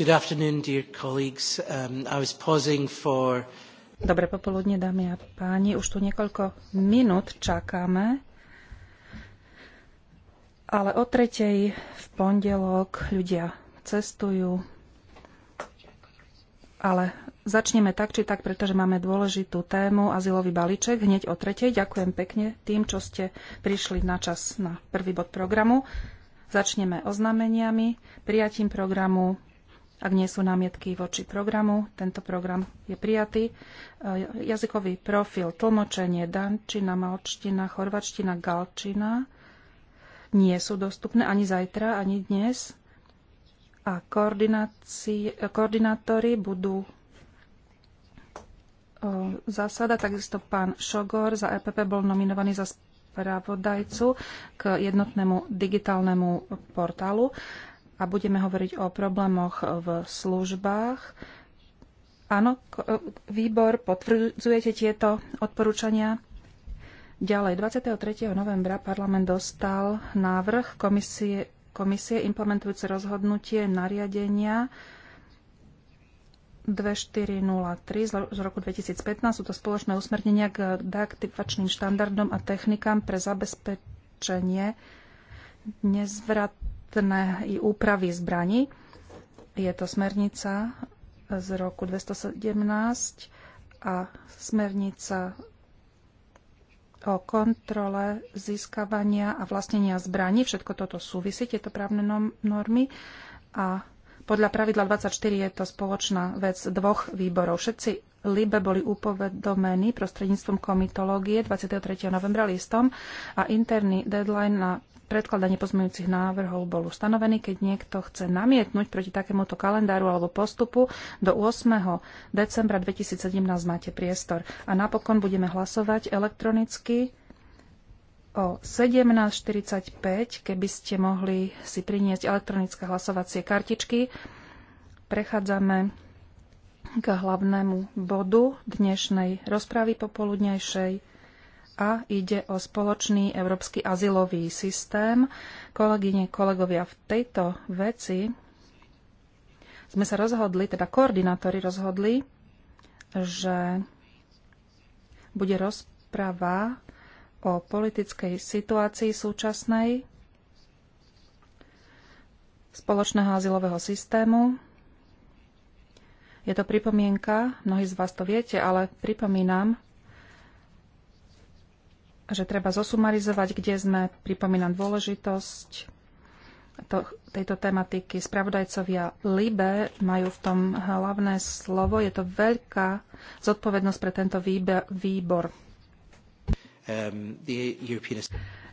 Good afternoon, dear colleagues. Um, I was pausing for... Dobre popoludne, dámy a páni. Už tu niekoľko minút čakáme, ale o tretej v pondelok ľudia cestujú. Ale začneme tak, či tak, pretože máme dôležitú tému azylový balíček hneď o tretej. Ďakujem pekne tým, čo ste prišli na čas na prvý bod programu. Začneme oznameniami, prijatím programu ak nie sú námietky voči programu, tento program je prijatý. E, jazykový profil, tlmočenie, dančina, malčtina, chorvačtina, galčina nie sú dostupné ani zajtra, ani dnes. A koordinátori budú e, zásada. Takisto pán Šogor za EPP bol nominovaný za spravodajcu k jednotnému digitálnemu portálu a budeme hovoriť o problémoch v službách. Áno, e, výbor, potvrdzujete tieto odporúčania? Ďalej, 23. novembra parlament dostal návrh komisie, komisie implementujúce rozhodnutie nariadenia 2403 z roku 2015. Sú to spoločné usmernenia k deaktivačným štandardom a technikám pre zabezpečenie nezvratných samotné úpravy zbraní. Je to smernica z roku 217 a smernica o kontrole získavania a vlastnenia zbraní. Všetko toto súvisí, tieto právne normy. A podľa pravidla 24 je to spoločná vec dvoch výborov. Všetci LIBE boli upovedomení prostredníctvom komitológie 23. novembra listom a interný deadline na predkladanie pozmeňujúcich návrhov bol ustanovený. Keď niekto chce namietnúť proti takémuto kalendáru alebo postupu, do 8. decembra 2017 máte priestor. A napokon budeme hlasovať elektronicky o 17.45, keby ste mohli si priniesť elektronické hlasovacie kartičky. Prechádzame k hlavnému bodu dnešnej rozpravy popoludnejšej a ide o spoločný európsky azylový systém. Kolegyne, kolegovia, v tejto veci sme sa rozhodli, teda koordinátori rozhodli, že bude rozprava o politickej situácii súčasnej spoločného azylového systému je to pripomienka, mnohí z vás to viete, ale pripomínam, že treba zosumarizovať, kde sme, pripomínam dôležitosť to, tejto tematiky. Spravodajcovia LIBE majú v tom hlavné slovo. Je to veľká zodpovednosť pre tento výbor. Um, European...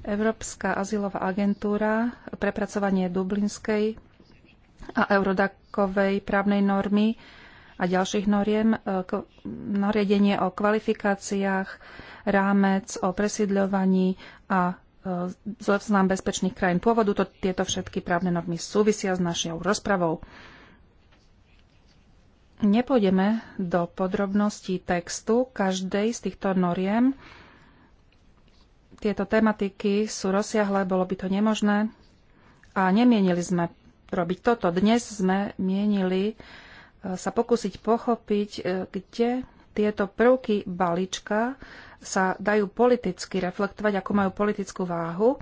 Európska azylová agentúra, prepracovanie Dublinskej a Eurodakovej právnej normy a ďalších noriem, e, nariadenie o kvalifikáciách, rámec o presídľovaní a e, zoznam bezpečných krajín pôvodu. To, tieto všetky právne normy súvisia s našou rozpravou. Nepôjdeme do podrobností textu každej z týchto noriem. Tieto tematiky sú rozsiahle, bolo by to nemožné. A nemienili sme robiť toto. Dnes sme mienili sa pokúsiť pochopiť, e, kde tieto prvky balíčka sa dajú politicky reflektovať, ako majú politickú váhu.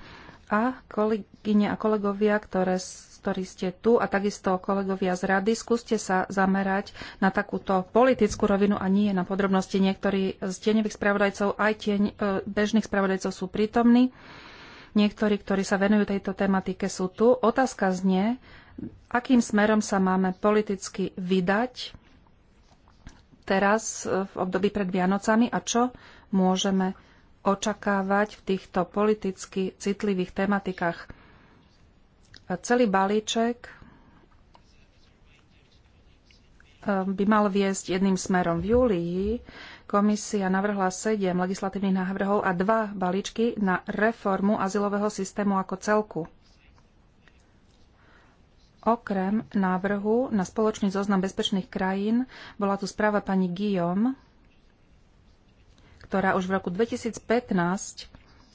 A kolegyne a kolegovia, ktoré, ktorí ste tu a takisto kolegovia z rady, skúste sa zamerať na takúto politickú rovinu a nie na podrobnosti. Niektorí z tieňových spravodajcov aj tieň, e, bežných spravodajcov sú prítomní. Niektorí, ktorí sa venujú tejto tematike, sú tu. Otázka znie, akým smerom sa máme politicky vydať teraz e, v období pred Vianocami a čo môžeme očakávať v týchto politicky citlivých tematikách. Celý balíček e, by mal viesť jedným smerom. V júlii komisia navrhla sedem legislatívnych návrhov a dva balíčky na reformu azylového systému ako celku. Okrem návrhu na spoločný zoznam bezpečných krajín bola tu správa pani Guillaume, ktorá už v roku 2015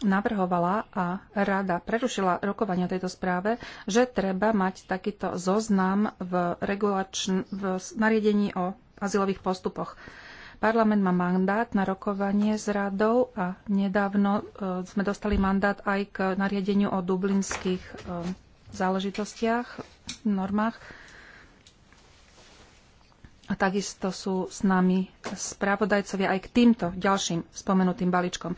navrhovala a rada prerušila rokovania tejto správe, že treba mať takýto zoznam v, regulačn- v nariadení o azylových postupoch. Parlament má mandát na rokovanie s radou a nedávno e, sme dostali mandát aj k nariadeniu o dublinských e, záležitostiach, normách. A takisto sú s nami správodajcovia aj k týmto ďalším spomenutým balíčkom.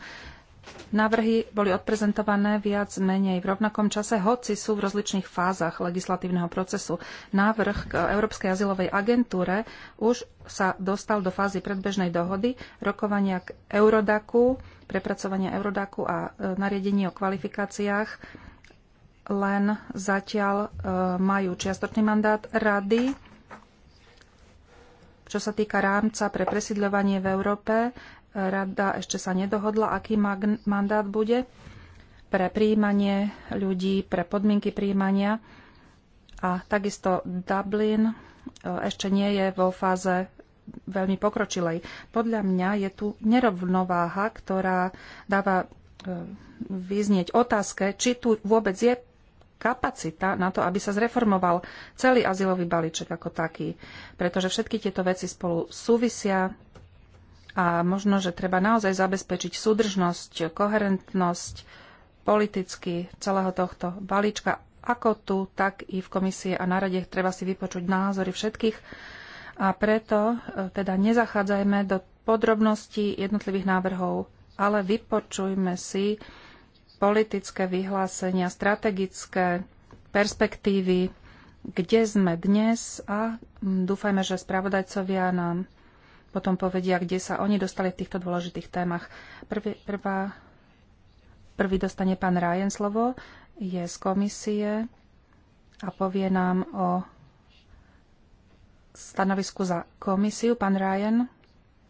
Návrhy boli odprezentované viac menej v rovnakom čase, hoci sú v rozličných fázach legislatívneho procesu. Návrh k Európskej azylovej agentúre už sa dostal do fázy predbežnej dohody, rokovania k Eurodaku, prepracovania Eurodaku a e, nariadení o kvalifikáciách len zatiaľ e, majú čiastočný mandát rady, čo sa týka rámca pre presidľovanie v Európe. E, rada ešte sa nedohodla, aký mandát bude pre príjmanie ľudí, pre podmienky príjmania. A takisto Dublin e, ešte nie je vo fáze veľmi pokročilej. Podľa mňa je tu nerovnováha, ktorá dáva vyznieť otázke, či tu vôbec je kapacita na to, aby sa zreformoval celý azylový balíček ako taký. Pretože všetky tieto veci spolu súvisia a možno, že treba naozaj zabezpečiť súdržnosť, koherentnosť politicky celého tohto balíčka, ako tu, tak i v komisie a na rade treba si vypočuť názory všetkých. A preto e, teda nezachádzajme do podrobností jednotlivých návrhov, ale vypočujme si politické vyhlásenia, strategické perspektívy, kde sme dnes a mm, dúfajme, že spravodajcovia nám potom povedia, kde sa oni dostali v týchto dôležitých témach. Prvý, prvá, prvý dostane pán Ryan slovo, je z komisie a povie nám o stanovisku za komisiu. Pán Ryan,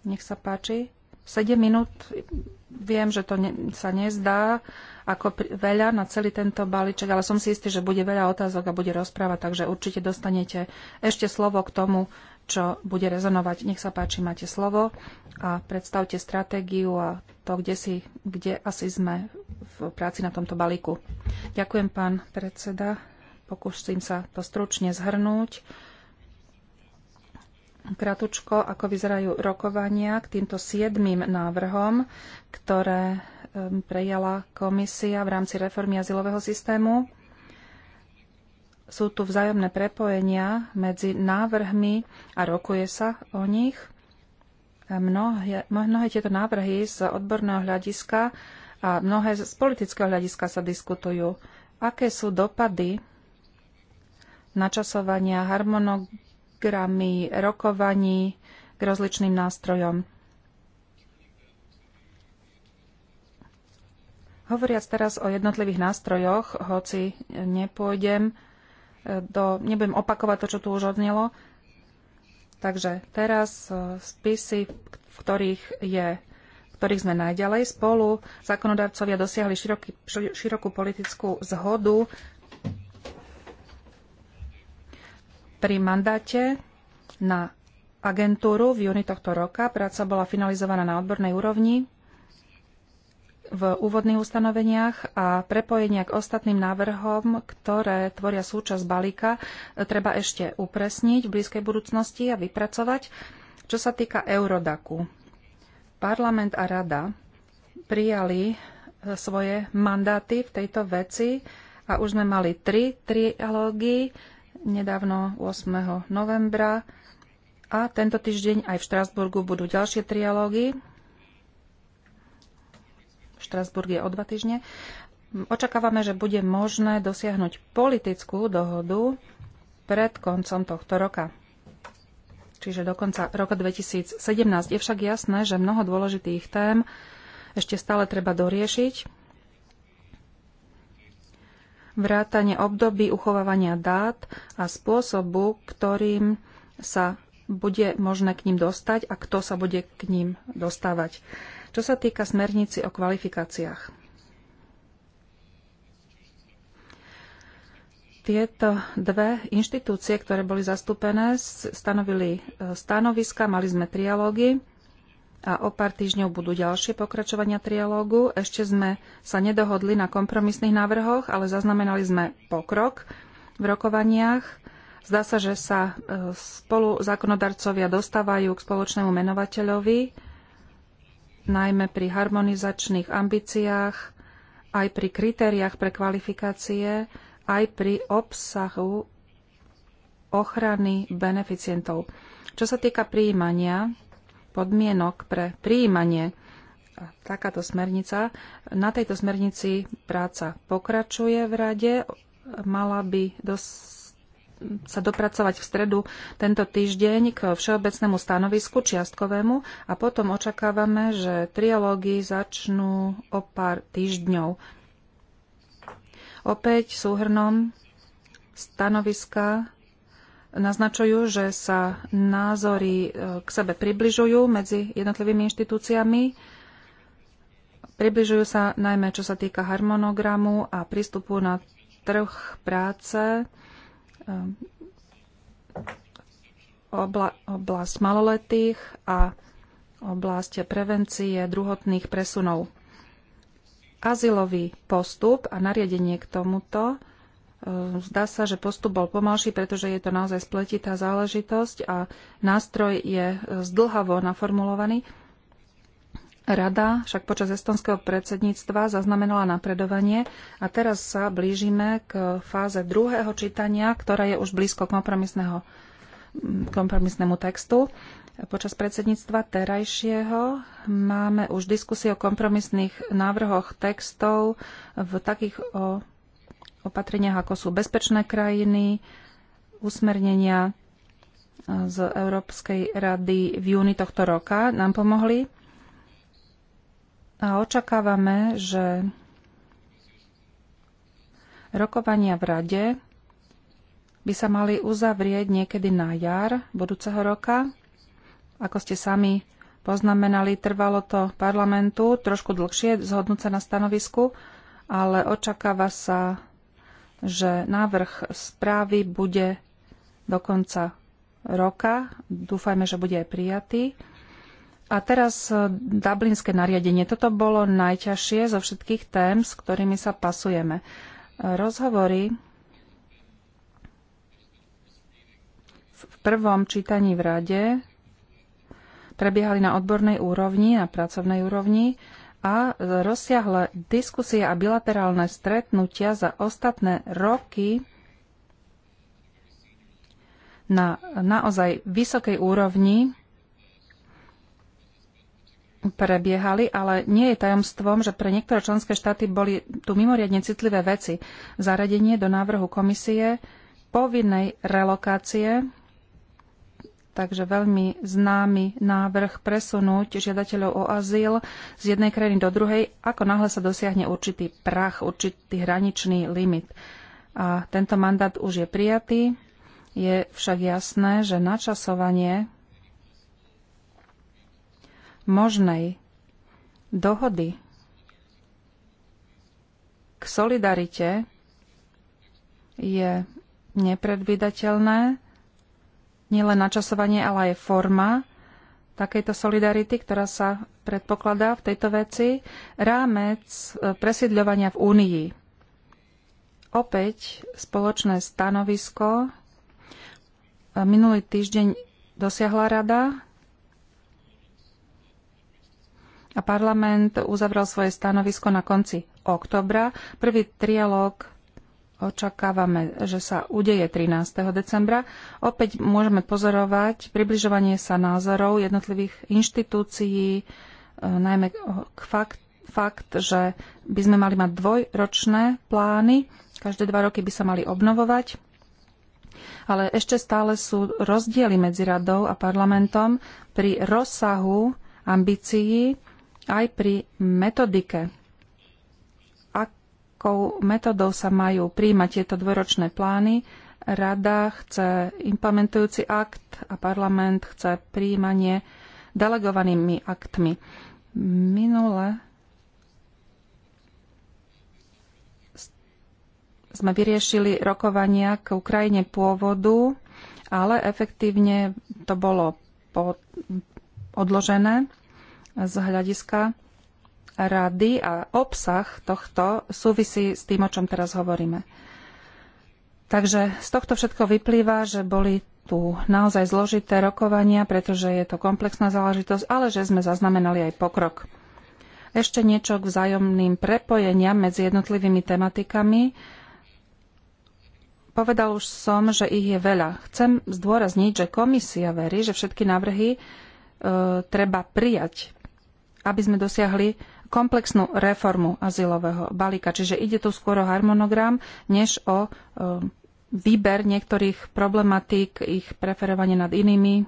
nech sa páči. 7 minút, viem, že to ne, sa nezdá, ako veľa na celý tento balíček, ale som si istý, že bude veľa otázok a bude rozpráva, takže určite dostanete ešte slovo k tomu, čo bude rezonovať. Nech sa páči, máte slovo a predstavte stratégiu a to, kde, si, kde asi sme v práci na tomto balíku. Ďakujem, pán predseda. Pokúsim sa to stručne zhrnúť. Kratučko, ako vyzerajú rokovania k týmto siedmým návrhom, ktoré Um, prejala komisia v rámci reformy azylového systému. Sú tu vzájomné prepojenia medzi návrhmi a rokuje sa o nich. Mnohé, mnohé tieto návrhy z odborného hľadiska a mnohé z politického hľadiska sa diskutujú. Aké sú dopady načasovania harmonogramy, rokovaní k rozličným nástrojom? Hovoriac teraz o jednotlivých nástrojoch, hoci nepôjdem e, do, nebudem opakovať to, čo tu už odnelo. Takže teraz e, spisy, v ktorých, je, ktorých sme najďalej spolu, zákonodarcovia dosiahli široký, širokú politickú zhodu pri mandáte na agentúru v júni tohto roka. Práca bola finalizovaná na odbornej úrovni v úvodných ustanoveniach a prepojenia k ostatným návrhom, ktoré tvoria súčasť balíka, treba ešte upresniť v blízkej budúcnosti a vypracovať. Čo sa týka Eurodaku, parlament a rada prijali e, svoje mandáty v tejto veci a už sme mali tri trialógy nedávno 8. novembra a tento týždeň aj v Štrásburgu budú ďalšie trialógy Štrasburg je o dva týždne. Očakávame, že bude možné dosiahnuť politickú dohodu pred koncom tohto roka, čiže do konca roka 2017. Je však jasné, že mnoho dôležitých tém ešte stále treba doriešiť. Vrátanie období uchovávania dát a spôsobu, ktorým sa bude možné k ním dostať a kto sa bude k ním dostávať. Čo sa týka smernici o kvalifikáciách. Tieto dve inštitúcie, ktoré boli zastúpené, stanovili e, stanoviska, mali sme trialógy a o pár týždňov budú ďalšie pokračovania trialógu. Ešte sme sa nedohodli na kompromisných návrhoch, ale zaznamenali sme pokrok v rokovaniach. Zdá sa, že sa e, spolu zákonodarcovia dostávajú k spoločnému menovateľovi najmä pri harmonizačných ambíciách, aj pri kritériách pre kvalifikácie, aj pri obsahu ochrany beneficientov. Čo sa týka príjmania, podmienok pre príjmanie, takáto smernica, na tejto smernici práca pokračuje v rade, mala by dosť sa dopracovať v stredu tento týždeň k všeobecnému stanovisku čiastkovému a potom očakávame, že trialógy začnú o pár týždňov. Opäť súhrnom stanoviska naznačujú, že sa názory e, k sebe približujú medzi jednotlivými inštitúciami. Približujú sa najmä čo sa týka harmonogramu a prístupu na trh práce Ehm, obla, oblasť maloletých a oblasť prevencie druhotných presunov. Azylový postup a nariadenie k tomuto. Ehm, zdá sa, že postup bol pomalší, pretože je to naozaj spletitá záležitosť a nástroj je e, zdlhavo naformulovaný. Rada však počas estonského predsedníctva zaznamenala napredovanie a teraz sa blížime k fáze druhého čítania, ktorá je už blízko kompromisného, kompromisnému textu. Počas predsedníctva terajšieho máme už diskusie o kompromisných návrhoch textov v takých o opatreniach, ako sú bezpečné krajiny, usmernenia z Európskej rady v júni tohto roka nám pomohli a očakávame, že rokovania v rade by sa mali uzavrieť niekedy na jar budúceho roka. Ako ste sami poznamenali, trvalo to parlamentu trošku dlhšie zhodnúť sa na stanovisku, ale očakáva sa, že návrh správy bude do konca roka. Dúfajme, že bude aj prijatý. A teraz e, dublinské nariadenie. Toto bolo najťažšie zo všetkých tém, s ktorými sa pasujeme. E, rozhovory v prvom čítaní v rade prebiehali na odbornej úrovni, na pracovnej úrovni a rozsiahle diskusie a bilaterálne stretnutia za ostatné roky na naozaj vysokej úrovni prebiehali, ale nie je tajomstvom, že pre niektoré členské štáty boli tu mimoriadne citlivé veci. Zaradenie do návrhu komisie povinnej relokácie, takže veľmi známy návrh presunúť žiadateľov o azyl z jednej krajiny do druhej, ako náhle sa dosiahne určitý prach, určitý hraničný limit. A tento mandát už je prijatý. Je však jasné, že načasovanie možnej dohody k solidarite je nepredvydateľné nielen načasovanie, ale aj forma takejto solidarity, ktorá sa predpokladá v tejto veci, rámec e, presiedľovania v Únii. Opäť spoločné stanovisko. E, minulý týždeň dosiahla rada a parlament uzavrel svoje stanovisko na konci oktobra. Prvý trialóg očakávame, že sa udeje 13. decembra. Opäť môžeme pozorovať približovanie sa názorov jednotlivých inštitúcií, e, najmä k fakt, fakt, že by sme mali mať dvojročné plány, každé dva roky by sa mali obnovovať, ale ešte stále sú rozdiely medzi radou a parlamentom pri rozsahu ambícií aj pri metodike, akou metodou sa majú príjmať tieto dvoročné plány. Rada chce implementujúci akt a parlament chce príjmanie delegovanými aktmi. Minule sme vyriešili rokovania k Ukrajine pôvodu, ale efektívne to bolo po, odložené z hľadiska rady a obsah tohto súvisí s tým, o čom teraz hovoríme. Takže z tohto všetko vyplýva, že boli tu naozaj zložité rokovania, pretože je to komplexná záležitosť, ale že sme zaznamenali aj pokrok. Ešte niečo k vzájomným prepojeniam medzi jednotlivými tematikami. Povedal už som, že ich je veľa. Chcem zdôrazniť, že komisia verí, že všetky návrhy e, treba prijať aby sme dosiahli komplexnú reformu azylového balíka. Čiže ide tu skôr o harmonogram, než o e, výber niektorých problematík, ich preferovanie nad inými.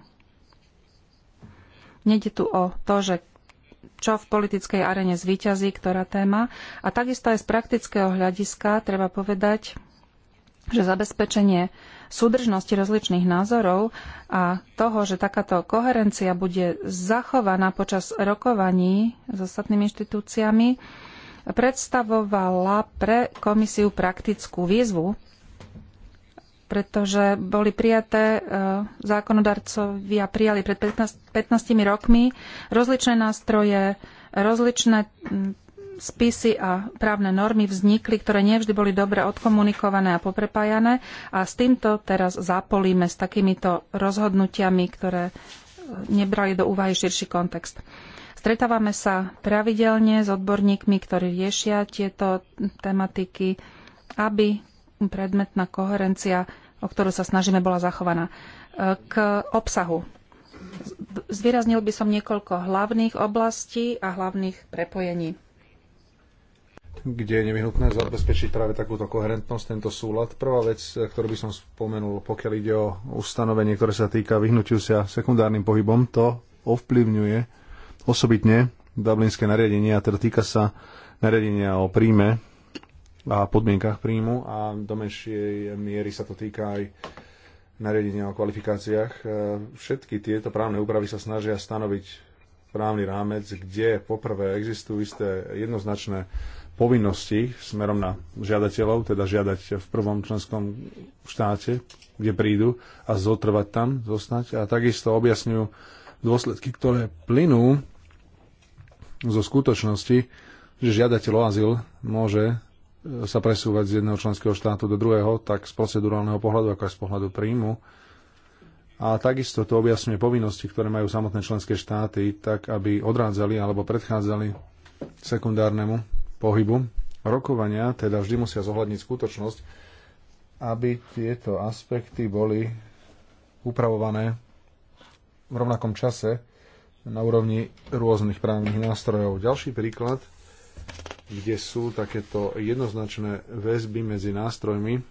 Nede tu o to, že čo v politickej arene zvíťazí, ktorá téma. A takisto aj z praktického hľadiska treba povedať, že zabezpečenie súdržnosti rozličných názorov a toho, že takáto koherencia bude zachovaná počas rokovaní s ostatnými inštitúciami, predstavovala pre komisiu praktickú výzvu, pretože boli prijaté, e, zákonodarcovia prijali pred 15, 15 rokmi rozličné nástroje, rozličné spisy a právne normy vznikli, ktoré nevždy boli dobre odkomunikované a poprepájané a s týmto teraz zapolíme s takýmito rozhodnutiami, ktoré e, nebrali do úvahy širší kontext. Stretávame sa pravidelne s odborníkmi, ktorí riešia tieto tematiky, aby predmetná koherencia, o ktorú sa snažíme, bola zachovaná. E, k obsahu. Zvýraznil by som niekoľko hlavných oblastí a hlavných prepojení kde je nevyhnutné zabezpečiť práve takúto koherentnosť, tento súlad. Prvá vec, e, ktorú by som spomenul, pokiaľ ide o ustanovenie, ktoré sa týka vyhnutiu sa sekundárnym pohybom, to ovplyvňuje osobitne dublinské nariadenie a teda týka sa nariadenia o príjme a podmienkach príjmu a do menšej miery sa to týka aj nariadenia o kvalifikáciách. E, všetky tieto právne úpravy sa snažia stanoviť právny rámec, kde poprvé existujú isté jednoznačné povinností smerom na žiadateľov, teda žiadať v prvom členskom štáte, kde prídu a zotrvať tam, zostať a takisto objasňujú dôsledky, ktoré plynú zo skutočnosti, že žiadateľ o azyl môže e, sa presúvať z jedného členského štátu do druhého, tak z procedurálneho pohľadu, ako aj z pohľadu príjmu. A takisto to objasňuje povinnosti, ktoré majú samotné členské štáty, tak aby odrádzali alebo predchádzali sekundárnemu pohybu. Rokovania teda vždy musia zohľadniť skutočnosť, aby tieto aspekty boli upravované v rovnakom čase na úrovni rôznych právnych nástrojov. Ďalší príklad, kde sú takéto jednoznačné väzby medzi nástrojmi,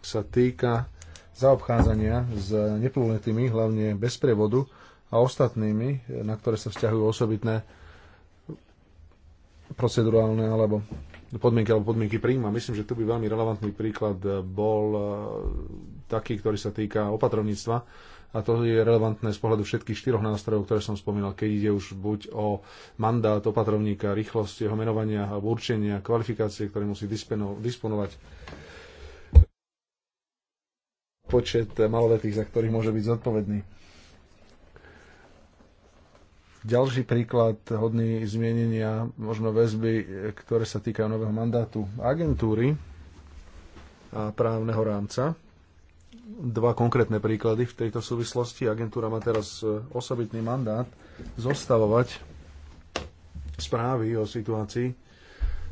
sa týka zaobchádzania s neplnoletými, hlavne bez prevodu a ostatnými, na ktoré sa vzťahujú osobitné procedurálne alebo podmienky alebo podmienky príjma. Myslím, že tu by veľmi relevantný príklad bol e, taký, ktorý sa týka opatrovníctva a to je relevantné z pohľadu všetkých štyroch nástrojov, ktoré som spomínal, keď ide už buď o mandát opatrovníka, rýchlosť jeho menovania alebo určenia, kvalifikácie, ktoré musí disponovať počet maloletých, za ktorých môže byť zodpovedný ďalší príklad hodný zmienenia možno väzby, ktoré sa týkajú nového mandátu agentúry a právneho rámca. Dva konkrétne príklady v tejto súvislosti. Agentúra má teraz e, osobitný mandát zostavovať správy o situácii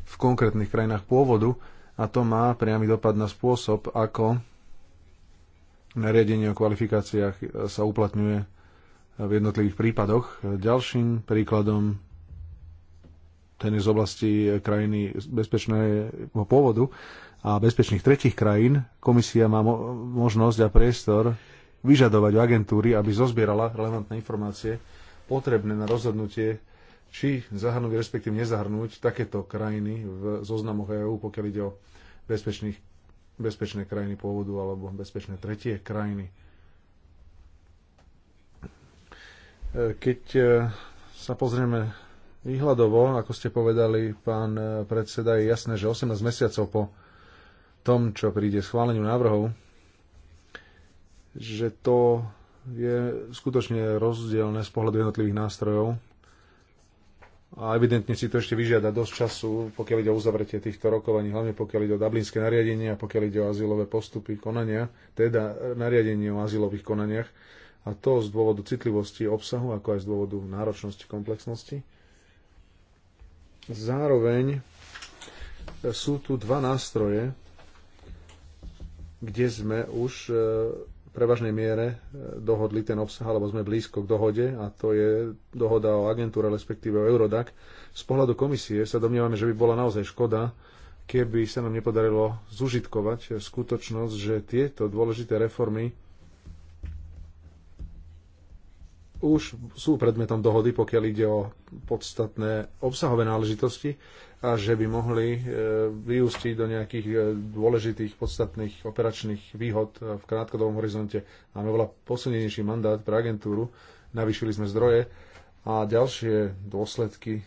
v konkrétnych krajinách pôvodu a to má priamy dopad na spôsob, ako nariadenie o kvalifikáciách e, sa uplatňuje v jednotlivých prípadoch. Ďalším príkladom ten je z oblasti krajiny bezpečného pôvodu a bezpečných tretich krajín. Komisia má mo- možnosť a priestor vyžadovať u agentúry, aby zozbierala relevantné informácie potrebné na rozhodnutie, či zahrnúť, respektíve nezahrnúť takéto krajiny v zoznamoch EÚ, pokiaľ ide o bezpečných, bezpečné krajiny pôvodu alebo bezpečné tretie krajiny Keď e, sa pozrieme výhľadovo, ako ste povedali, pán e, predseda, je jasné, že 18 mesiacov po tom, čo príde schváleniu návrhov, že to je skutočne rozdielne z pohľadu jednotlivých nástrojov. A evidentne si to ešte vyžiada dosť času, pokiaľ ide o uzavretie týchto rokovaní, hlavne pokiaľ ide o dublinské nariadenie a pokiaľ ide o azylové postupy, konania, teda nariadenie o azylových konaniach a to z dôvodu citlivosti obsahu, ako aj z dôvodu náročnosti, komplexnosti. Zároveň sú tu dva nástroje, kde sme už e, v prevažnej miere e, dohodli ten obsah, alebo sme blízko k dohode, a to je dohoda o agentúre, respektíve o Eurodac. Z pohľadu komisie sa domnievame, že by bola naozaj škoda, keby sa nám nepodarilo zužitkovať e, skutočnosť, že tieto dôležité reformy už sú predmetom dohody, pokiaľ ide o podstatné obsahové náležitosti a že by mohli e, vyústiť do nejakých e, dôležitých, podstatných operačných výhod v krátkodobom horizonte. Máme veľa posunenejší mandát pre agentúru, navýšili sme zdroje a ďalšie dôsledky,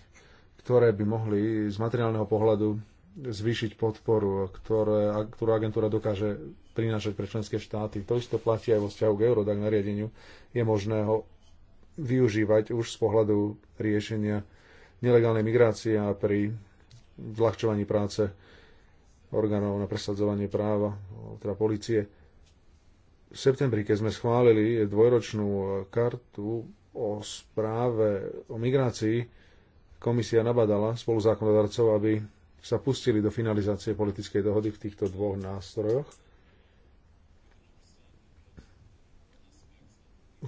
ktoré by mohli z materiálneho pohľadu zvýšiť podporu, ktoré, ktorú agentúra dokáže prinášať pre členské štáty. To isto platí aj vo vzťahu k Eurodac nariadeniu. Je možné ho využívať už z pohľadu riešenia nelegálnej migrácie a pri zľahčovaní práce orgánov na presadzovanie práva, teda policie. V septembri, keď sme schválili dvojročnú kartu o správe o migrácii, komisia nabadala spolu zákonodarcov, aby sa pustili do finalizácie politickej dohody v týchto dvoch nástrojoch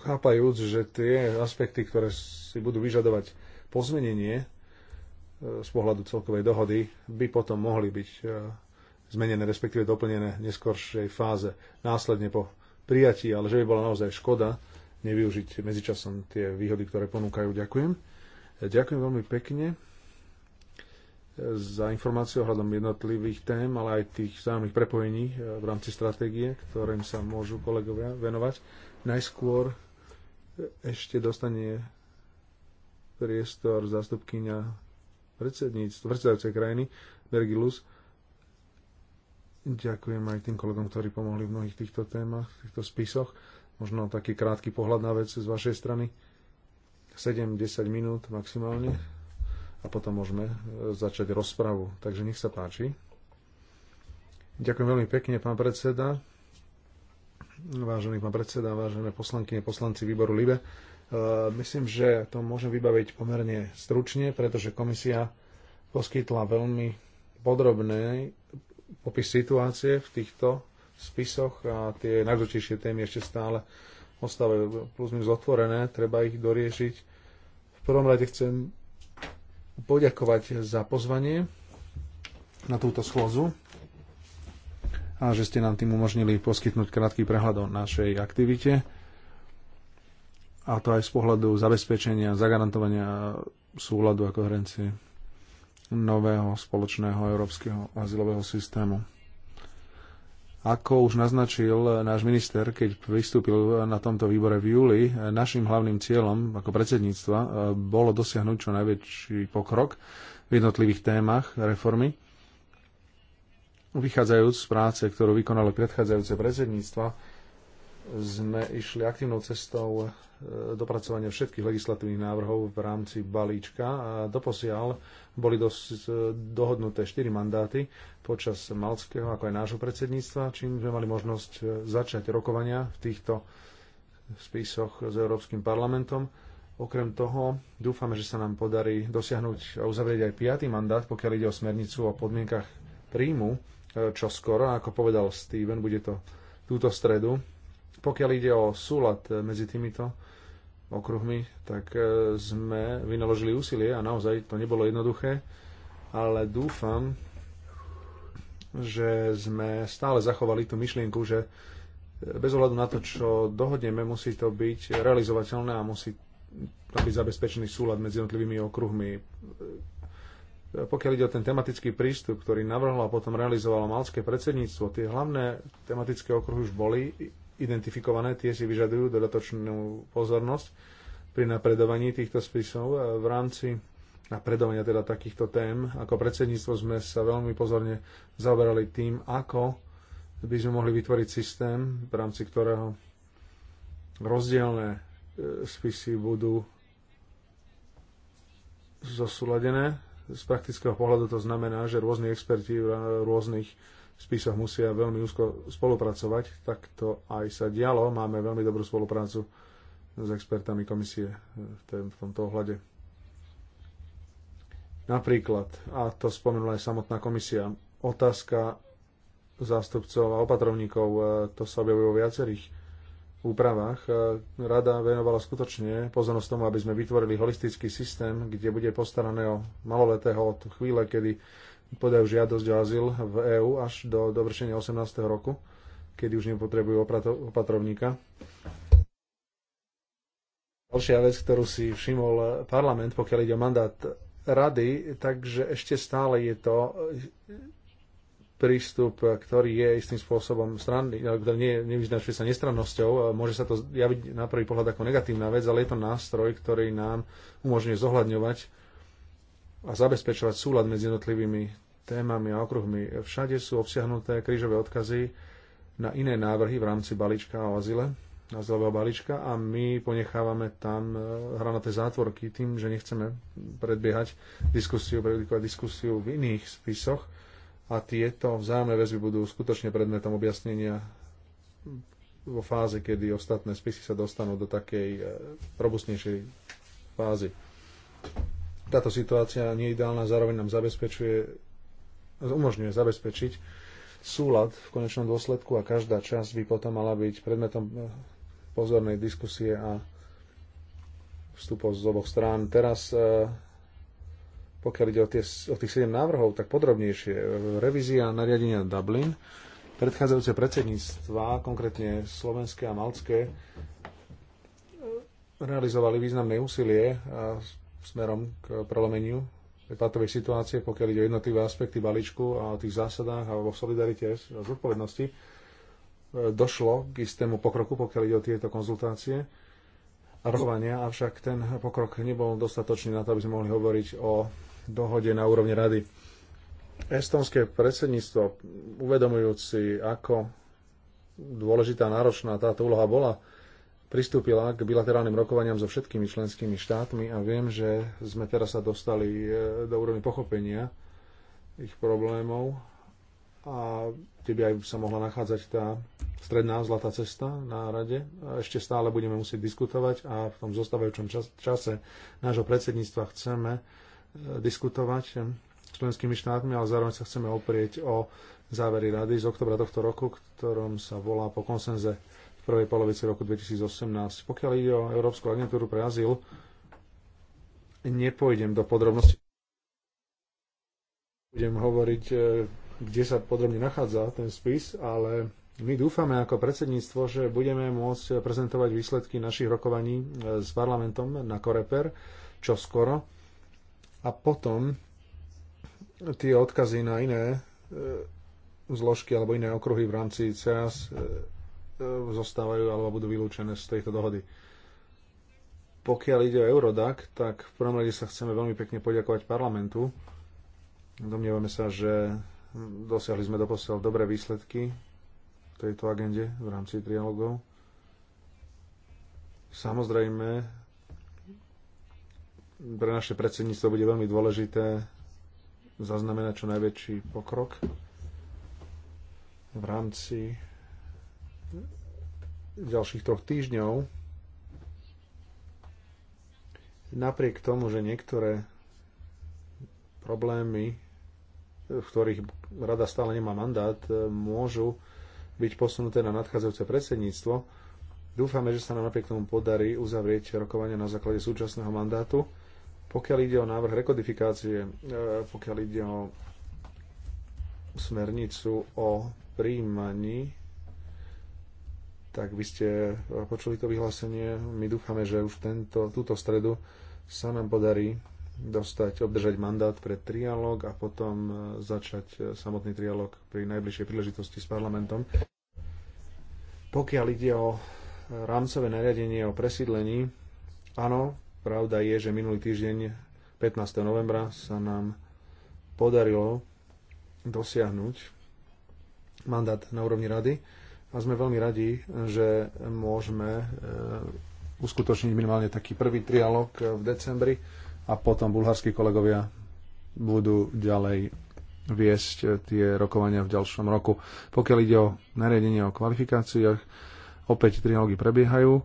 chápajúc, že tie aspekty, ktoré si budú vyžadovať pozmenenie e, z pohľadu celkovej dohody, by potom mohli byť e, zmenené, respektíve doplnené v neskoršej fáze, následne po prijatí, ale že by bola naozaj škoda nevyužiť medzičasom tie výhody, ktoré ponúkajú. Ďakujem. E, ďakujem veľmi pekne za informáciu ohľadom jednotlivých tém, ale aj tých vzájomných prepojení v rámci stratégie, ktorým sa môžu kolegovia venovať. Najskôr ešte dostane priestor zastupkyňa predsedníctva, predsedajúcej krajiny, Bergilus. Ďakujem aj tým kolegom, ktorí pomohli v mnohých týchto témach, v týchto spisoch. Možno taký krátky pohľad na vec z vašej strany. 7-10 minút maximálne a potom môžeme e, začať rozpravu. Takže nech sa páči. Ďakujem veľmi pekne, pán predseda vážený pán predseda, vážené poslankyne, poslanci výboru LIBE. E, myslím, že to môžem vybaviť pomerne stručne, pretože komisia poskytla veľmi podrobný popis situácie v týchto spisoch a tie najdôležitejšie témy ešte stále ostávajú plus minus otvorené, treba ich doriešiť. V prvom rade chcem poďakovať za pozvanie na túto schôzu a že ste nám tým umožnili poskytnúť krátky prehľad o našej aktivite a to aj z pohľadu zabezpečenia, zagarantovania súladu a koherencie nového spoločného európskeho azylového systému. Ako už naznačil náš minister, keď vystúpil na tomto výbore v júli, našim hlavným cieľom ako predsedníctva bolo dosiahnuť čo najväčší pokrok v jednotlivých témach reformy Vychádzajúc z práce, ktorú vykonali predchádzajúce predsedníctva, sme išli aktívnou cestou e, dopracovania všetkých legislatívnych návrhov v rámci balíčka. A doposiaľ boli dosť e, dohodnuté 4 mandáty počas malckého, ako aj nášho predsedníctva, čím sme mali možnosť e, začať rokovania v týchto spisoch s Európskym parlamentom. Okrem toho dúfame, že sa nám podarí dosiahnuť a uzavrieť aj 5. mandát, pokiaľ ide o smernicu o podmienkach príjmu čo skoro. Ako povedal Steven, bude to túto stredu. Pokiaľ ide o súlad e, medzi týmito okruhmi, tak e, sme vynaložili úsilie a naozaj to nebolo jednoduché, ale dúfam, že sme stále zachovali tú myšlienku, že e, bez ohľadu na to, čo dohodneme, musí to byť realizovateľné a musí tam byť zabezpečený súlad medzi jednotlivými okruhmi. Pokiaľ ide o ten tematický prístup, ktorý navrhlo a potom realizovalo malské predsedníctvo, tie hlavné tematické okruhy už boli identifikované, tie si vyžadujú dodatočnú pozornosť pri napredovaní týchto spisov. V rámci napredovania teda takýchto tém ako predsedníctvo sme sa veľmi pozorne zaoberali tým, ako by sme mohli vytvoriť systém, v rámci ktorého rozdielne e, spisy budú zosúladené z praktického pohľadu to znamená, že rôzni experti v rôznych spisoch musia veľmi úzko spolupracovať. Tak to aj sa dialo. Máme veľmi dobrú spoluprácu s expertami komisie v tomto ohľade. Napríklad, a to spomenula aj samotná komisia, otázka zástupcov a opatrovníkov, e, to sa objavuje vo viacerých úpravách e, rada venovala skutočne pozornosť tomu, aby sme vytvorili holistický systém, kde bude postarané o maloletého od chvíle, kedy podajú žiadosť o azyl v EÚ až do dovršenia 18. roku, kedy už nepotrebujú opatrovníka. Ďalšia vec, ktorú si všimol parlament, pokiaľ ide o mandát rady, takže ešte stále je to prístup, ktorý je istým spôsobom stranný, ktorý nie, nevyznačuje sa nestrannosťou. Môže sa to javiť na prvý pohľad ako negatívna vec, ale je to nástroj, ktorý nám umožňuje zohľadňovať a zabezpečovať súlad medzi jednotlivými témami a okruhmi. Všade sú obsiahnuté krížové odkazy na iné návrhy v rámci balíčka o azile, azylového balíčka a my ponechávame tam e, hranaté zátvorky tým, že nechceme predbiehať diskusiu, predbiehať diskusiu v iných spisoch a tieto vzájomné väzby budú skutočne predmetom objasnenia vo fáze, kedy ostatné spisy sa dostanú do takej e, robustnejšej fázy. Táto situácia nie je ideálna, zároveň nám zabezpečuje, umožňuje zabezpečiť súlad v konečnom dôsledku a každá časť by potom mala byť predmetom e, pozornej diskusie a vstupov z oboch strán. Teraz e, pokiaľ ide o, tie, o tých 7 návrhov, tak podrobnejšie. Revízia nariadenia Dublin, predchádzajúce predsedníctva, konkrétne slovenské a malské, realizovali významné úsilie smerom k prelomeniu tej patovej situácie, pokiaľ ide o jednotlivé aspekty balíčku a o tých zásadách a o solidarite a zodpovednosti. E, došlo k istému pokroku, pokiaľ ide o tieto konzultácie a rokovania, avšak ten pokrok nebol dostatočný na to, aby sme mohli hovoriť o dohode na úrovni rady. Estonské predsedníctvo, uvedomujúci, ako dôležitá náročná táto úloha bola, pristúpila k bilaterálnym rokovaniam so všetkými členskými štátmi a viem, že sme teraz sa dostali e, do úrovni pochopenia ich problémov a kde by aj sa mohla nachádzať tá stredná zlatá cesta na rade. A ešte stále budeme musieť diskutovať a v tom zostávajúčom čase nášho predsedníctva chceme diskutovať s členskými štátmi, ale zároveň sa chceme oprieť o závery rady z oktobra tohto roku, ktorom sa volá po konsenze v prvej polovici roku 2018. Pokiaľ ide o Európsku agentúru pre azyl, nepôjdem do podrobností. Budem hovoriť, e, kde sa podrobne nachádza ten spis, ale my dúfame ako predsedníctvo, že budeme môcť prezentovať výsledky našich rokovaní e, s parlamentom na Koreper, čo skoro a potom tie odkazy na iné e, zložky alebo iné okruhy v rámci CEAS e, e, zostávajú alebo budú vylúčené z tejto dohody. Pokiaľ ide o Eurodac, tak v prvom rade sa chceme veľmi pekne poďakovať parlamentu. Domnievame sa, že dosiahli sme doposiaľ dobré výsledky v tejto agende v rámci trialogov. Samozrejme, pre naše predsedníctvo bude veľmi dôležité zaznamenať čo najväčší pokrok v rámci ďalších troch týždňov. Napriek tomu, že niektoré problémy, v ktorých rada stále nemá mandát, môžu byť posunuté na nadchádzajúce predsedníctvo. Dúfame, že sa nám napriek tomu podarí uzavrieť rokovania na základe súčasného mandátu pokiaľ ide o návrh rekodifikácie, e, pokiaľ ide o smernicu o príjmaní, tak by ste e, počuli to vyhlásenie. My dúfame, že už tento, túto stredu sa nám podarí dostať, obdržať mandát pre trialog a potom e, začať samotný trialog pri najbližšej príležitosti s parlamentom. Pokiaľ ide o rámcové nariadenie o presídlení, áno, Pravda je, že minulý týždeň 15. novembra sa nám podarilo dosiahnuť mandát na úrovni rady a sme veľmi radi, že môžeme e, uskutočniť minimálne taký prvý trialog v decembri a potom bulharskí kolegovia budú ďalej viesť e, tie rokovania v ďalšom roku. Pokiaľ ide o nariadenie o kvalifikáciách, opäť trialógy prebiehajú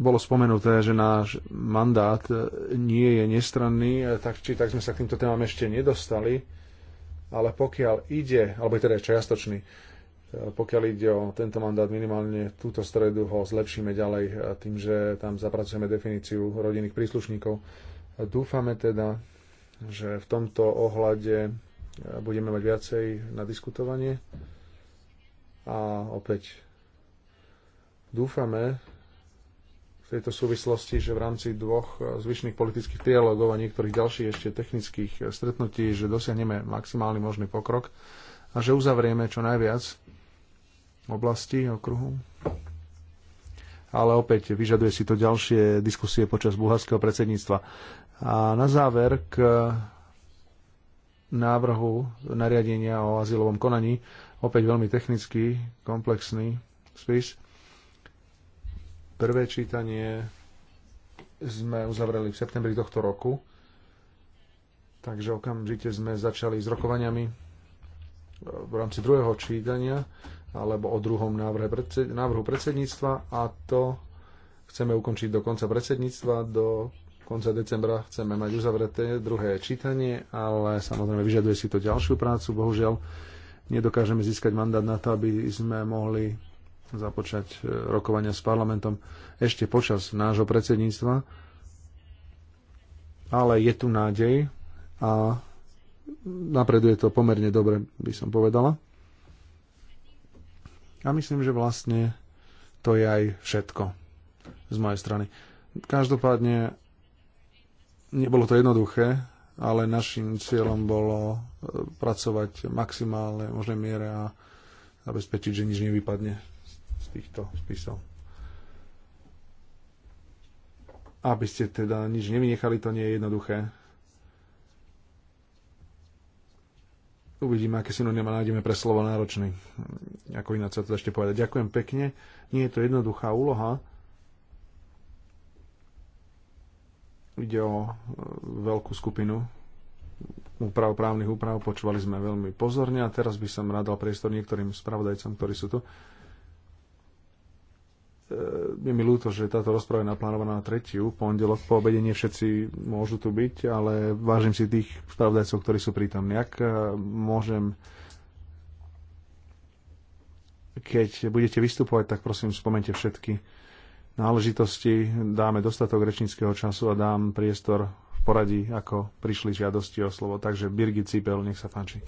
bolo spomenuté, že náš mandát nie je nestranný, tak či tak sme sa k týmto témam ešte nedostali, ale pokiaľ ide, alebo teda je čiastočný, e, pokiaľ ide o tento mandát, minimálne túto stredu ho zlepšíme ďalej e, tým, že tam zapracujeme definíciu rodinných príslušníkov. Dúfame teda, že v tomto ohľade e, budeme mať viacej na diskutovanie a opäť dúfame, tejto súvislosti, že v rámci dvoch eh, zvyšných politických trialogov a niektorých ďalších ešte technických eh, stretnutí, že dosiahneme maximálny možný pokrok a že uzavrieme čo najviac oblasti, okruhu. Ale opäť vyžaduje si to ďalšie diskusie počas bulharského predsedníctva. A na záver k návrhu nariadenia o azylovom konaní, opäť veľmi technický, komplexný spis Prvé čítanie sme uzavreli v septembri tohto roku, takže okamžite sme začali s rokovaniami e, v rámci druhého čítania alebo o druhom návrhu predsedníctva a to chceme ukončiť do konca predsedníctva, do konca decembra chceme mať uzavreté druhé čítanie, ale samozrejme vyžaduje si to ďalšiu prácu. Bohužiaľ, nedokážeme získať mandát na to, aby sme mohli započať e, rokovania s parlamentom ešte počas nášho predsedníctva. Ale je tu nádej a napreduje to pomerne dobre, by som povedala. A myslím, že vlastne to je aj všetko z mojej strany. Každopádne nebolo to jednoduché, ale našim cieľom bolo e, pracovať maximálne možné miere a zabezpečiť, že nič nevypadne týchto spisov. Aby ste teda nič nevynechali, to nie je jednoduché. Uvidíme, aké synonyma nájdeme pre slovo náročný. Ako ináč sa to ešte povedať. Ďakujem pekne. Nie je to jednoduchá úloha. Ide o e, veľkú skupinu úprav, právnych úprav. Počúvali sme veľmi pozorne a teraz by som rád dal priestor niektorým spravodajcom, ktorí sú tu. E, je mi ľúto, že táto rozpráva je naplánovaná na tretiu. Pondelok po obede nie všetci môžu tu byť, ale vážim si tých spravodajcov, ktorí sú prítomní. Ak e, môžem keď budete vystupovať, tak prosím spomente všetky náležitosti, dáme dostatok rečníckého času a dám priestor v poradí, ako prišli žiadosti o slovo. Takže Birgit Cipel, nech sa páči.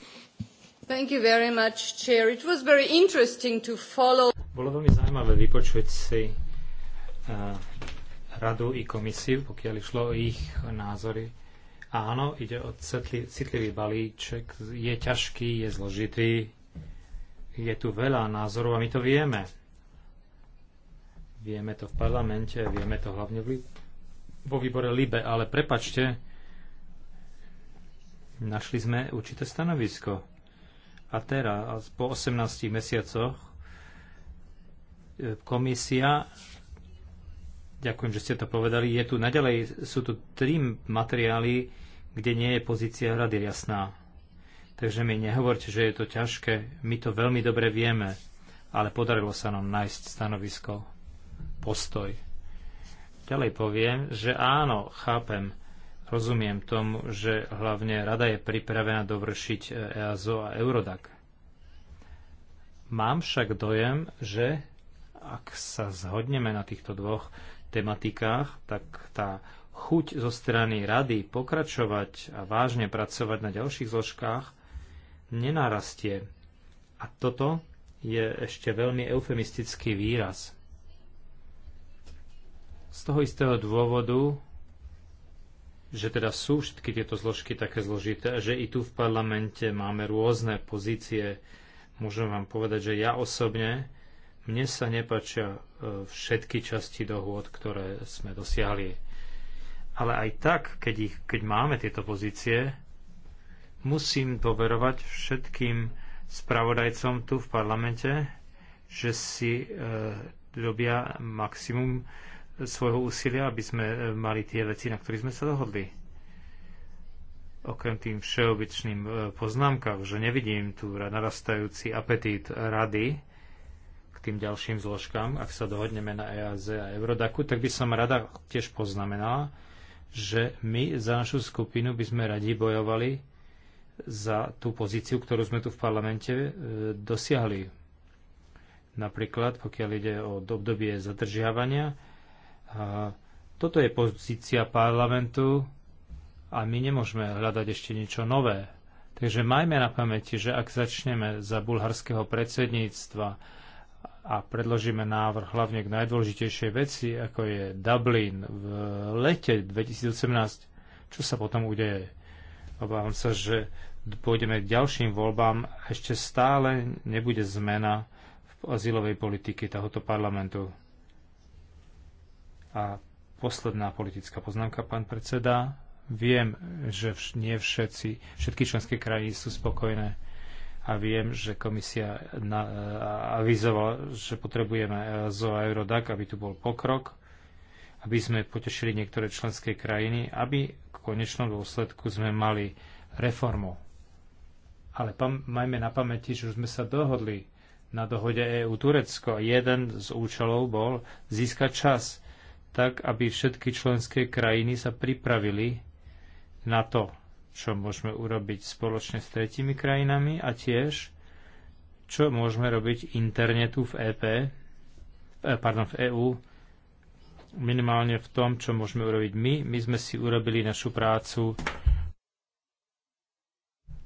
Thank you very much, Chair. It was very interesting to follow... Bolo veľmi zaujímavé vypočuť si uh, radu i komisiu, pokiaľ išlo o ich názory. Áno, ide o citlivý balíček, je ťažký, je zložitý, je tu veľa názorov a my to vieme. Vieme to v parlamente, vieme to hlavne v, vo výbore LIBE, ale prepačte, našli sme určité stanovisko a teraz, po 18 mesiacoch, e, komisia, ďakujem, že ste to povedali, je tu naďalej, sú tu tri materiály, kde nie je pozícia rady jasná. Takže mi nehovorte, že je to ťažké. My to veľmi dobre vieme, ale podarilo sa nám nájsť stanovisko, postoj. Ďalej poviem, že áno, chápem, Rozumiem tomu, že hlavne rada je pripravená dovršiť e, EASO a Eurodac. Mám však dojem, že ak sa zhodneme na týchto dvoch tematikách, tak tá chuť zo strany rady pokračovať a vážne pracovať na ďalších zložkách nenarastie. A toto je ešte veľmi eufemistický výraz. Z toho istého dôvodu že teda sú všetky tieto zložky také zložité a že i tu v parlamente máme rôzne pozície. Môžem vám povedať, že ja osobne, mne sa nepačia e, všetky časti dohôd, ktoré sme dosiahli. Ale aj tak, keď, ich, keď máme tieto pozície, musím doverovať všetkým spravodajcom tu v parlamente, že si e, robia maximum svojho úsilia, aby sme e, mali tie veci, na ktorých sme sa dohodli. Okrem tým všeobecným e, poznámkam, že nevidím tu narastajúci apetít rady k tým ďalším zložkám, ak sa dohodneme na EAZ a Eurodaku, tak by som rada tiež poznamenala, že my za našu skupinu by sme radi bojovali za tú pozíciu, ktorú sme tu v parlamente e, dosiahli. Napríklad, pokiaľ ide o obdobie zadržiavania, a toto je pozícia parlamentu a my nemôžeme hľadať ešte niečo nové. Takže majme na pamäti, že ak začneme za bulharského predsedníctva a predložíme návrh hlavne k najdôležitejšej veci, ako je Dublin v lete 2018, čo sa potom udeje? Obávam sa, že pôjdeme k ďalším voľbám a ešte stále nebude zmena v azylovej politiky tohoto parlamentu. A posledná politická poznámka, pán predseda. Viem, že vš- nie všetci, všetky členské krajiny sú spokojné a viem, že komisia na, avizovala, že potrebujeme zo Eurodac, aby tu bol pokrok, aby sme potešili niektoré členské krajiny, aby v konečnom dôsledku sme mali reformu. Ale pam- majme na pamäti, že už sme sa dohodli na dohode EU-Turecko. Jeden z účelov bol získať čas tak aby všetky členské krajiny sa pripravili na to, čo môžeme urobiť spoločne s tretimi krajinami a tiež, čo môžeme robiť internetu v EP, e, pardon, v EÚ, minimálne v tom, čo môžeme urobiť my. My sme si urobili našu prácu.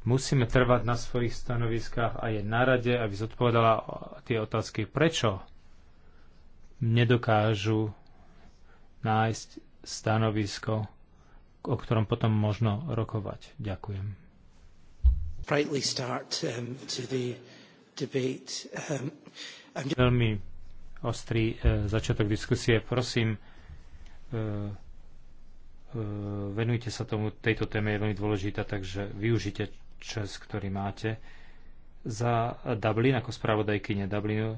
Musíme trvať na svojich stanoviskách a je na rade, aby zodpovedala tie otázky, prečo nedokážu nájsť stanovisko, o ktorom potom možno rokovať. Ďakujem. Um, um, veľmi ostrý uh, začiatok diskusie. Prosím, uh, uh, venujte sa tomu, tejto téme je veľmi dôležitá, takže využite čas, ktorý máte. Za Dublin, ako spravodajkyne Dublinu,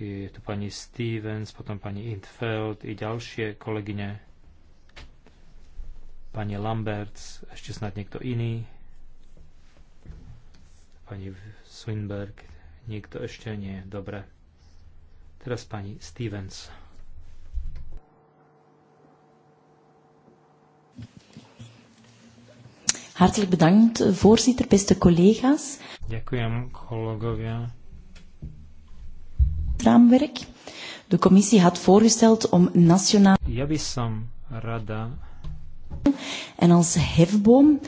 je tu pani Stevens, potom pani Intfeld i ďalšie kolegyne, pani Lamberts, ešte snad niekto iný, pani Swinberg, niekto ešte nie, dobre. Teraz pani Stevens. Hartelijk bedankt, voorzitter, beste collega's. Ďakujem, kolegovia raamwerk. De commissie had voorgesteld om nationaal... Ja by rada... ...en als hefboom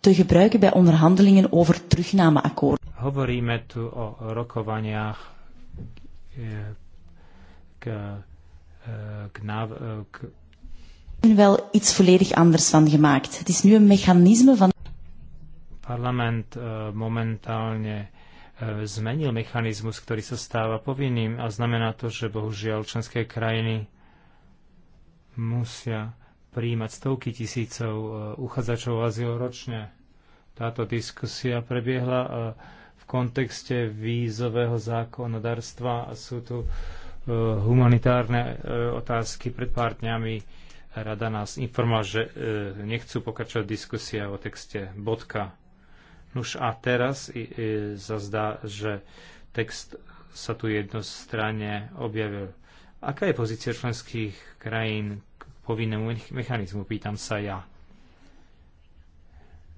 te gebruiken bij onderhandelingen over terugnameakkoord. Hovoríme tu o rokovaniach eh, k, eh, k, nav, eh, k... wel iets volledig anders van gemaakt. Het is nu een mechanisme van... Parlament momentálne E, zmenil mechanizmus, ktorý sa stáva povinným a znamená to, že bohužiaľ členské krajiny musia príjmať stovky tisícov e, uchádzačov azyl ročne. Táto diskusia prebiehla e, v kontexte vízového zákonodárstva a sú tu humanitárne otázky. Pred pár dňami rada nás informovala, že nechcú pokračovať diskusia o texte bodka Nuž a teraz i, i, sa zdá, že text sa tu jednostranne objavil. Aká je pozícia členských krajín k povinnému mechanizmu, pýtam sa ja.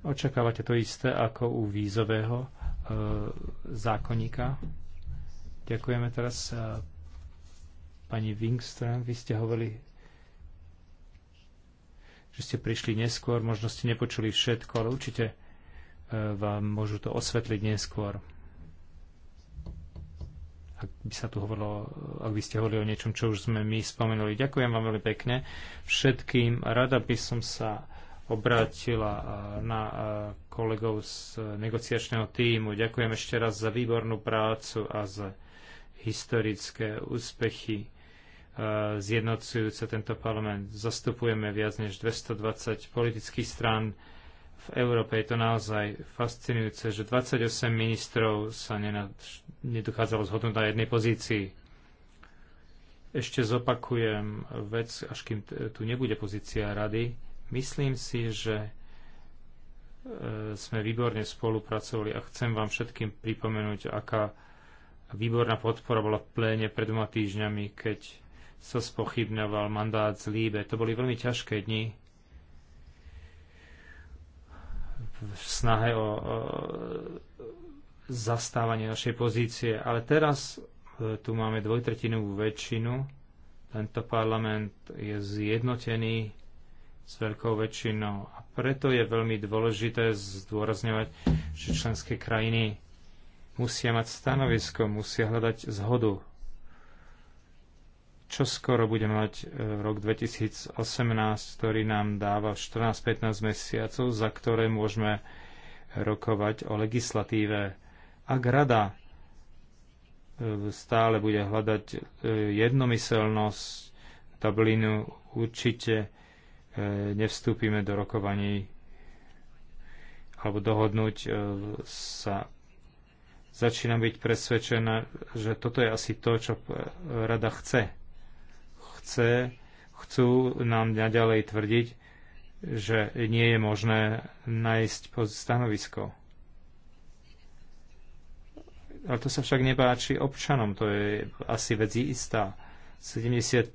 Očakávate to isté ako u vízového e, zákonníka? Ďakujeme teraz e, pani Wingström. Vy ste hovorili, že ste prišli neskôr, možno ste nepočuli všetko, ale určite vám môžu to osvetliť neskôr. Ak by sa tu hovorilo, ak by ste hovorili o niečom, čo už sme my spomenuli. Ďakujem vám veľmi pekne všetkým. Rada by som sa obrátila na kolegov z negociačného týmu. Ďakujem ešte raz za výbornú prácu a za historické úspechy zjednocujúce tento parlament. Zastupujeme viac než 220 politických strán, v Európe je to naozaj fascinujúce, že 28 ministrov sa nedochádzalo zhodnúť na jednej pozícii. Ešte zopakujem vec, až kým tu nebude pozícia rady. Myslím si, že e, sme výborne spolupracovali a chcem vám všetkým pripomenúť, aká výborná podpora bola v pléne pred dvoma týždňami, keď sa spochybňoval mandát z Líbe. To boli veľmi ťažké dni v snahe o zastávanie našej pozície. Ale teraz e, tu máme dvojtretinovú väčšinu. Tento parlament je zjednotený s veľkou väčšinou a preto je veľmi dôležité zdôrazňovať, že členské krajiny musia mať stanovisko, musia hľadať zhodu čo skoro budeme mať e, rok 2018, ktorý nám dáva 14-15 mesiacov, za ktoré môžeme rokovať o legislatíve. Ak rada e, stále bude hľadať e, jednomyselnosť Dublinu, určite nevstúpime do rokovaní alebo dohodnúť sa. Začínam byť presvedčená, že toto je asi to, čo rada chce chce, chcú nám naďalej tvrdiť, že nie je možné nájsť stanovisko. Ale to sa však nepáči občanom, to je asi vec istá. 70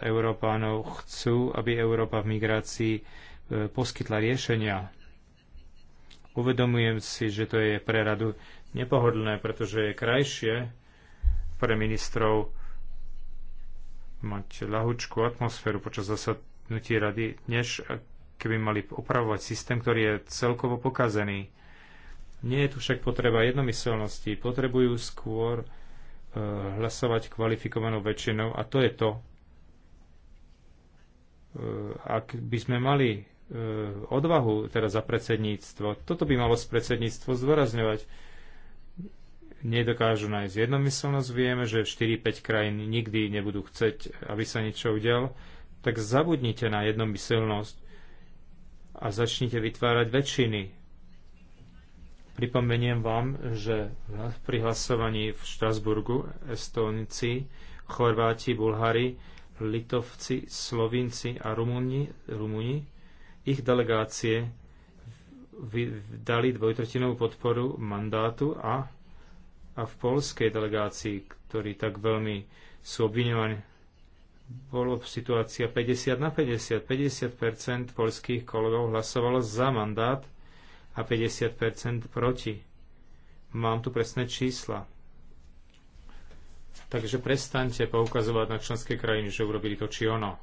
Európánov chcú, aby Európa v migrácii e, poskytla riešenia. Uvedomujem si, že to je pre radu nepohodlné, pretože je krajšie pre ministrov mať ľahučkú atmosféru počas zasadnutí rady, než keby mali opravovať systém, ktorý je celkovo pokazený. Nie je tu však potreba jednomyselnosti, potrebujú skôr e, hlasovať kvalifikovanou väčšinou a to je to. E, ak by sme mali e, odvahu teda za predsedníctvo, toto by malo predsedníctvo zdôrazňovať, nedokážu nájsť jednomyselnosť, vieme, že 4-5 krajín nikdy nebudú chceť, aby sa niečo udialo, tak zabudnite na jednomyselnosť a začnite vytvárať väčšiny. Pripomeniem vám, že pri hlasovaní v Štrasburgu Estónci, Chorváti, Bulhári, Litovci, Slovinci a Rumúni, Rumúni ich delegácie dali dvojtretinovú podporu mandátu a a v polskej delegácii, ktorí tak veľmi sú obviňovaní, bolo situácia 50 na 50. 50 polských kolegov hlasovalo za mandát a 50 proti. Mám tu presné čísla. Takže prestaňte poukazovať na členské krajiny, že urobili to či ono.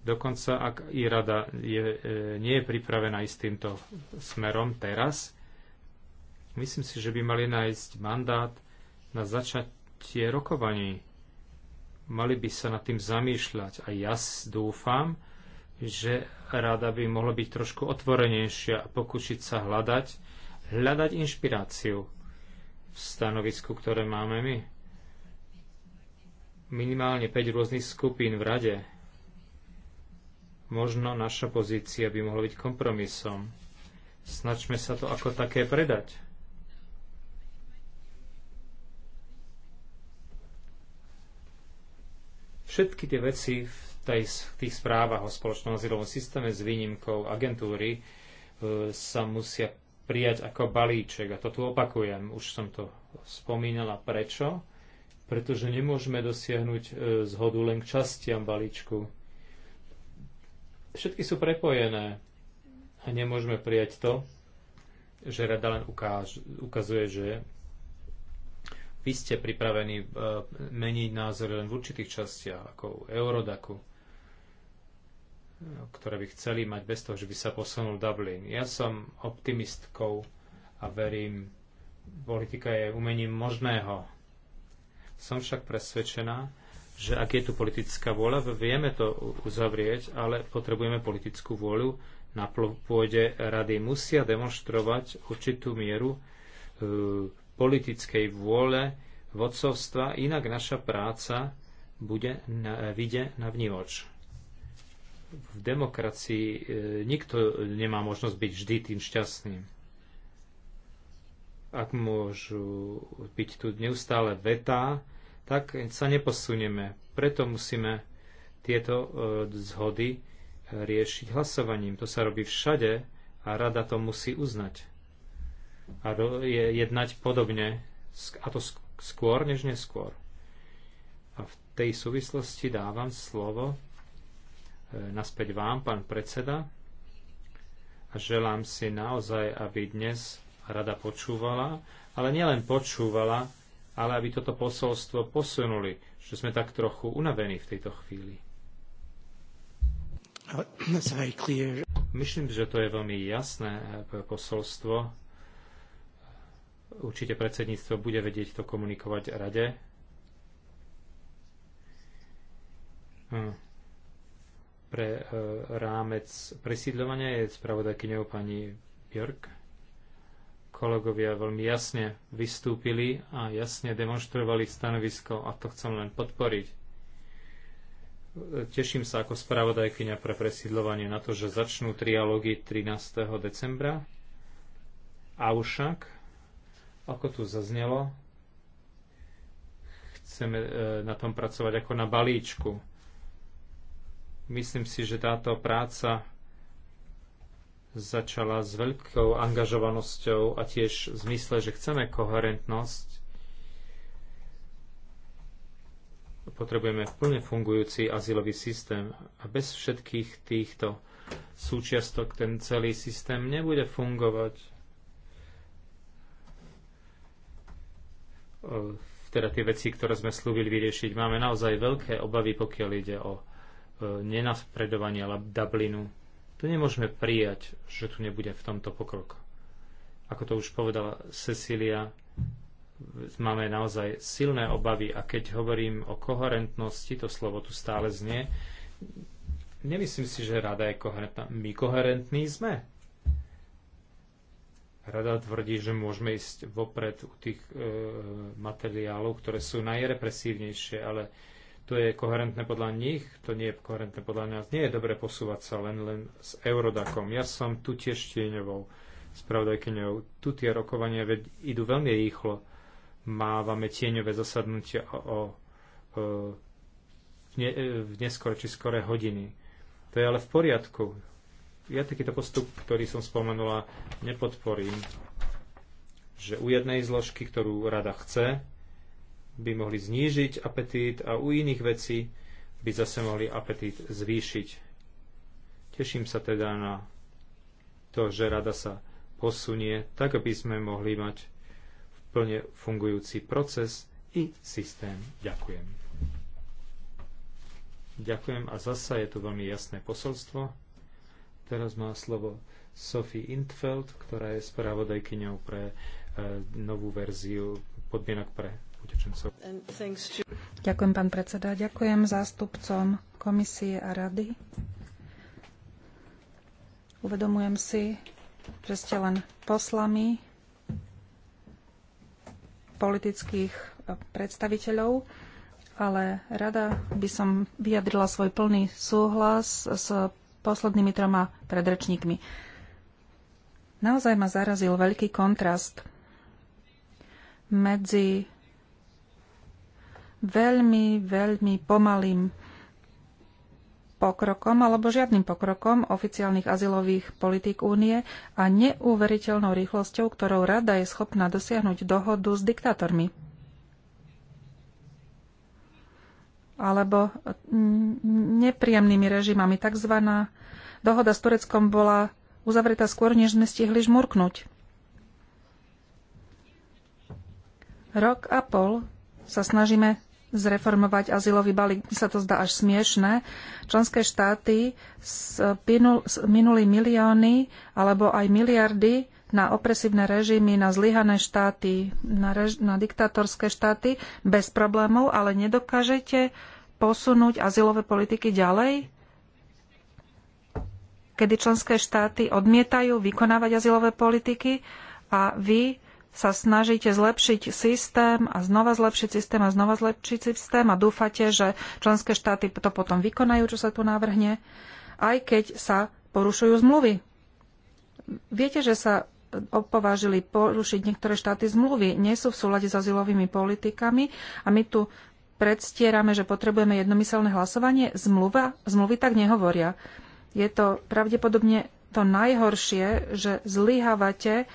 Dokonca, ak i rada je, e, nie je pripravená ísť týmto smerom teraz, Myslím si, že by mali nájsť mandát na začatie rokovaní. Mali by sa nad tým zamýšľať. A ja dúfam, že rada by mohla byť trošku otvorenejšia a pokúšiť sa hľadať, hľadať inšpiráciu v stanovisku, ktoré máme my. Minimálne 5 rôznych skupín v rade. Možno naša pozícia by mohla byť kompromisom. Snačme sa to ako také predať. Všetky tie veci v, tej, v tých správach o spoločnom azylovom systéme s výnimkou agentúry e, sa musia prijať ako balíček. A to tu opakujem, už som to spomínala. Prečo? Pretože nemôžeme dosiahnuť e, zhodu len k častiam balíčku. Všetky sú prepojené a nemôžeme prijať to, že rada len ukáž, ukazuje, že vy ste pripravení e, meniť názory len v určitých častiach, ako u Eurodaku, e, ktoré by chceli mať bez toho, že by sa posunul Dublin. Ja som optimistkou a verím, politika je umením možného. Som však presvedčená, že ak je tu politická vôľa, vieme to uzavrieť, ale potrebujeme politickú vôľu na pôde rady. Musia demonstrovať určitú mieru uh, politickej vôle, vodcovstva, inak naša práca bude na, vide na vnívoč. V demokracii e, nikto nemá možnosť byť vždy tým šťastným. Ak môžu byť tu neustále vetá, tak sa neposunieme. Preto musíme tieto e, zhody riešiť hlasovaním. To sa robí všade a rada to musí uznať a je jednať podobne, a to skôr než neskôr. A v tej súvislosti dávam slovo e, naspäť vám, pán predseda, a želám si naozaj, aby dnes rada počúvala, ale nielen počúvala, ale aby toto posolstvo posunuli, že sme tak trochu unavení v tejto chvíli. Uh, Myslím, že to je veľmi jasné e, posolstvo Určite predsedníctvo bude vedieť to komunikovať rade. Hm. Pre e, rámec presídľovania je spravodajkyňou pani Björk kolegovia veľmi jasne vystúpili a jasne demonstrovali stanovisko a to chcem len podporiť. Teším sa ako spravodajkyňa pre presídľovanie na to, že začnú trialógy 13. decembra. Avšak ako tu zaznelo, chceme e, na tom pracovať ako na balíčku. Myslím si, že táto práca začala s veľkou angažovanosťou a tiež v zmysle, že chceme koherentnosť. Potrebujeme plne fungujúci azylový systém a bez všetkých týchto súčiastok ten celý systém nebude fungovať. E, teda tie veci, ktoré sme slúbili vyriešiť. Máme naozaj veľké obavy, pokiaľ ide o e, nenaspredovanie Dublinu. To nemôžeme prijať, že tu nebude v tomto pokrok. Ako to už povedala Cecília, máme naozaj silné obavy a keď hovorím o koherentnosti, to slovo tu stále znie, nemyslím si, že rada je koherentná. My koherentní sme Rada tvrdí, že môžeme ísť vopred u tých e, materiálov, ktoré sú najrepresívnejšie, ale to je koherentné podľa nich, to nie je koherentné podľa nás. Nie je dobre posúvať sa len, len s Eurodakom. Ja som tu tiež tieňovou spravodajkyňou. Tu tie rokovania ved, idú veľmi rýchlo. Mávame tieňové zasadnutie o, o, o e, v, ne, e, v neskore či skore hodiny. To je ale v poriadku. Ja takýto postup, ktorý som spomenula, nepodporím, že u jednej zložky, ktorú rada chce, by mohli znížiť apetít a u iných vecí by zase mohli apetít zvýšiť. Teším sa teda na to, že rada sa posunie, tak aby sme mohli mať plne fungujúci proces i systém. Ďakujem. Ďakujem a zasa je tu veľmi jasné posolstvo. Teraz má slovo Sophie Intfeld, ktorá je spravodajkyňou pre e, novú verziu podmienok pre utečencov. Ďakujem, pán predseda. Ďakujem zástupcom komisie a rady. Uvedomujem si, že ste len poslami politických e, predstaviteľov, ale rada by som vyjadrila svoj plný súhlas s poslednými troma predrečníkmi. Naozaj ma zarazil veľký kontrast medzi veľmi, veľmi pomalým pokrokom alebo žiadnym pokrokom oficiálnych azylových politík únie a neuveriteľnou rýchlosťou, ktorou rada je schopná dosiahnuť dohodu s diktátormi. alebo mm, nepríjemnými režimami. Takzvaná dohoda s Tureckom bola uzavretá skôr, než sme stihli žmurknúť. Rok a pol sa snažíme zreformovať azylový balík. Mi sa to zdá až smiešné. Členské štáty minuli milióny alebo aj miliardy na opresívne režimy, na zlyhané štáty, na, rež- na diktatorské štáty bez problémov, ale nedokážete posunúť azylové politiky ďalej? Kedy členské štáty odmietajú vykonávať azylové politiky a vy sa snažíte zlepšiť systém a znova zlepšiť systém a znova zlepšiť systém a dúfate, že členské štáty to potom vykonajú, čo sa tu navrhne, aj keď sa porušujú zmluvy. Viete, že sa opovážili porušiť niektoré štáty zmluvy, nie sú v súlade s azylovými politikami a my tu predstierame, že potrebujeme jednomyselné hlasovanie. Zmluva, zmluvy tak nehovoria. Je to pravdepodobne to najhoršie, že zlyhávate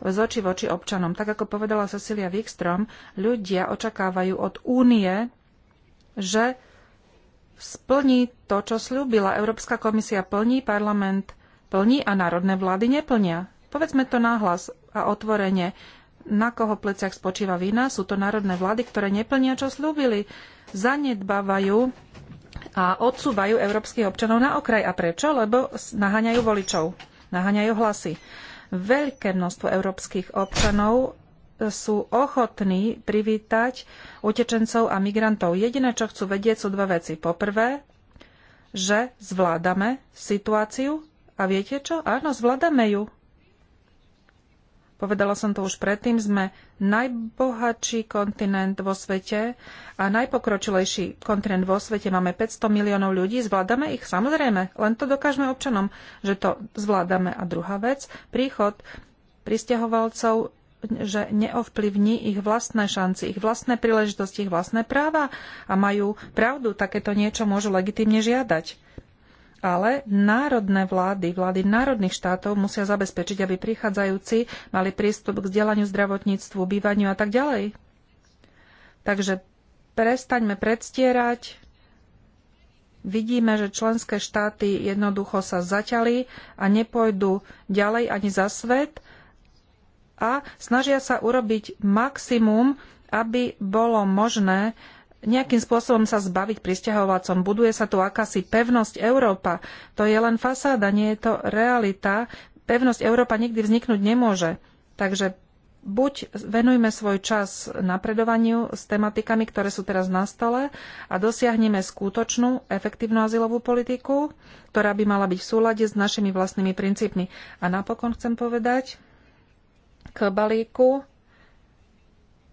z oči voči občanom. Tak ako povedala Cecilia Wikström, ľudia očakávajú od únie, že splní to, čo slúbila. Európska komisia plní, parlament plní a národné vlády neplnia. Povedzme to náhlas a otvorene. Na koho pleciach spočíva vina? Sú to národné vlády, ktoré neplnia, čo slúbili. Zanedbávajú a odsúvajú európskych občanov na okraj. A prečo? Lebo naháňajú voličov, naháňajú hlasy. Veľké množstvo európskych občanov e, sú ochotní privítať utečencov a migrantov. Jediné, čo chcú vedieť, sú dve veci. Poprvé, že zvládame situáciu a viete čo? Áno, zvládame ju. Povedala som to už predtým, sme najbohatší kontinent vo svete a najpokročilejší kontinent vo svete. Máme 500 miliónov ľudí, zvládame ich samozrejme, len to dokážeme občanom, že to zvládame. A druhá vec, príchod pristahovalcov že neovplyvní ich vlastné šanci, ich vlastné príležitosti, ich vlastné práva a majú pravdu, takéto niečo môžu legitimne žiadať ale národné vlády, vlády národných štátov musia zabezpečiť, aby prichádzajúci mali prístup k vzdelaniu, zdravotníctvu, bývaniu a tak ďalej. Takže prestaňme predstierať. Vidíme, že členské štáty jednoducho sa zaťali a nepôjdu ďalej ani za svet a snažia sa urobiť maximum, aby bolo možné nejakým spôsobom sa zbaviť pristahovalcom. Buduje sa tu akási pevnosť Európa. To je len fasáda, nie je to realita. Pevnosť Európa nikdy vzniknúť nemôže. Takže buď venujme svoj čas napredovaniu s tematikami, ktoré sú teraz na stole a dosiahneme skutočnú, efektívnu azylovú politiku, ktorá by mala byť v súlade s našimi vlastnými princípmi. A napokon chcem povedať k balíku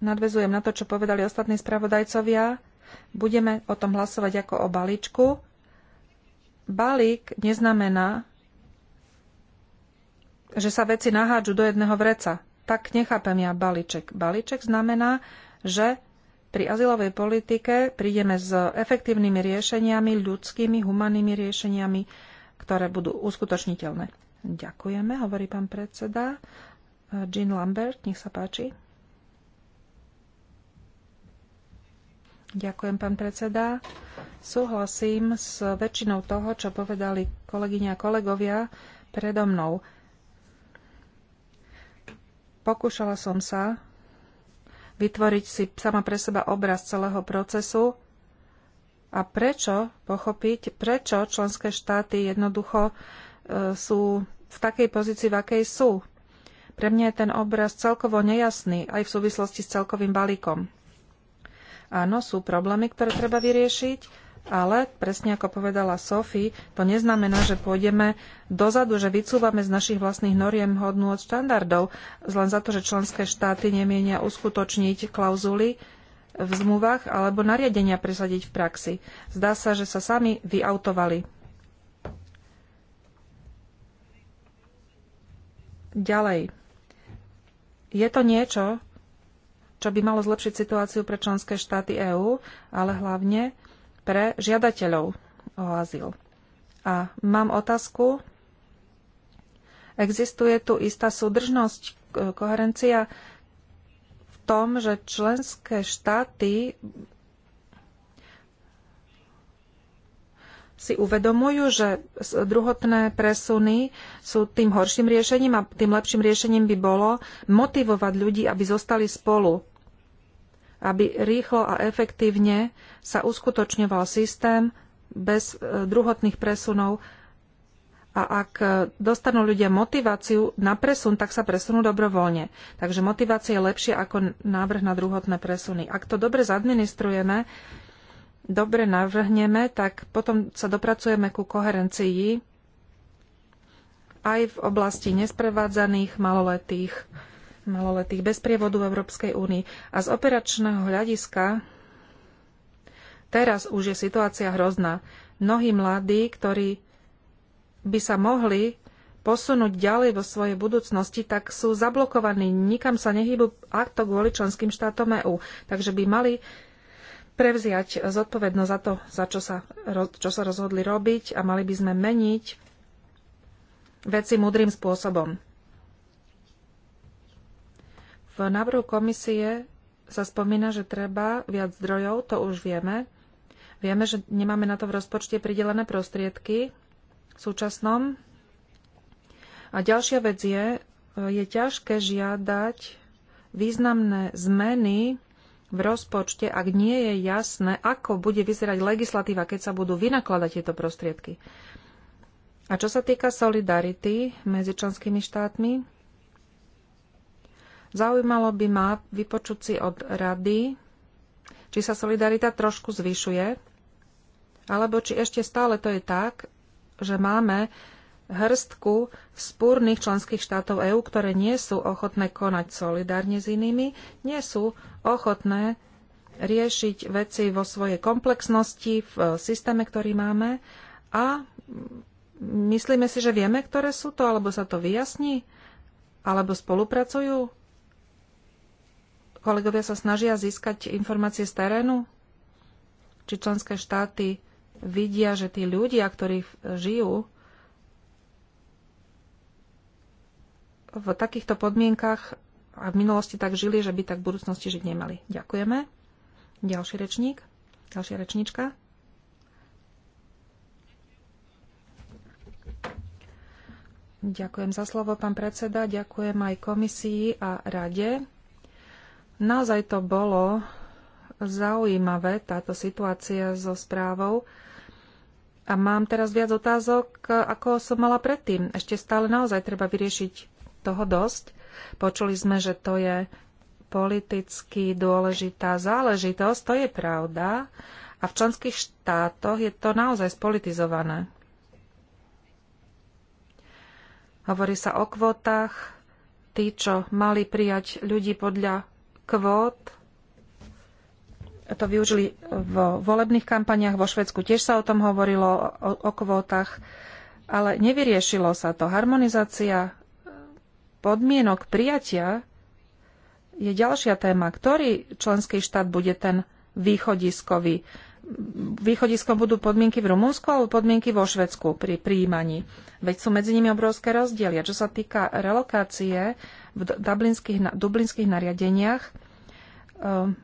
nadvezujem na to, čo povedali ostatní spravodajcovia. Budeme o tom hlasovať ako o balíčku. Balík neznamená, že sa veci nahádžu do jedného vreca. Tak nechápem ja balíček. Balíček znamená, že pri azylovej politike prídeme s efektívnymi riešeniami, ľudskými, humannými riešeniami, ktoré budú uskutočniteľné. Ďakujeme, hovorí pán predseda. Jean Lambert, nech sa páči. Ďakujem, pán predseda. Súhlasím s väčšinou toho, čo povedali kolegyňa a kolegovia predo mnou. Pokúšala som sa vytvoriť si sama pre seba obraz celého procesu a prečo pochopiť, prečo členské štáty jednoducho e, sú v takej pozícii, v akej sú. Pre mňa je ten obraz celkovo nejasný aj v súvislosti s celkovým balíkom. Áno, sú problémy, ktoré treba vyriešiť, ale presne ako povedala Sophie, to neznamená, že pôjdeme dozadu, že vycúvame z našich vlastných noriem hodnú od štandardov, len za to, že členské štáty nemienia uskutočniť klauzuly v zmluvách alebo nariadenia presadiť v praxi. Zdá sa, že sa sami vyautovali. Ďalej. Je to niečo, čo by malo zlepšiť situáciu pre členské štáty EÚ, ale hlavne pre žiadateľov o azyl. A mám otázku. Existuje tu istá súdržnosť, e, koherencia v tom, že členské štáty si uvedomujú, že druhotné presuny sú tým horším riešením a tým lepším riešením by bolo motivovať ľudí, aby zostali spolu, aby rýchlo a efektívne sa uskutočňoval systém bez e, druhotných presunov a ak e, dostanú ľudia motiváciu na presun, tak sa presunú dobrovoľne. Takže motivácia je lepšia ako návrh na druhotné presuny. Ak to dobre zadministrujeme, dobre navrhneme, tak potom sa dopracujeme ku koherencii aj v oblasti nesprevádzaných maloletých, maloletých bez prievodu v Európskej únii. A z operačného hľadiska teraz už je situácia hrozná. Mnohí mladí, ktorí by sa mohli posunúť ďalej vo svojej budúcnosti, tak sú zablokovaní, nikam sa nehybu, akto to kvôli členským štátom EÚ. Takže by mali prevziať zodpovednosť za to, za čo sa, čo sa rozhodli robiť a mali by sme meniť veci múdrym spôsobom. V návrhu komisie sa spomína, že treba viac zdrojov, to už vieme. Vieme, že nemáme na to v rozpočte pridelené prostriedky v súčasnom. A ďalšia vec je, je ťažké žiadať významné zmeny v rozpočte, ak nie je jasné, ako bude vyzerať legislatíva, keď sa budú vynakladať tieto prostriedky. A čo sa týka solidarity medzi členskými štátmi, zaujímalo by ma vypočuť si od rady, či sa solidarita trošku zvyšuje, alebo či ešte stále to je tak, že máme hrstku spúrnych členských štátov EÚ, ktoré nie sú ochotné konať solidárne s inými, nie sú ochotné riešiť veci vo svojej komplexnosti, v e, systéme, ktorý máme a myslíme si, že vieme, ktoré sú to, alebo sa to vyjasní, alebo spolupracujú. Kolegovia sa snažia získať informácie z terénu, či členské štáty vidia, že tí ľudia, ktorí žijú v takýchto podmienkach a v minulosti tak žili, že by tak v budúcnosti žiť nemali. Ďakujeme. Ďalší rečník. Ďalšia rečníčka. Ďakujem za slovo, pán predseda. Ďakujem aj komisii a rade. Naozaj to bolo zaujímavé, táto situácia so správou. A mám teraz viac otázok, ako som mala predtým. Ešte stále naozaj treba vyriešiť toho dosť. Počuli sme, že to je politicky dôležitá záležitosť, to je pravda. A v členských štátoch je to naozaj spolitizované. Hovorí sa o kvotách. Tí, čo mali prijať ľudí podľa kvót, to využili vo volebných kampaniach. Vo Švedsku tiež sa o tom hovorilo, o, o kvótach. Ale nevyriešilo sa to. Harmonizácia podmienok prijatia je ďalšia téma. Ktorý členský štát bude ten východiskový? Východiskom budú podmienky v Rumunsku alebo podmienky vo Švedsku pri príjmaní. Veď sú medzi nimi obrovské rozdiely. A čo sa týka relokácie v dublinských, dublinských nariadeniach, ehm,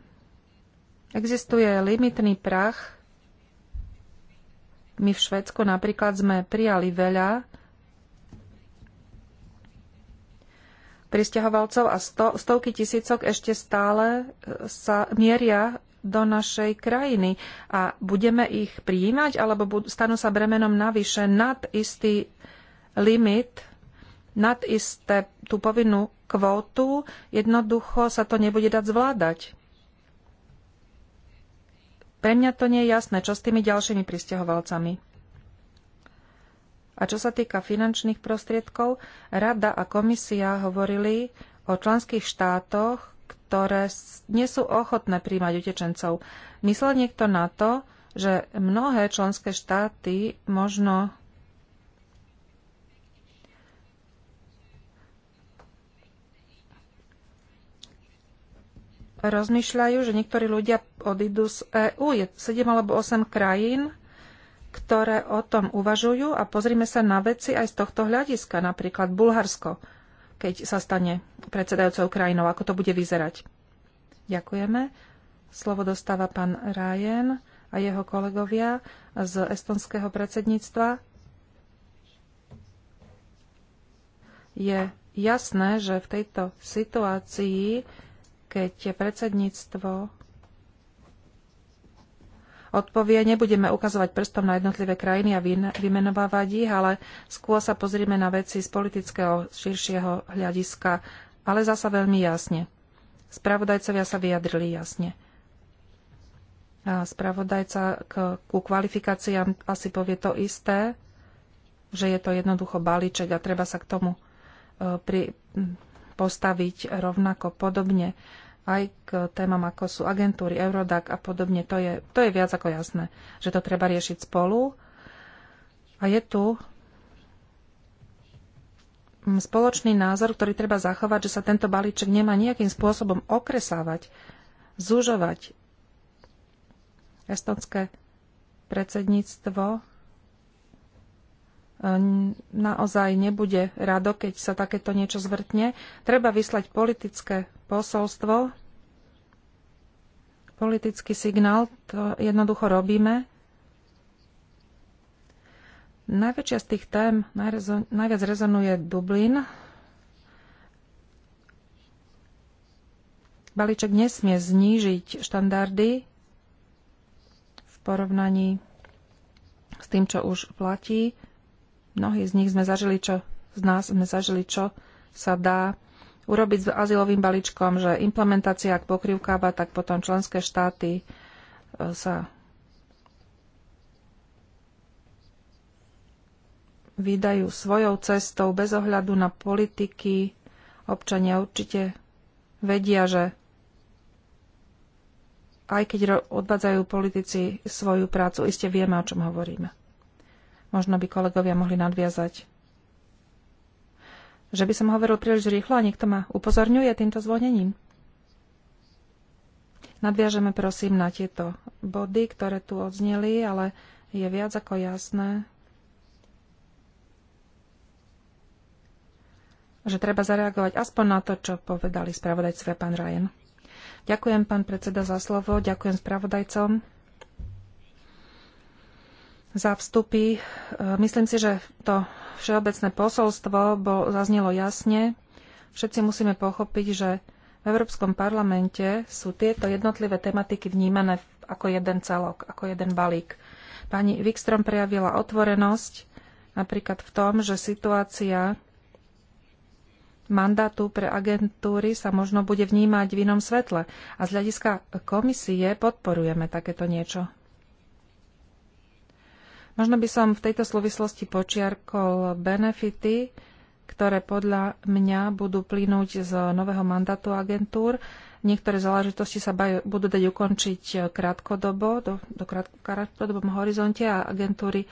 existuje limitný prach. My v Švedsku napríklad sme prijali veľa pristahovalcov a sto, stovky tisícok ešte stále e, sa mieria do našej krajiny a budeme ich prijímať alebo budú, stanú sa bremenom navyše nad istý limit, nad isté tú povinnú kvótu, jednoducho sa to nebude dať zvládať. Pre mňa to nie je jasné, čo s tými ďalšími pristahovalcami. A čo sa týka finančných prostriedkov, Rada a komisia hovorili o členských štátoch, ktoré nie sú ochotné príjmať utečencov. Myslel niekto na to, že mnohé členské štáty možno rozmýšľajú, že niektorí ľudia odídu z EÚ. Je 7 alebo 8 krajín, ktoré o tom uvažujú a pozrime sa na veci aj z tohto hľadiska, napríklad Bulharsko, keď sa stane predsedajúcou krajinou, ako to bude vyzerať. Ďakujeme. Slovo dostáva pán Ryan a jeho kolegovia z estonského predsedníctva. Je jasné, že v tejto situácii, keď predsedníctvo odpovie. Nebudeme ukazovať prstom na jednotlivé krajiny a vymenovávať ich, ale skôr sa pozrieme na veci z politického širšieho hľadiska, ale zasa veľmi jasne. Spravodajcovia sa vyjadrili jasne. A spravodajca k, ku kvalifikáciám asi povie to isté, že je to jednoducho balíček a treba sa k tomu e, pri, postaviť rovnako podobne aj k témam, ako sú agentúry, Eurodac a podobne. To je, to je viac ako jasné, že to treba riešiť spolu. A je tu spoločný názor, ktorý treba zachovať, že sa tento balíček nemá nejakým spôsobom okresávať, zužovať. Estonské predsedníctvo e, naozaj nebude rado, keď sa takéto niečo zvrtne. Treba vyslať politické posolstvo, politický signál, to jednoducho robíme. Najväčšia z tých tém najviac rezonuje Dublin. Balíček nesmie znížiť štandardy v porovnaní s tým, čo už platí. Mnohí z nich sme zažili, čo z nás sme zažili, čo sa dá urobiť s azylovým balíčkom, že implementácia, ak pokrivkáva, tak potom členské štáty e, sa vydajú svojou cestou bez ohľadu na politiky. Občania určite vedia, že aj keď odvádzajú politici svoju prácu, iste vieme, o čom hovoríme. Možno by kolegovia mohli nadviazať že by som hovoril príliš rýchlo a niekto ma upozorňuje týmto zvonením. Nadviažeme prosím na tieto body, ktoré tu odzneli, ale je viac ako jasné, že treba zareagovať aspoň na to, čo povedali spravodajcovia pán Ryan. Ďakujem, pán predseda, za slovo. Ďakujem spravodajcom za vstupy. E, myslím si, že to všeobecné posolstvo bol, zaznelo jasne. Všetci musíme pochopiť, že v Európskom parlamente sú tieto jednotlivé tematiky vnímané ako jeden celok, ako jeden balík. Pani Wikström prejavila otvorenosť napríklad v tom, že situácia mandátu pre agentúry sa možno bude vnímať v inom svetle. A z hľadiska komisie podporujeme takéto niečo. Možno by som v tejto súvislosti počiarkol benefity, ktoré podľa mňa budú plynúť z nového mandátu agentúr. Niektoré záležitosti sa budú dať ukončiť krátkodobo, do, do krátkodobom horizonte a agentúry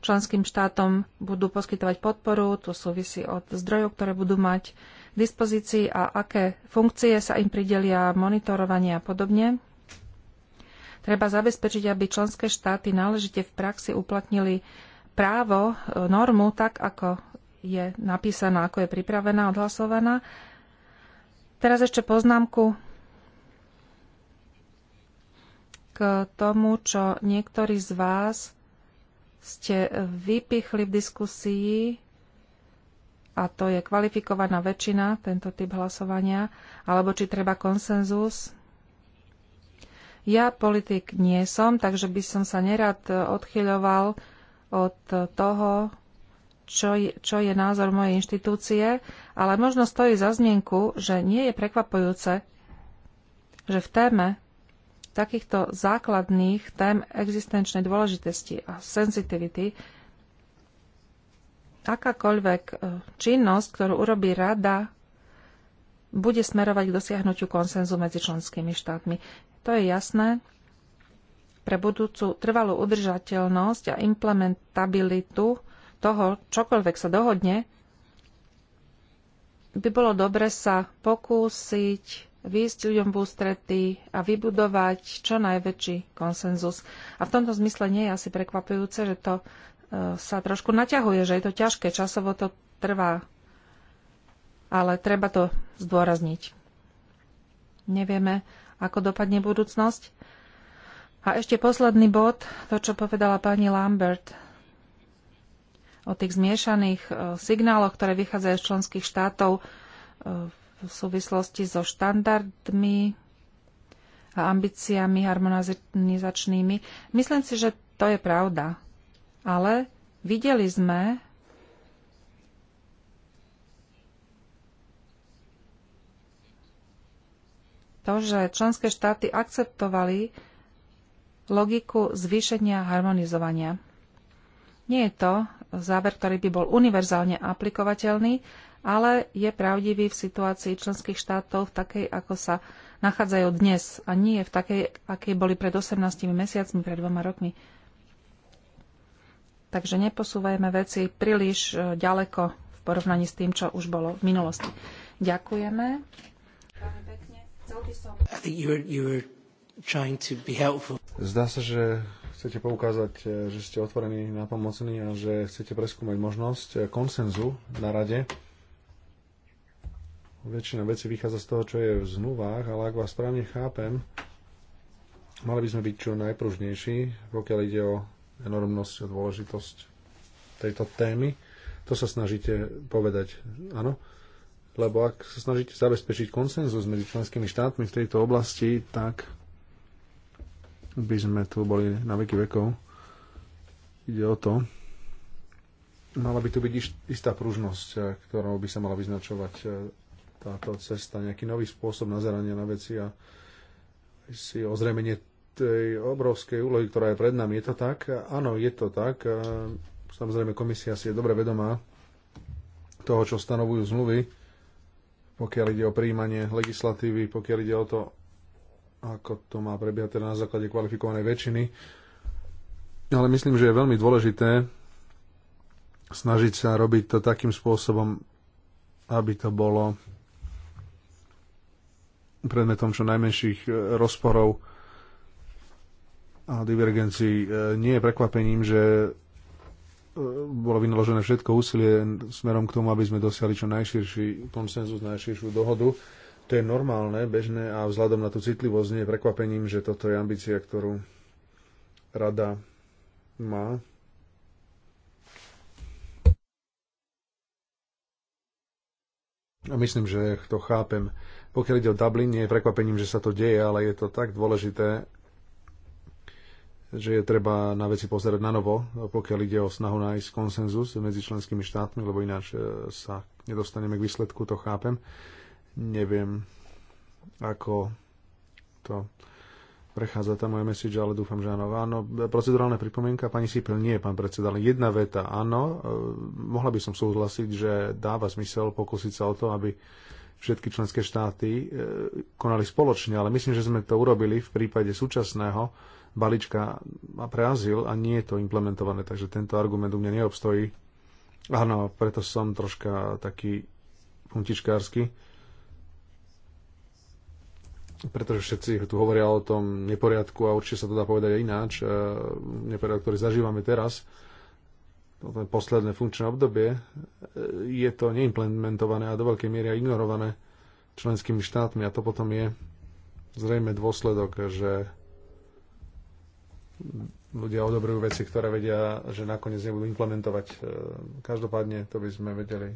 členským štátom budú poskytovať podporu, to súvisí od zdrojov, ktoré budú mať k dispozícii a aké funkcie sa im pridelia, monitorovanie a podobne. Treba zabezpečiť, aby členské štáty náležite v praxi uplatnili právo, e, normu, tak ako je napísaná, ako je pripravená, odhlasovaná. Teraz ešte poznámku k tomu, čo niektorí z vás ste vypichli v diskusii, a to je kvalifikovaná väčšina, tento typ hlasovania, alebo či treba konsenzus ja politik nie som, takže by som sa nerad e, odchyľoval od toho, čo je, čo je názor mojej inštitúcie, ale možno stojí za zmienku, že nie je prekvapujúce, že v téme takýchto základných tém existenčnej dôležitosti a sensitivity akákoľvek e, činnosť, ktorú urobí rada bude smerovať k dosiahnutiu konsenzu medzi členskými štátmi. To je jasné. Pre budúcu trvalú udržateľnosť a implementabilitu toho, čokoľvek sa dohodne, by bolo dobre sa pokúsiť výjsť ľuďom v ústrety a vybudovať čo najväčší konsenzus. A v tomto zmysle nie je asi prekvapujúce, že to e, sa trošku naťahuje, že je to ťažké, časovo to trvá ale treba to zdôrazniť. Nevieme, ako dopadne budúcnosť. A ešte posledný bod, to, čo povedala pani Lambert o tých zmiešaných e, signáloch, ktoré vychádzajú z členských štátov e, v súvislosti so štandardmi a ambíciami harmonizačnými. Myslím si, že to je pravda. Ale videli sme, to, že členské štáty akceptovali logiku zvýšenia harmonizovania. Nie je to záver, ktorý by bol univerzálne aplikovateľný, ale je pravdivý v situácii členských štátov v takej, ako sa nachádzajú dnes a nie v takej, akej boli pred 18 mesiacmi, pred dvoma rokmi. Takže neposúvajme veci príliš e, ďaleko v porovnaní s tým, čo už bolo v minulosti. Ďakujeme. Zdá sa, že chcete poukázať, eh, že ste otvorení na pomocný a že chcete preskúmať možnosť eh, konsenzu na rade. Väčšina vecí vychádza z toho, čo je v zmluvách, ale ak vás správne chápem, mali by sme byť čo najpružnejší, pokiaľ ide o enormnosť a dôležitosť tejto témy. To sa snažíte povedať, áno? lebo ak sa snažíte zabezpečiť konsenzus medzi členskými štátmi v tejto oblasti, tak by sme tu boli na veky vekov. Ide o to. Mala by tu byť istá pružnosť, eh, ktorou by sa mala vyznačovať eh, táto cesta, nejaký nový spôsob nazerania na veci a si ozrejmenie tej obrovskej úlohy, ktorá je pred nami. Je to tak? Áno, je to tak. Eh, samozrejme, komisia si je dobre vedomá toho, čo stanovujú zmluvy pokiaľ ide o príjmanie legislatívy, pokiaľ ide o to, ako to má prebiehať teda na základe kvalifikovanej väčšiny. Ale myslím, že je veľmi dôležité snažiť sa robiť to takým spôsobom, aby to bolo predmetom čo najmenších e, rozporov a divergencií. E, nie je prekvapením, že bolo vynaložené všetko úsilie smerom k tomu, aby sme dosiahli čo najširší konsenzus, najširšiu dohodu. To je normálne, bežné a vzhľadom na tú citlivosť nie je prekvapením, že toto je ambícia, ktorú rada má. A myslím, že to chápem. Pokiaľ ide o Dublin, nie je prekvapením, že sa to deje, ale je to tak dôležité že je treba na veci pozerať na novo, pokiaľ ide o snahu nájsť konsenzus medzi členskými štátmi, lebo ináč e, sa nedostaneme k výsledku, to chápem. Neviem, ako to prechádza tá moja message, ale dúfam, že áno. Áno, procedurálna pripomienka, pani Sipel, nie, pán predseda, ale jedna veta, áno. E, mohla by som súhlasiť, že dáva zmysel pokúsiť sa o to, aby všetky členské štáty e, konali spoločne, ale myslím, že sme to urobili v prípade súčasného balíčka pre azyl a nie je to implementované, takže tento argument u mňa neobstojí. Áno, preto som troška taký puntičkársky, pretože všetci tu hovoria o tom neporiadku a určite sa to dá povedať aj ináč, e, neporiadok, ktorý zažívame teraz, toto posledné funkčné obdobie, e, je to neimplementované a do veľkej miery aj ignorované členskými štátmi a to potom je zrejme dôsledok, že ľudia odobrujú veci, ktoré vedia, že nakoniec nebudú implementovať. E, každopádne to by sme vedeli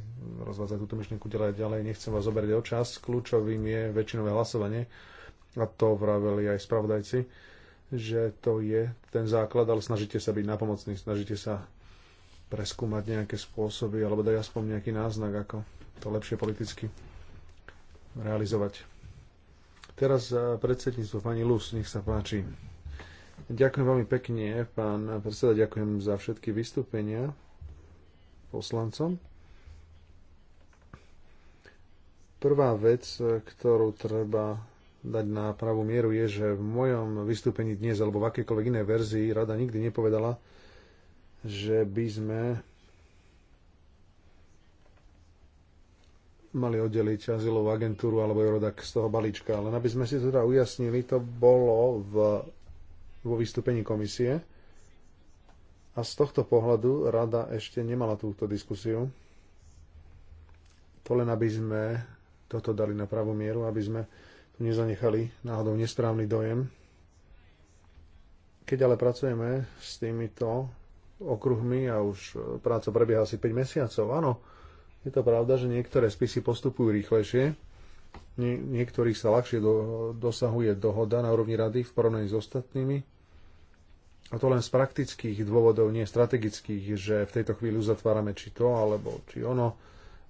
rozvázať túto myšlienku ďalej. ďalej. Nechcem vás zoberieť o čas. Kľúčovým je väčšinové hlasovanie. A to vraveli aj spravodajci, že to je ten základ, ale snažite sa byť napomocní, snažite sa preskúmať nejaké spôsoby alebo dať aspoň nejaký náznak, ako to lepšie politicky realizovať. Teraz e, predsedníctvo pani Lus, nech sa páči. Ďakujem veľmi pekne, pán predseda, ďakujem za všetky vystúpenia poslancom. Prvá vec, ktorú treba dať na pravú mieru, je, že v mojom vystúpení dnes alebo v akékoľvek inej verzii rada nikdy nepovedala, že by sme mali oddeliť azylovú agentúru alebo Eurodac z toho balíčka. Len aby sme si teda ujasnili, to bolo v vo vystúpení komisie. A z tohto pohľadu rada ešte nemala túto diskusiu. To len aby sme toto dali na pravú mieru, aby sme tu nezanechali náhodou nesprávny dojem. Keď ale pracujeme s týmito okruhmi a už práca prebieha asi 5 mesiacov, áno, je to pravda, že niektoré spisy postupujú rýchlejšie, nie, niektorých sa ľahšie do, dosahuje dohoda na úrovni rady v porovnaní s ostatnými a to len z praktických dôvodov, nie strategických, že v tejto chvíli uzatvárame či to, alebo či ono.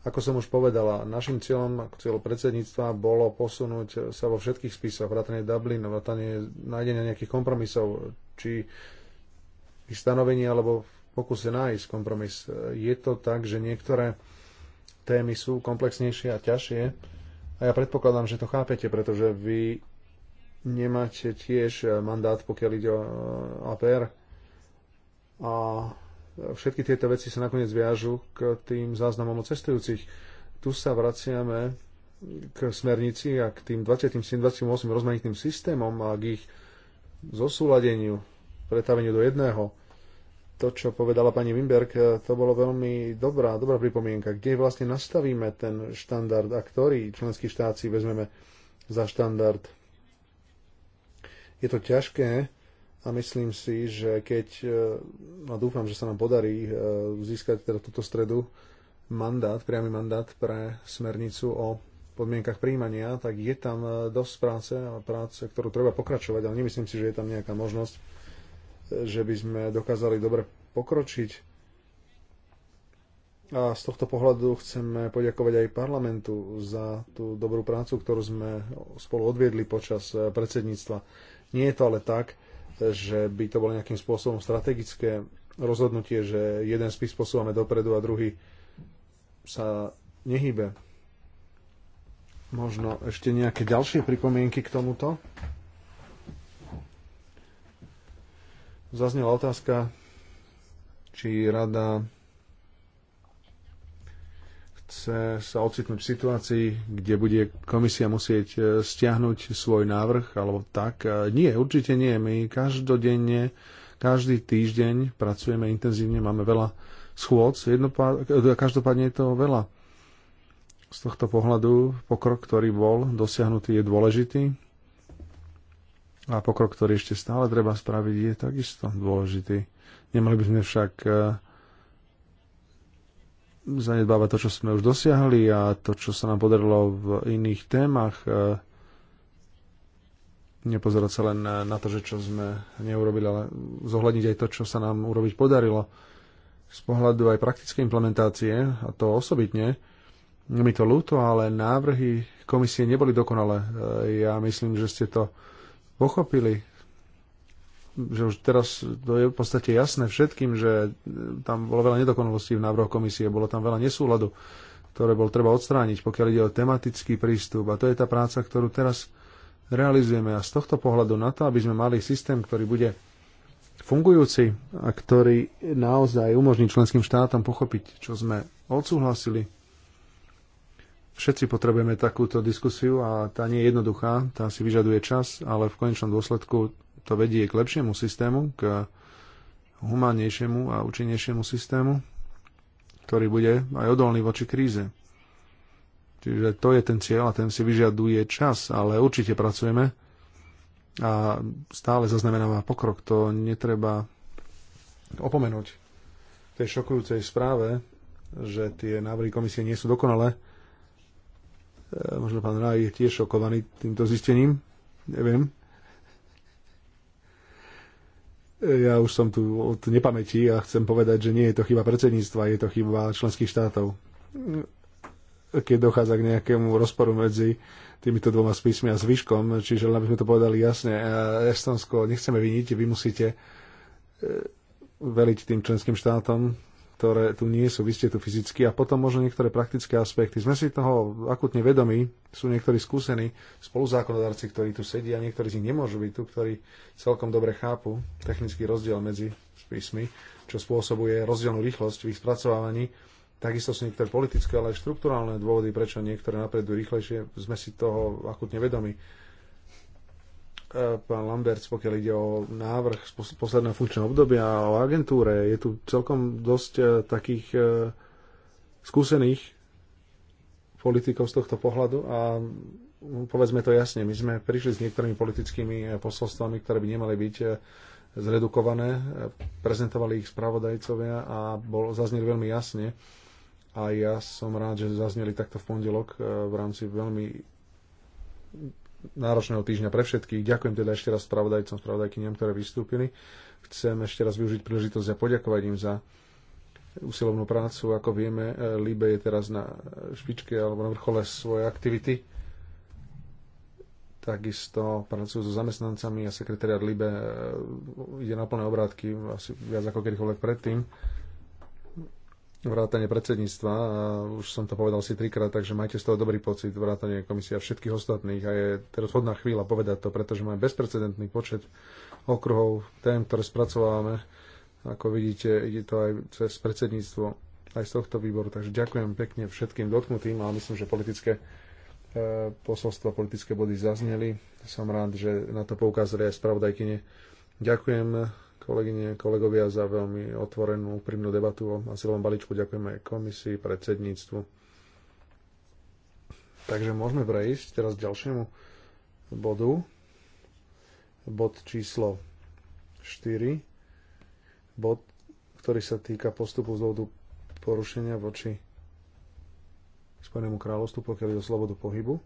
Ako som už povedala, našim cieľom, ako cieľom predsedníctva bolo posunúť sa vo všetkých spisoch, vrátane Dublin, vrátane nájdenia nejakých kompromisov, či ich stanovenie alebo pokuse nájsť kompromis. Je to tak, že niektoré témy sú komplexnejšie a ťažšie a ja predpokladám, že to chápete, pretože vy nemáte tiež e, mandát, pokiaľ ide o e, APR. A všetky tieto veci sa nakoniec viažu k tým záznamom o cestujúcich. Tu sa vraciame k smernici a k tým 27, 28 rozmanitým systémom a k ich zosúladeniu, pretaveniu do jedného. To, čo povedala pani Wimberg, e, to bolo veľmi dobrá, dobrá pripomienka. Kde vlastne nastavíme ten štandard a ktorý členský štát si vezmeme za štandard je to ťažké a myslím si, že keď, e, no dúfam, že sa nám podarí e, získať teda túto stredu mandát, priamy mandát pre smernicu o podmienkach príjmania, tak je tam e, dosť práce a práce, ktorú treba pokračovať, ale nemyslím si, že je tam nejaká možnosť, že by sme dokázali dobre pokročiť. A z tohto pohľadu chceme poďakovať aj parlamentu za tú dobrú prácu, ktorú sme spolu odviedli počas predsedníctva. Nie je to ale tak, že by to bolo nejakým spôsobom strategické rozhodnutie, že jeden spis posúvame dopredu a druhý sa nehybe. Možno ešte nejaké ďalšie pripomienky k tomuto? Zaznela otázka, či rada chce sa ocitnúť v situácii, kde bude komisia musieť e, stiahnuť svoj návrh, alebo tak. E, nie, určite nie. My každodenne, každý týždeň pracujeme intenzívne, máme veľa schôdz, e, každopádne je to veľa. Z tohto pohľadu pokrok, ktorý bol dosiahnutý, je dôležitý a pokrok, ktorý ešte stále treba spraviť, je takisto dôležitý. Nemali by sme však zanedbávať to, čo sme už dosiahli a to, čo sa nám podarilo v iných témach. E, nepozerať sa len na to, že čo sme neurobili, ale zohľadniť aj to, čo sa nám urobiť podarilo. Z pohľadu aj praktické implementácie, a to osobitne, mi to ľúto, ale návrhy komisie neboli dokonalé. E, ja myslím, že ste to pochopili že už teraz to je v podstate jasné všetkým, že tam bolo veľa nedokonalostí v návrhu komisie, bolo tam veľa nesúladu, ktoré bol treba odstrániť, pokiaľ ide o tematický prístup. A to je tá práca, ktorú teraz realizujeme. A z tohto pohľadu na to, aby sme mali systém, ktorý bude fungujúci a ktorý naozaj umožní členským štátom pochopiť, čo sme odsúhlasili, všetci potrebujeme takúto diskusiu a tá nie je jednoduchá, tá si vyžaduje čas, ale v konečnom dôsledku to vedie k lepšiemu systému, k humánnejšiemu a účinnejšiemu systému, ktorý bude aj odolný voči kríze. Čiže to je ten cieľ a ten si vyžaduje čas, ale určite pracujeme a stále zaznamenáva pokrok. To netreba opomenúť v tej šokujúcej správe, že tie návrhy komisie nie sú dokonalé. E, možno pán Raj je tiež šokovaný týmto zistením. Neviem ja už som tu od nepamäti a chcem povedať, že nie je to chyba predsedníctva, je to chyba členských štátov. Keď dochádza k nejakému rozporu medzi týmito dvoma spismi a zvyškom, čiže len aby sme to povedali jasne, e, Estonsko nechceme viniť, vy musíte e, veliť tým členským štátom, ktoré tu nie sú, vy ste tu fyzicky a potom možno niektoré praktické aspekty. Sme si toho akutne vedomí, sú niektorí skúsení spoluzákonodárci, ktorí tu sedia, niektorí z nich nemôžu byť tu, ktorí celkom dobre chápu technický rozdiel medzi písmy, čo spôsobuje rozdielnú rýchlosť v ich spracovávaní. Takisto sú niektoré politické, ale aj štruktúrálne dôvody, prečo niektoré napredujú rýchlejšie, sme si toho akutne vedomi pán Lambert, pokiaľ ide o návrh z posledného funkčného obdobia a o agentúre, je tu celkom dosť e, takých e, skúsených politikov z tohto pohľadu a povedzme to jasne, my sme prišli s niektorými politickými e, posolstvami, ktoré by nemali byť zredukované, prezentovali ich spravodajcovia a bol, zazneli veľmi jasne. A ja som rád, že zazneli takto v pondelok v rámci veľmi náročného týždňa pre všetkých. Ďakujem teda ešte raz spravodajcom, spravodajkyniam, ktoré vystúpili. Chcem ešte raz využiť príležitosť a poďakovať im za usilovnú prácu. Ako vieme, eh, Líbe je teraz na špičke alebo na vrchole svojej aktivity. Takisto pracujú so zamestnancami a sekretariat Libe eh, ide na plné obrátky asi viac ako kedykoľvek predtým vrátanie predsedníctva. A už som to povedal si trikrát, takže majte z toho dobrý pocit, vrátane komisia všetkých ostatných. A je teraz hodná chvíľa povedať to, pretože máme bezprecedentný počet okruhov, tém, ktoré spracovávame. Ako vidíte, ide to aj cez predsedníctvo, aj z tohto výboru. Takže ďakujem pekne všetkým dotknutým a myslím, že politické e, posolstva, politické body zazneli. Som rád, že na to poukázali aj spravodajkyne. Ďakujem kolegyne, kolegovia za veľmi otvorenú, úprimnú debatu o asilovom balíčku. Ďakujeme komisii, predsedníctvu. Takže môžeme prejsť teraz k ďalšiemu bodu. Bod číslo 4. Bod, ktorý sa týka postupu z dôvodu porušenia voči Spojenému kráľovstvu, pokiaľ je o slobodu pohybu.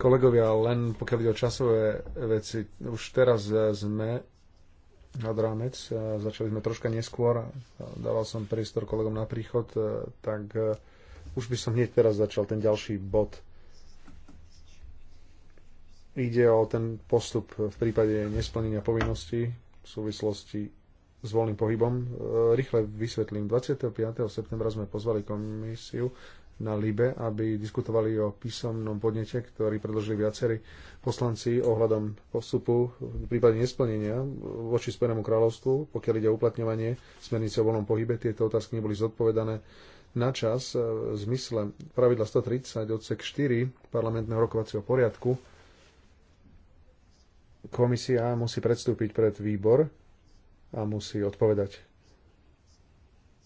Kolegovia, len pokiaľ ide o časové veci, už teraz eh, sme nad rámec, eh, začali sme troška neskôr, dával som priestor kolegom na príchod, eh, tak už by som hneď teraz začal ten ďalší bod. Ide o ten postup v prípade nesplnenia povinností v súvislosti s voľným pohybom. Rýchle vysvetlím. 25. septembra sme pozvali komisiu na Libe, aby diskutovali o písomnom podnete, ktorý predložili viacerí poslanci ohľadom postupu v prípade nesplnenia voči Spojenému kráľovstvu, pokiaľ ide o uplatňovanie smernice o voľnom pohybe. Tieto otázky neboli zodpovedané na čas e, v zmysle pravidla 130 odsek 4 parlamentného rokovacieho poriadku. Komisia musí predstúpiť pred výbor a musí odpovedať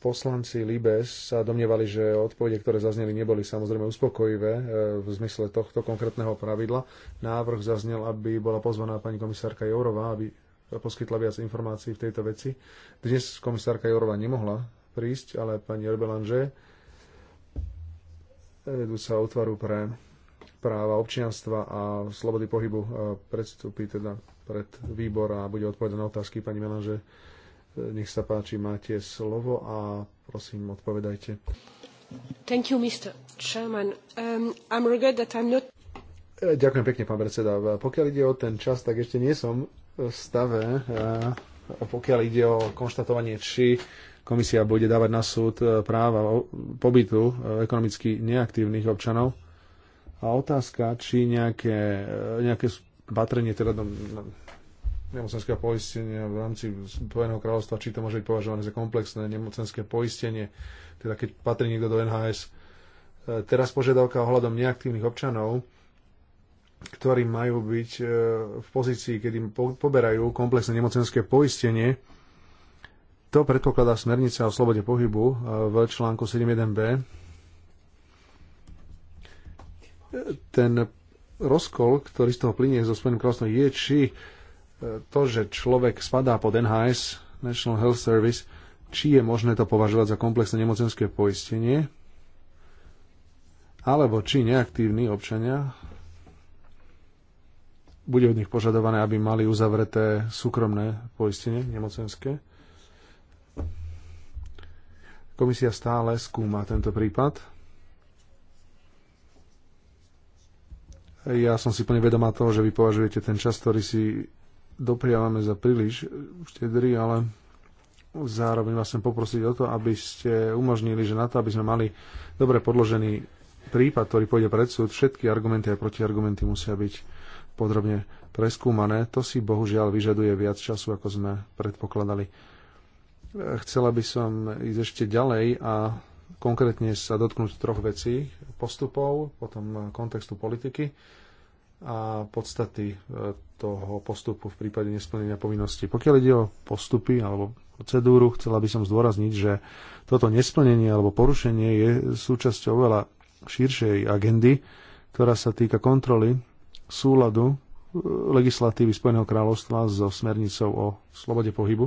poslanci Libes sa domnievali, že odpovede, ktoré zazneli, neboli samozrejme uspokojivé e, v zmysle tohto konkrétneho pravidla. Návrh zaznel, aby bola pozvaná pani komisárka Jourová, aby poskytla viac informácií v tejto veci. Dnes komisárka Jourová nemohla prísť, ale pani Erbelanže, sa útvaru pre práva občianstva a slobody pohybu e, predstúpi teda pred výbor a bude odpovedať na otázky pani Melanže nech sa páči, máte slovo a prosím, odpovedajte. Thank you, Mr. Chairman. Um, I'm regret that I'm not... E, ďakujem pekne, pán predseda. Pokiaľ ide o ten čas, tak ešte nie som v stave, e, pokiaľ ide o konštatovanie, či komisia bude dávať na súd e, práva pobytu ekonomicky neaktívnych občanov. A otázka, či nejaké, nejaké patrenie teda nemocenského poistenia v rámci Spojeného kráľovstva, či to môže byť považované za komplexné nemocenské poistenie, teda keď patrí niekto do NHS. E, teraz požiadavka ohľadom neaktívnych občanov, ktorí majú byť e, v pozícii, kedy poberajú komplexné nemocenské poistenie, to predpokladá smernica o slobode pohybu e, v článku 7.1b. Ten rozkol, ktorý z toho plinie zo Spojeným kráľovstvom, je, či to, že človek spadá pod NHS, National Health Service, či je možné to považovať za komplexné nemocenské poistenie, alebo či neaktívni občania bude od nich požadované, aby mali uzavreté súkromné poistenie nemocenské. Komisia stále skúma tento prípad. Ja som si plne vedomá toho, že vy považujete ten čas, ktorý si dopriavame za príliš štedrý, ale zároveň vás chcem poprosiť o to, aby ste umožnili, že na to, aby sme mali dobre podložený prípad, ktorý pôjde pred súd, všetky argumenty a protiargumenty musia byť podrobne preskúmané. To si bohužiaľ vyžaduje viac času, ako sme predpokladali. Chcela by som ísť ešte ďalej a konkrétne sa dotknúť troch vecí. Postupov, potom kontextu politiky a podstaty e, toho postupu v prípade nesplnenia povinnosti. Pokiaľ ide o postupy alebo procedúru, chcela by som zdôrazniť, že toto nesplnenie alebo porušenie je súčasťou oveľa širšej agendy, ktorá sa týka kontroly súladu e, legislatívy Spojeného kráľovstva so smernicou o slobode pohybu,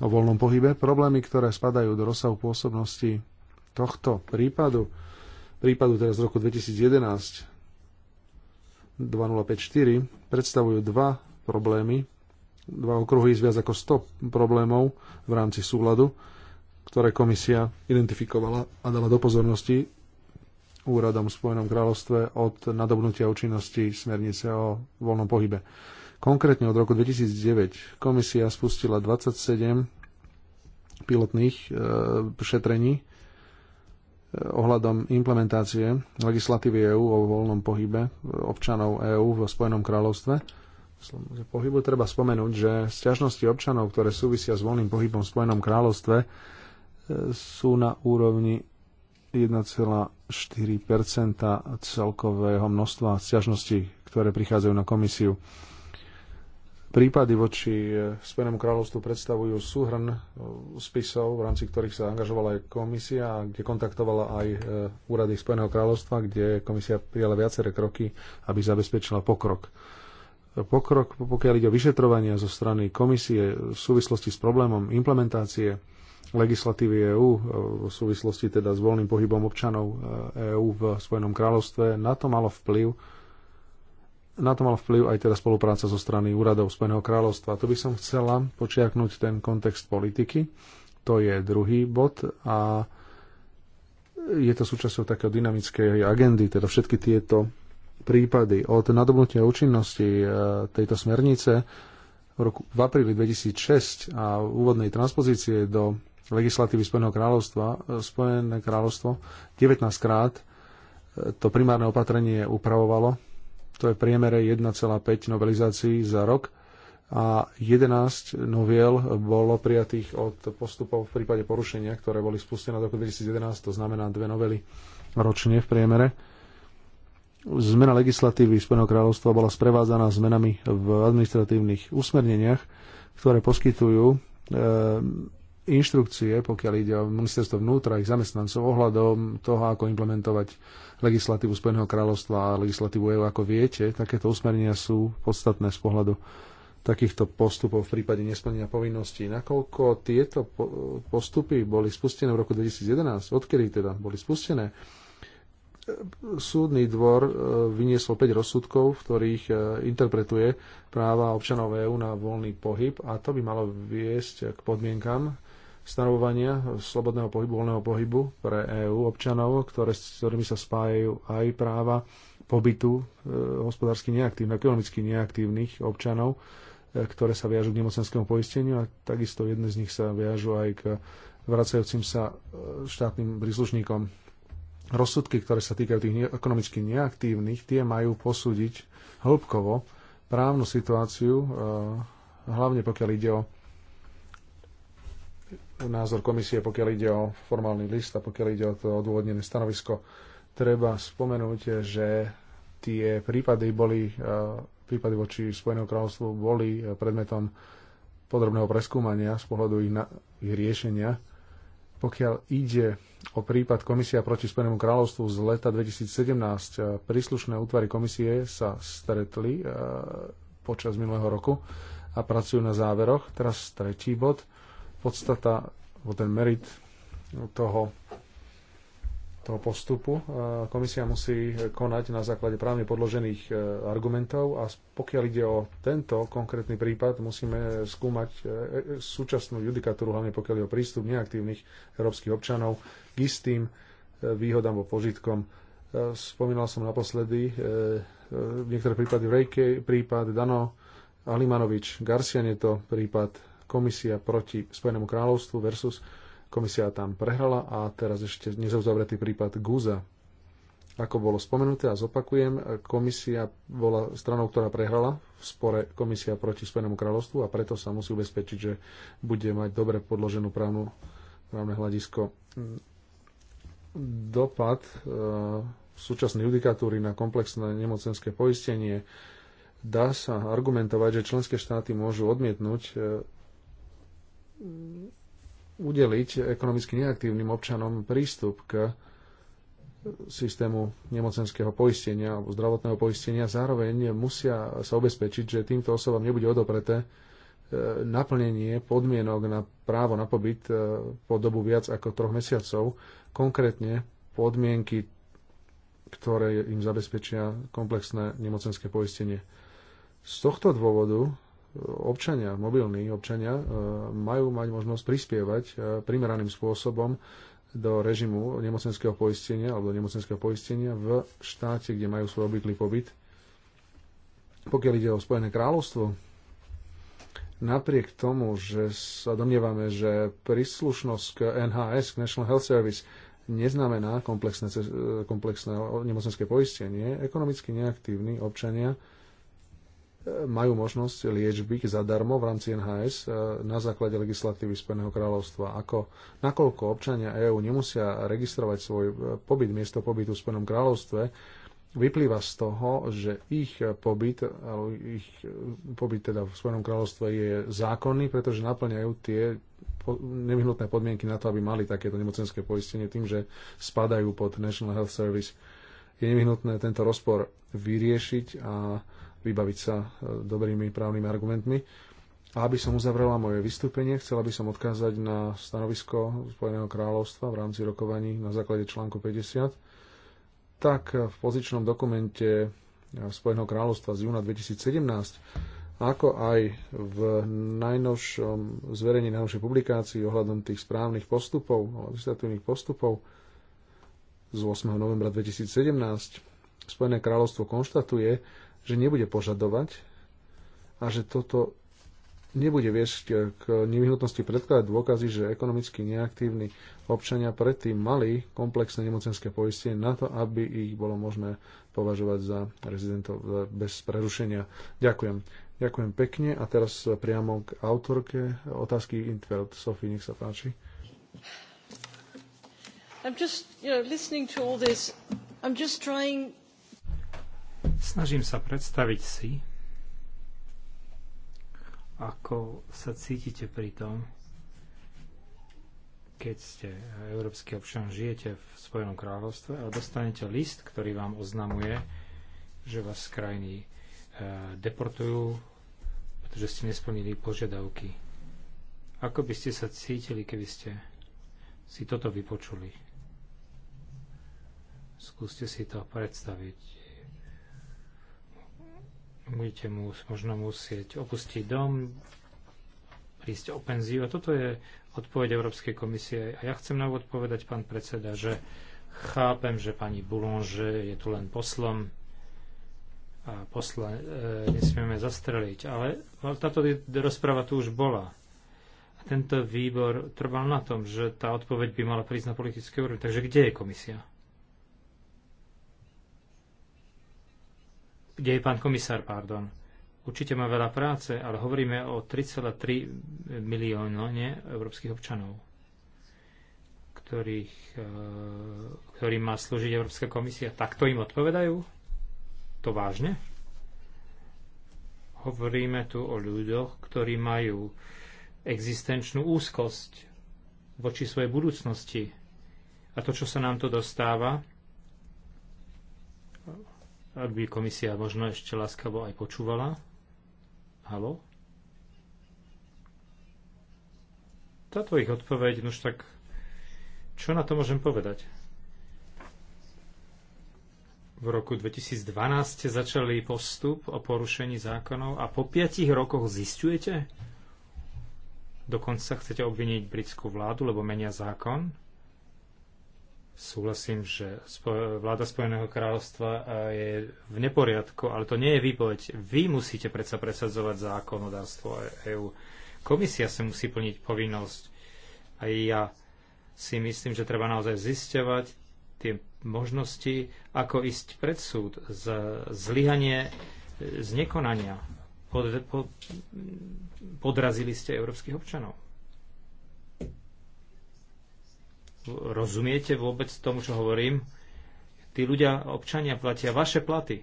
o voľnom pohybe. Problémy, ktoré spadajú do rozsahu pôsobnosti tohto prípadu, prípadu teraz z roku 2011 2054 predstavujú dva problémy, dva okruhy z viac ako 100 problémov v rámci súladu, ktoré komisia identifikovala a dala do pozornosti úradom v Spojenom kráľovstve od nadobnutia účinnosti smernice o voľnom pohybe. Konkrétne od roku 2009 komisia spustila 27 pilotných e, šetrení ohľadom implementácie legislatívy EÚ o voľnom pohybe občanov EÚ vo Spojenom kráľovstve. Pohybu treba spomenúť, že sťažnosti občanov, ktoré súvisia s voľným pohybom v Spojenom kráľovstve, e, sú na úrovni 1,4 celkového množstva sťažností, ktoré prichádzajú na komisiu prípady voči e, Spojenému kráľovstvu predstavujú súhrn e, spisov, v rámci ktorých sa angažovala aj komisia, kde kontaktovala aj e, úrady Spojeného kráľovstva, kde komisia prijala viaceré kroky, aby zabezpečila pokrok. Pokrok, pokiaľ ide o vyšetrovania zo strany komisie v súvislosti s problémom implementácie legislatívy EÚ v súvislosti teda s voľným pohybom občanov EÚ v Spojenom kráľovstve, na to malo vplyv na to mal vplyv aj teda spolupráca zo strany úradov Spojeného kráľovstva. Tu by som chcela počiaknúť ten kontext politiky. To je druhý bod a je to súčasťou takého dynamickej agendy, teda všetky tieto prípady od nadobnutia účinnosti e, tejto smernice v, roku, v apríli 2006 a úvodnej transpozície do legislatívy Spojeného kráľovstva, e, Spojené kráľovstvo 19 krát e, to primárne opatrenie upravovalo to je priemere 1,5 novelizácií za rok a 11 noviel bolo prijatých od postupov v prípade porušenia, ktoré boli spustené do roku 2011, to znamená dve novely ročne v priemere. Zmena legislatívy Spojeného kráľovstva bola sprevádzaná zmenami v administratívnych usmerneniach, ktoré poskytujú inštrukcie, pokiaľ ide o ministerstvo vnútra, ich zamestnancov ohľadom toho, ako implementovať legislatívu Spojeného kráľovstva a legislatívu EU, ako viete, takéto usmernenia sú podstatné z pohľadu takýchto postupov v prípade nesplnenia povinností. Nakoľko tieto postupy boli spustené v roku 2011, odkedy teda boli spustené, súdny dvor e, vyniesol 5 rozsudkov, v ktorých e, interpretuje práva občanov EÚ na voľný pohyb a to by malo viesť k podmienkam, stanovovania slobodného pohybu, voľného pohybu pre EÚ občanov, ktoré, s ktorými sa spájajú aj práva pobytu e, hospodársky neaktívnych, ekonomicky neaktívnych občanov, e, ktoré sa viažú k nemocenskému poisteniu a takisto jedne z nich sa viažú aj k vracajúcim sa e, štátnym príslušníkom. Rozsudky, ktoré sa týkajú tých ekonomicky neaktívnych, tie majú posúdiť hĺbkovo právnu situáciu, e, hlavne pokiaľ ide o názor komisie, pokiaľ ide o formálny list a pokiaľ ide o to odôvodnené stanovisko. Treba spomenúť, že tie prípady boli, e, prípady voči Spojeného kráľovstvu boli e, predmetom podrobného preskúmania z pohľadu ich, na, ich riešenia. Pokiaľ ide o prípad Komisia proti Spojenému kráľovstvu z leta 2017, e, príslušné útvary komisie sa stretli počas minulého roku a pracujú na záveroch. Teraz tretí bod podstata, o ten merit toho, toho postupu. Komisia musí konať na základe právne podložených e, argumentov a pokiaľ ide o tento konkrétny prípad, musíme skúmať e, e, súčasnú judikatúru, hlavne pokiaľ je o prístup neaktívnych európskych občanov k istým výhodám alebo požitkom. Spomínal som naposledy niektoré prípady Rejke, prípad Dano, Alimanovič, Garcian je to prípad komisia proti Spojenému kráľovstvu versus komisia tam prehrala a teraz ešte nezauzavretý prípad Guza. Ako bolo spomenuté a zopakujem, komisia bola stranou, ktorá prehrala v spore komisia proti Spojenému kráľovstvu a preto sa musí ubezpečiť, že bude mať dobre podloženú právnu, právne hľadisko. Dopad e, súčasnej judikatúry na komplexné nemocenské poistenie dá sa argumentovať, že členské štáty môžu odmietnúť eh, udeliť ekonomicky neaktívnym občanom prístup k systému nemocenského poistenia alebo zdravotného poistenia. Zároveň musia sa obezpečiť, že týmto osobám nebude odopreté e, naplnenie podmienok na právo na pobyt e, po dobu viac ako troch mesiacov, konkrétne podmienky, ktoré im zabezpečia komplexné nemocenské poistenie. Z tohto dôvodu občania, mobilní občania e, majú mať možnosť prispievať e, primeraným spôsobom do režimu nemocenského poistenia alebo nemocenského poistenia v štáte, kde majú svoj obvyklý pobyt. Pokiaľ ide o Spojené kráľovstvo, napriek tomu, že sa domnievame, že príslušnosť k NHS, k National Health Service, neznamená komplexné, e, komplexné nemocenské poistenie, ekonomicky neaktívni občania majú možnosť liečby zadarmo v rámci NHS e, na základe legislatívy Spojeného kráľovstva. Ako, nakoľko občania EÚ nemusia registrovať svoj e, pobyt, miesto pobytu v Spojenom kráľovstve, vyplýva z toho, že ich pobyt, ich e, pobyt teda v Spojenom kráľovstve je zákonný, pretože naplňajú tie nevyhnutné podmienky na to, aby mali takéto nemocenské poistenie tým, že spadajú pod National Health Service. Je nevyhnutné tento rozpor vyriešiť a vybaviť sa e, dobrými právnymi argumentmi. A aby som uzavrela moje vystúpenie, chcela by som odkázať na stanovisko Spojeného kráľovstva v rámci rokovaní na základe článku 50. Tak v pozičnom dokumente Spojeného kráľovstva z júna 2017, ako aj v najnovšom zverejní najnovšej publikácii ohľadom tých správnych postupov, legislatívnych postupov z 8. novembra 2017, Spojené kráľovstvo konštatuje, že nebude požadovať a že toto nebude viesť k nevyhnutnosti predkladať dôkazy, že ekonomicky neaktívni občania predtým mali komplexné nemocenské poistenie na to, aby ich bolo možné považovať za rezidentov bez prerušenia. Ďakujem. Ďakujem pekne a teraz priamo k autorke otázky Intveld. Sofie, nech sa páči. I'm just, you know, listening to all this, I'm just trying Snažím sa predstaviť si, ako sa cítite pri tom, keď ste európsky občan, žijete v Spojenom kráľovstve a dostanete list, ktorý vám oznamuje, že vás z krajiny e, deportujú, pretože ste nesplnili požiadavky. Ako by ste sa cítili, keby ste si toto vypočuli? Skúste si to predstaviť budete mu možno musieť opustiť dom, prísť o penziu. A toto je odpoveď Európskej komisie. A ja chcem na úvod povedať, pán predseda, že chápem, že pani Boulanger je tu len poslom a posla e, nesmieme zastreliť. Ale táto rozpráva tu už bola. A tento výbor trval na tom, že tá odpoveď by mala prísť na politické úrovni. Takže kde je komisia? kde je pán komisár, pardon. Určite má veľa práce, ale hovoríme o 3,3 milióne európskych občanov, ktorých, e, ktorým má slúžiť Európska komisia. Takto im odpovedajú? To vážne? Hovoríme tu o ľuďoch, ktorí majú existenčnú úzkosť voči svojej budúcnosti. A to, čo sa nám to dostáva, ak by komisia možno ešte láskavo aj počúvala. Halo? Táto ich odpoveď, nož tak, čo na to môžem povedať? V roku 2012 ste začali postup o porušení zákonov a po piatich rokoch zistujete? Dokonca chcete obviniť britskú vládu, lebo menia zákon? Súhlasím, že vláda Spojeného kráľovstva e, je v neporiadku, ale to nie je výpoveď. Vy musíte predsa presadzovať zákonodárstvo EÚ. Komisia sa musí plniť povinnosť. A ja si myslím, že treba naozaj zisťovať tie možnosti, ako ísť pred súd z zlyhanie e, z nekonania. Pod, pod, podrazili ste európskych občanov. Rozumiete vôbec tomu, čo hovorím? Tí ľudia, občania platia vaše platy.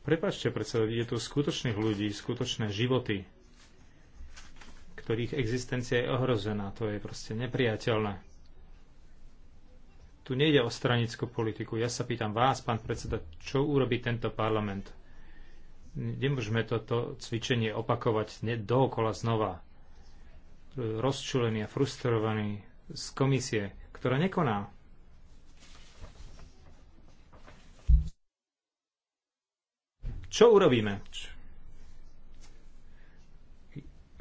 Prepačte, predsa je tu skutočných ľudí, skutočné životy, ktorých existencia je ohrozená. To je proste nepriateľné. Tu nejde o stranickú politiku. Ja sa pýtam vás, pán predseda, čo urobí tento parlament? Nemôžeme toto cvičenie opakovať dookola znova rozčulený a frustrovaný z komisie, ktorá nekoná. Čo urobíme?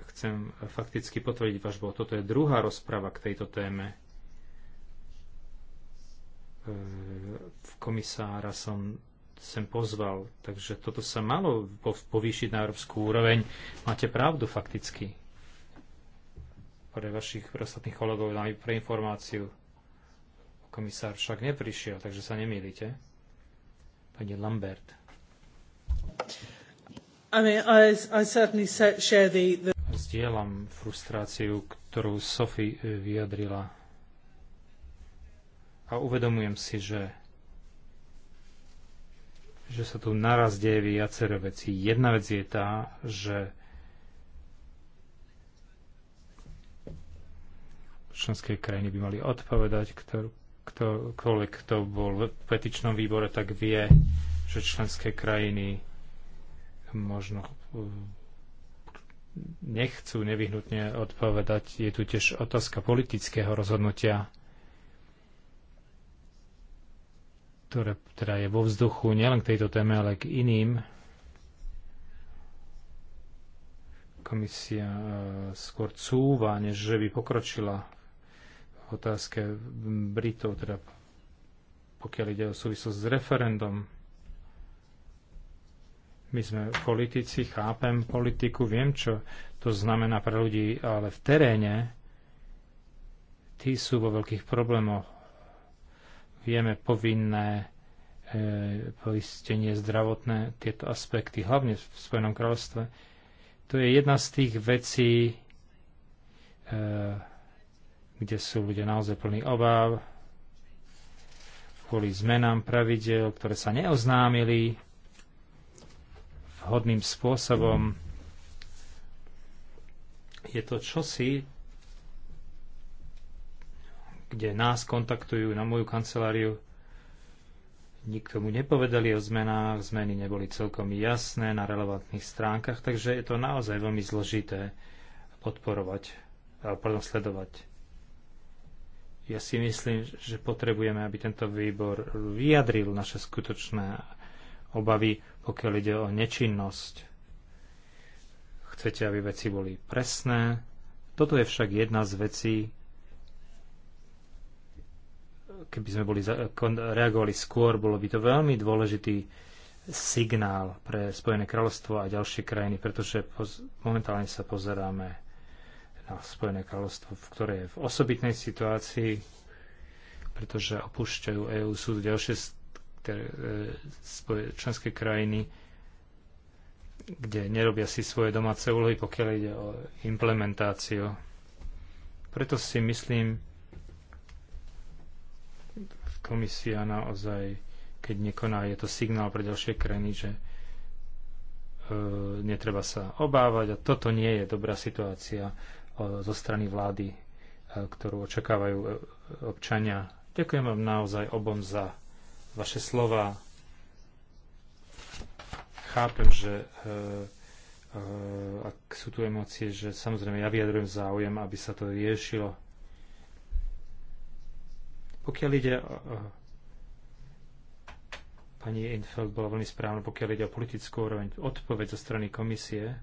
Chcem fakticky potvrdiť váš bod. Toto je druhá rozprava k tejto téme. V komisára som sem pozval, takže toto sa malo povýšiť na európsku úroveň. Máte pravdu fakticky pre vašich ostatných kolegov na, pre informáciu. Komisár však neprišiel, takže sa nemýlite. Pani Lambert. I mean, I, I certainly share the, the... Zdieľam frustráciu, ktorú Sophie e, vyjadrila. A uvedomujem si, že že sa tu naraz deje viacero vecí. Jedna vec je tá, že členské krajiny by mali odpovedať, kto, ktokoľvek, kto bol v petičnom výbore, tak vie, že členské krajiny možno hm, nechcú nevyhnutne odpovedať. Je tu tiež otázka politického rozhodnutia, ktoré teda je vo vzduchu nielen k tejto téme, ale k iným. Komisia eh, skôr cúva, než že by pokročila otázke Britov, teda pokiaľ ide o súvislosť s referendum. My sme politici, chápem politiku, viem, čo to znamená pre ľudí, ale v teréne tí sú vo veľkých problémoch. Vieme povinné e, poistenie zdravotné, tieto aspekty, hlavne v Spojenom kráľovstve. To je jedna z tých vecí, e, kde sú ľudia naozaj plní obáv kvôli zmenám pravidel, ktoré sa neoznámili vhodným spôsobom. Je to čosi, kde nás kontaktujú na moju kanceláriu. Nikto mu nepovedali o zmenách, zmeny neboli celkom jasné na relevantných stránkach, takže je to naozaj veľmi zložité podporovať, pardon, sledovať ja si myslím, že potrebujeme, aby tento výbor vyjadril naše skutočné obavy, pokiaľ ide o nečinnosť. Chcete, aby veci boli presné. Toto je však jedna z vecí, keby sme boli, reagovali skôr, bolo by to veľmi dôležitý signál pre Spojené kráľovstvo a ďalšie krajiny, pretože momentálne sa pozeráme na Spojené kráľovstvo, v ktoré je v osobitnej situácii, pretože opúšťajú EÚ, sú ďalšie e, členské krajiny, kde nerobia si svoje domáce úlohy, pokiaľ ide o implementáciu. Preto si myslím, komisia naozaj, keď nekoná, je to signál pre ďalšie krajiny, že e, netreba sa obávať a toto nie je dobrá situácia zo strany vlády, e, ktorú očakávajú e, občania. Ďakujem vám naozaj obom za vaše slova. Chápem, že e, ak sú tu emócie, že samozrejme ja vyjadrujem záujem, aby sa to riešilo. Pokiaľ ide pani Infeld bola veľmi správna, pokiaľ ide o politickú úroveň, odpoveď zo strany komisie,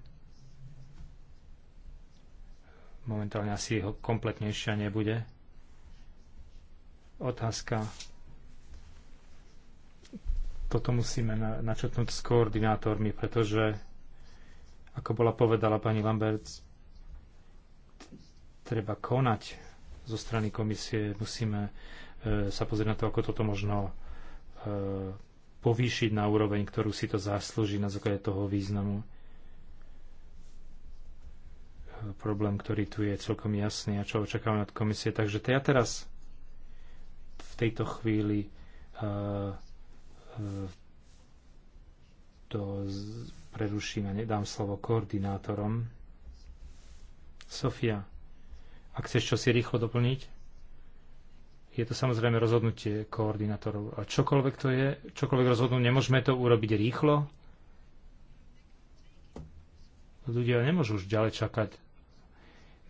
momentálne asi ho kompletnejšia nebude. Otázka. Toto musíme načetnúť s koordinátormi, pretože, ako bola povedala pani Lamberts, treba konať zo strany komisie, musíme e, sa pozrieť na to, ako toto možno e, povýšiť na úroveň, ktorú si to zaslúži na základe toho významu problém, ktorý tu je celkom jasný a čo očakávame od komisie. Takže ja teraz v tejto chvíli eh, to preruším a nedám slovo koordinátorom. Sofia, ak chceš čo si rýchlo doplniť? je to samozrejme rozhodnutie koordinátorov. A čokoľvek to je, čokoľvek rozhodnú, nemôžeme to urobiť rýchlo. Ľudia nemôžu už ďalej čakať.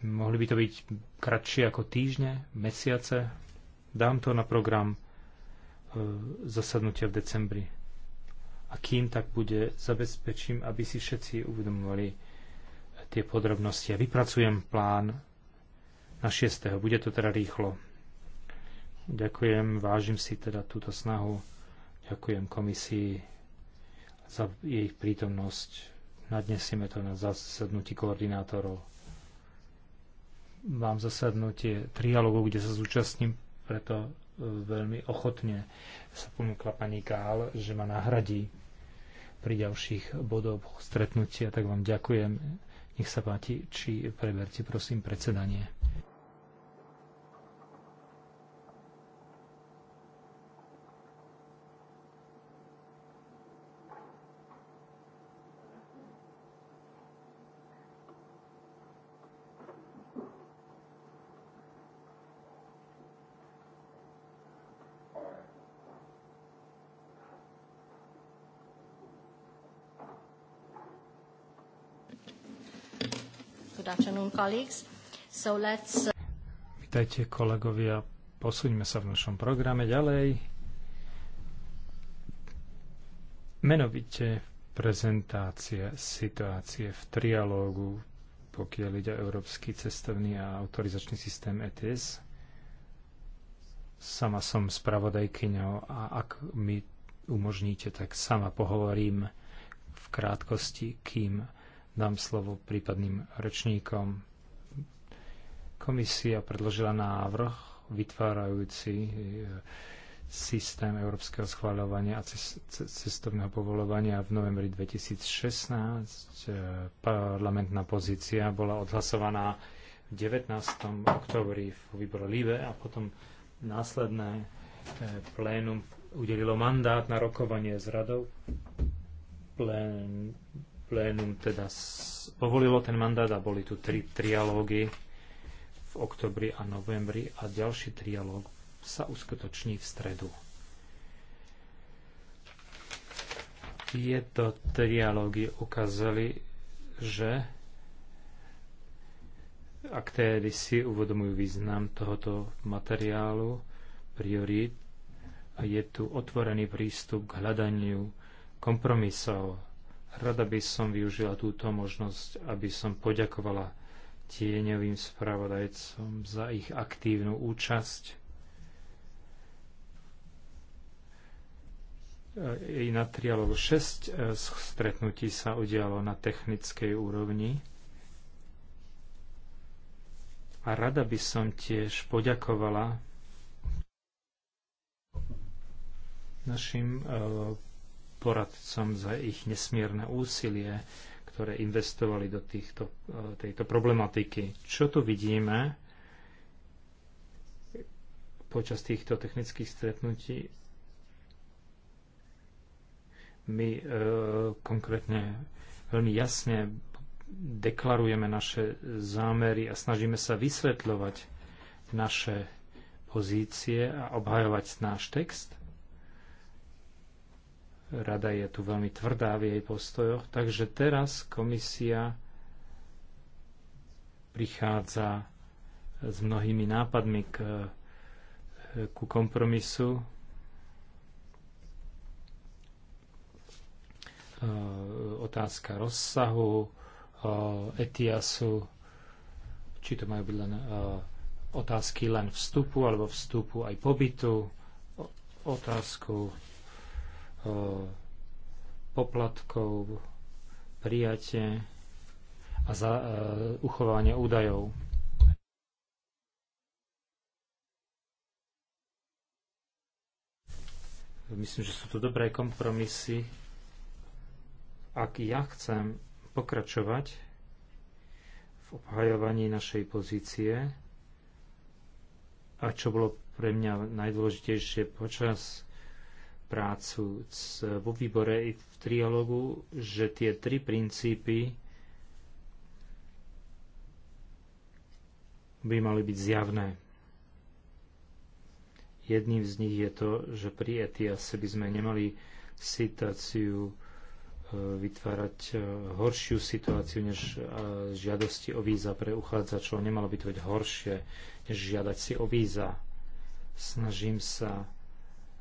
Mohli by to byť kratšie ako týždne, mesiace. Dám to na program e, zasadnutia v decembri. A kým tak bude, zabezpečím, aby si všetci uvedomovali tie podrobnosti. Ja vypracujem plán na 6. Bude to teda rýchlo. Ďakujem, vážim si teda túto snahu. Ďakujem komisii za jej prítomnosť. Nadnesieme to na zasadnutí koordinátorov mám zasadnutie trialogu, kde sa zúčastním, preto e, veľmi ochotne sa ponúkla pani Kál, že ma nahradí pri ďalších bodoch stretnutia, tak vám ďakujem. Nech sa páti, či preberte prosím predsedanie. So uh, Vítajte kolegovia, posuňme sa v našom programe ďalej. Menovite prezentácia situácie v trialógu, pokiaľ ide o Európsky cestovný a autorizačný systém ETS. Sama som spravodajkyňou a ak mi umožníte, tak sama pohovorím v krátkosti, kým dám slovo prípadným rečníkom. Komisia predložila návrh vytvárajúci e, systém európskeho schváľovania a cestovného povolovania v novembri 2016. E, parlamentná pozícia bola odhlasovaná v 19. oktobri v výbore LIBE a potom následné e, plénum udelilo mandát na rokovanie s radou. Plén, plénum teda povolilo ten mandát a boli tu tri trialógy oktobri a novembri a ďalší trialóg sa uskutoční v stredu. Tieto trialógy ukázali, že aktéry si uvedomujú význam tohoto materiálu, priorít a je tu otvorený prístup k hľadaniu kompromisov. Rada by som využila túto možnosť, aby som poďakovala tieňovým spravodajcom za ich aktívnu účasť. I na trialogu 6 e, stretnutí sa udialo na technickej úrovni. A rada by som tiež poďakovala našim e, poradcom za ich nesmierne úsilie ktoré investovali do týchto, eh, tejto problematiky. Čo tu vidíme počas týchto technických stretnutí? My e, konkrétne veľmi jasne deklarujeme naše zámery a snažíme sa vysvetľovať naše pozície a obhajovať náš text. Rada je tu veľmi tvrdá v jej postojoch, takže teraz komisia prichádza s mnohými nápadmi k, ku kompromisu. E, otázka rozsahu, e, ETIASu, či to majú byť len e, otázky len vstupu alebo vstupu aj pobytu, otázku poplatkov, prijatie a za e, uchovanie údajov. Myslím, že sú to dobré kompromisy. Ak ja chcem pokračovať v obhajovaní našej pozície, a čo bolo pre mňa najdôležitejšie počas prácu vo výbore i v trialogu, že tie tri princípy by mali byť zjavné. Jedným z nich je to, že pri ETIASe by sme nemali situáciu e, vytvárať e, horšiu situáciu než e, žiadosti o víza pre uchádzačov. Nemalo by to byť horšie, než žiadať si o víza. Snažím sa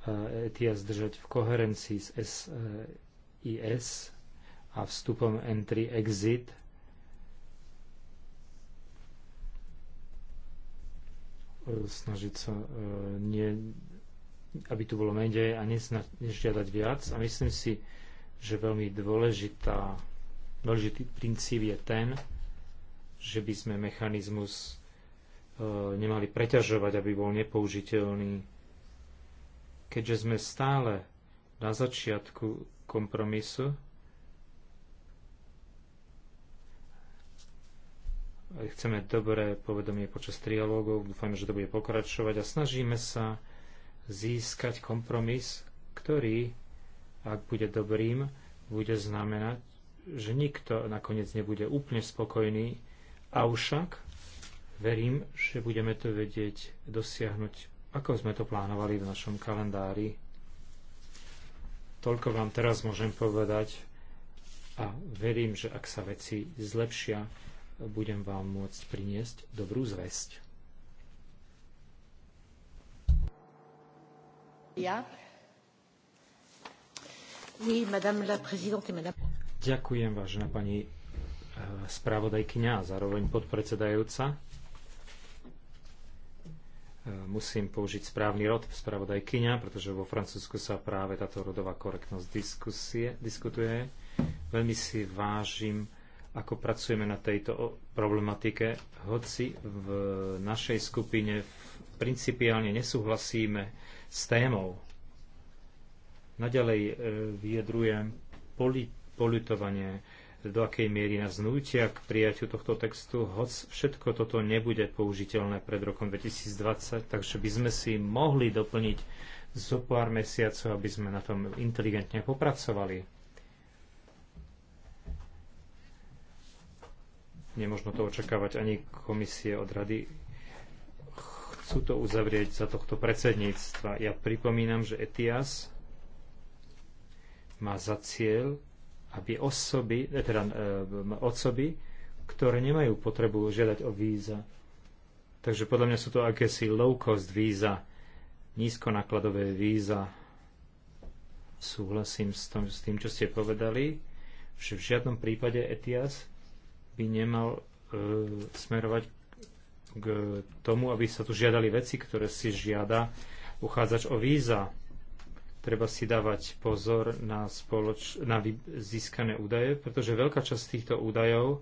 ETIAS držať v koherencii s SIS a vstupom entry-exit. Snažiť sa e, nie, aby tu bolo menej a nežiadať viac. A myslím si, že veľmi dôležitá, dôležitý princíp je ten, že by sme mechanizmus e, nemali preťažovať, aby bol nepoužiteľný keďže sme stále na začiatku kompromisu, chceme dobré povedomie počas trialógov, dúfajme, že to bude pokračovať a snažíme sa získať kompromis, ktorý, ak bude dobrým, bude znamenať, že nikto nakoniec nebude úplne spokojný, avšak verím, že budeme to vedieť dosiahnuť ako sme to plánovali v našom kalendári. Toľko vám teraz môžem povedať a verím, že ak sa veci zlepšia, budem vám môcť priniesť dobrú zväzť. Ja. Oui, madame la présidente et madame... Ďakujem, vážená pani eh, spravodajkyňa a zároveň podpredsedajúca. E, musím použiť správny rod spravodajkyňa, pretože vo Francúzsku sa práve táto rodová korektnosť diskusie, diskutuje. Veľmi si vážim, ako pracujeme na tejto problematike, hoci v našej skupine principiálne nesúhlasíme s témou. Naďalej e, vyjadrujem poli, politovanie do akej miery nás nútia k prijaťu tohto textu, hoc všetko toto nebude použiteľné pred rokom 2020, takže by sme si mohli doplniť zo pár mesiacov, aby sme na tom inteligentne popracovali. Nemôžno to očakávať ani komisie od rady. Chcú to uzavrieť za tohto predsedníctva. Ja pripomínam, že ETIAS má za cieľ aby osoby, eh, teda eh, osoby, ktoré nemajú potrebu žiadať o víza. Takže podľa mňa sú to akési low-cost víza, nízkonákladové víza. Súhlasím s, tom, s tým, čo ste povedali, že v žiadnom prípade ETIAS by nemal e, smerovať k tomu, aby sa tu žiadali veci, ktoré si žiada uchádzač o víza Treba si dávať pozor na, spoloč- na získané údaje, pretože veľká časť týchto údajov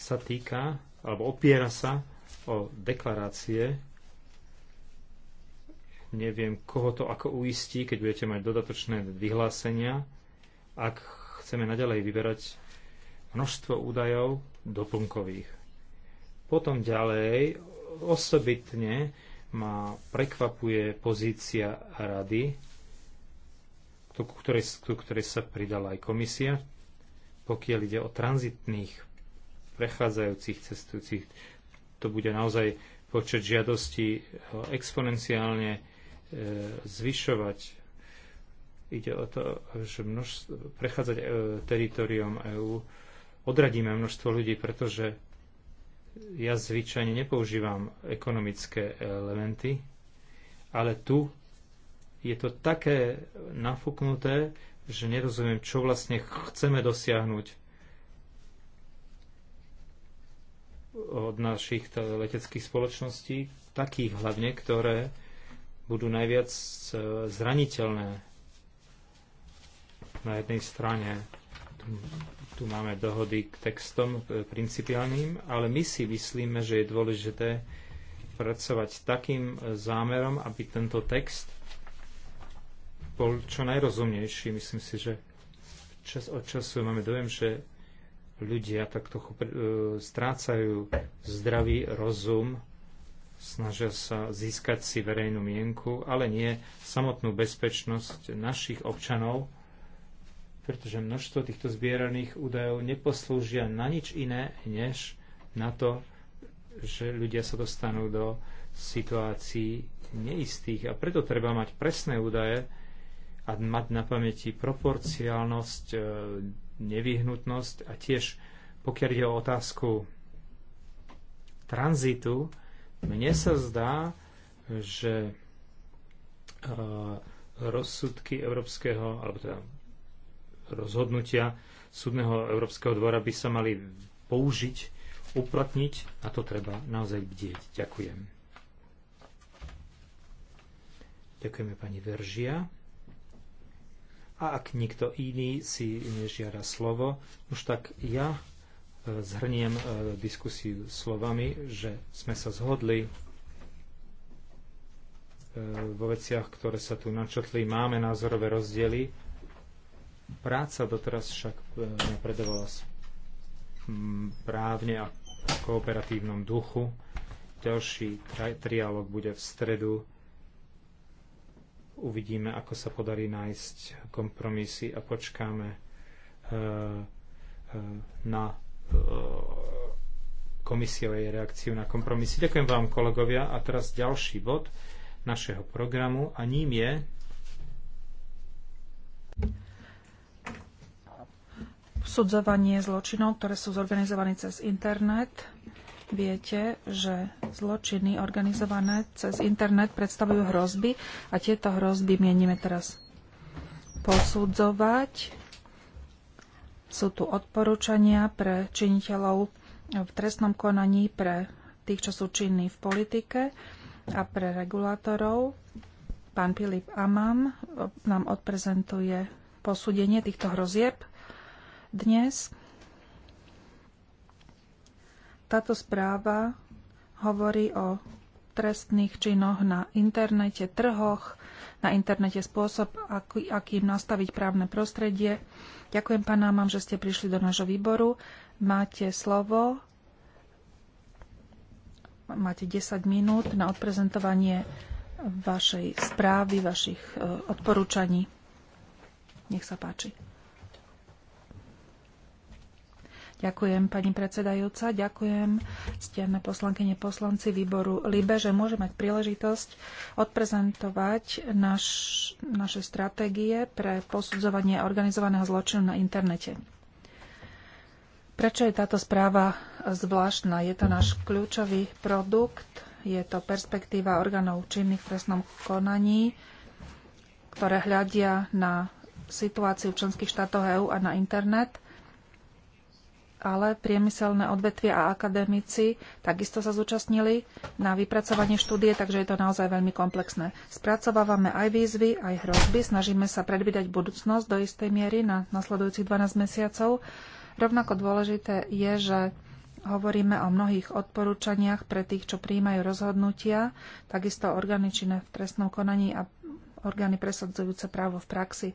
sa týka alebo opiera sa o deklarácie. Neviem, koho to ako uistí, keď budete mať dodatočné vyhlásenia. Ak chceme naďalej vyberať množstvo údajov doplnkových. Potom ďalej osobitne ma prekvapuje pozícia rady ku ktorej, ku ktorej sa pridala aj komisia, pokiaľ ide o tranzitných prechádzajúcich cestujúcich, to bude naozaj počet žiadostí e, exponenciálne e, zvyšovať. Ide o to, že množstvo, prechádzať e, teritorium EÚ odradíme množstvo ľudí, pretože ja zvyčajne nepoužívam ekonomické elementy, ale tu je to také nafúknuté, že nerozumiem, čo vlastne chceme dosiahnuť od našich leteckých spoločností, takých hlavne, ktoré budú najviac e, zraniteľné. Na jednej strane tu, tu máme dohody k textom e, principiálnym, ale my si myslíme, že je dôležité pracovať takým e, zámerom, aby tento text bol čo najrozumnejší. Myslím si, že čas od času máme dojem, že ľudia tak trochu e, strácajú zdravý rozum, snažia sa získať si verejnú mienku, ale nie samotnú bezpečnosť našich občanov, pretože množstvo týchto zbieraných údajov neposlúžia na nič iné, než na to, že ľudia sa dostanú do situácií neistých. A preto treba mať presné údaje, a mať na pamäti proporciálnosť, e, nevyhnutnosť a tiež pokiaľ ide o otázku tranzitu, mne sa zdá, že e, rozsudky Európskeho, alebo teda rozhodnutia súdneho Európskeho dvora by sa mali použiť, uplatniť a to treba naozaj bdieť. Ďakujem. Ďakujeme pani Veržia. A ak nikto iný si nežiada slovo, už tak ja e, zhrniem e, diskusiu slovami, že sme sa zhodli e, vo veciach, ktoré sa tu načotli. Máme názorové rozdiely. Práca doteraz však napredovala právne a v kooperatívnom duchu. Ďalší trialog bude v stredu Uvidíme, ako sa podarí nájsť kompromisy a počkáme e, e, na e, komisiovej reakciu na kompromisy. Ďakujem vám, kolegovia. A teraz ďalší bod našeho programu a ním je sudzovanie zločinov, ktoré sú zorganizované cez internet. Viete, že zločiny organizované cez internet predstavujú hrozby a tieto hrozby mienime teraz posudzovať. Sú tu odporúčania pre činiteľov v trestnom konaní, pre tých, čo sú činní v politike a pre regulátorov. Pán Filip Amam nám odprezentuje posúdenie týchto hrozieb dnes. Táto správa hovorí o trestných činoch na internete, trhoch, na internete spôsob, aký, akým nastaviť právne prostredie. Ďakujem panámam, že ste prišli do nášho výboru. Máte slovo. Máte 10 minút na odprezentovanie vašej správy, vašich e, odporúčaní. Nech sa páči. Ďakujem, pani predsedajúca. Ďakujem, stiame poslankyne poslanci výboru LIBE, že môže mať príležitosť odprezentovať naš, naše stratégie pre posudzovanie organizovaného zločinu na internete. Prečo je táto správa zvláštna? Je to náš kľúčový produkt, je to perspektíva orgánov činných v trestnom konaní, ktoré hľadia na situáciu v členských štátoch EÚ a na internet ale priemyselné odvetvie a akademici takisto sa zúčastnili na vypracovanie štúdie, takže je to naozaj veľmi komplexné. Spracovávame aj výzvy, aj hrozby, snažíme sa predvídať budúcnosť do istej miery na nasledujúcich 12 mesiacov. Rovnako dôležité je, že hovoríme o mnohých odporúčaniach pre tých, čo príjmajú rozhodnutia, takisto orgány činné v trestnom konaní a orgány presadzujúce právo v praxi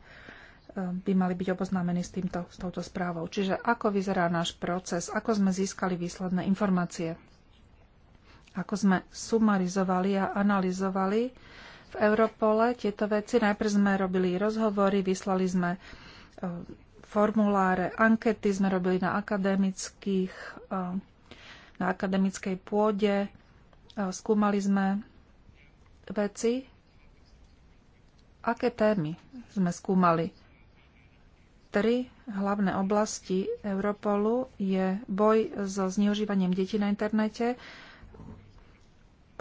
by mali byť oboznámení s, týmto, s touto správou. Čiže ako vyzerá náš proces, ako sme získali výsledné informácie, ako sme sumarizovali a analyzovali v Europole tieto veci. Najprv sme robili rozhovory, vyslali sme e, formuláre, ankety sme robili na, akademických, e, na akademickej pôde, e, skúmali sme veci, aké témy sme skúmali tri hlavné oblasti Europolu je boj so zneužívaním detí na internete,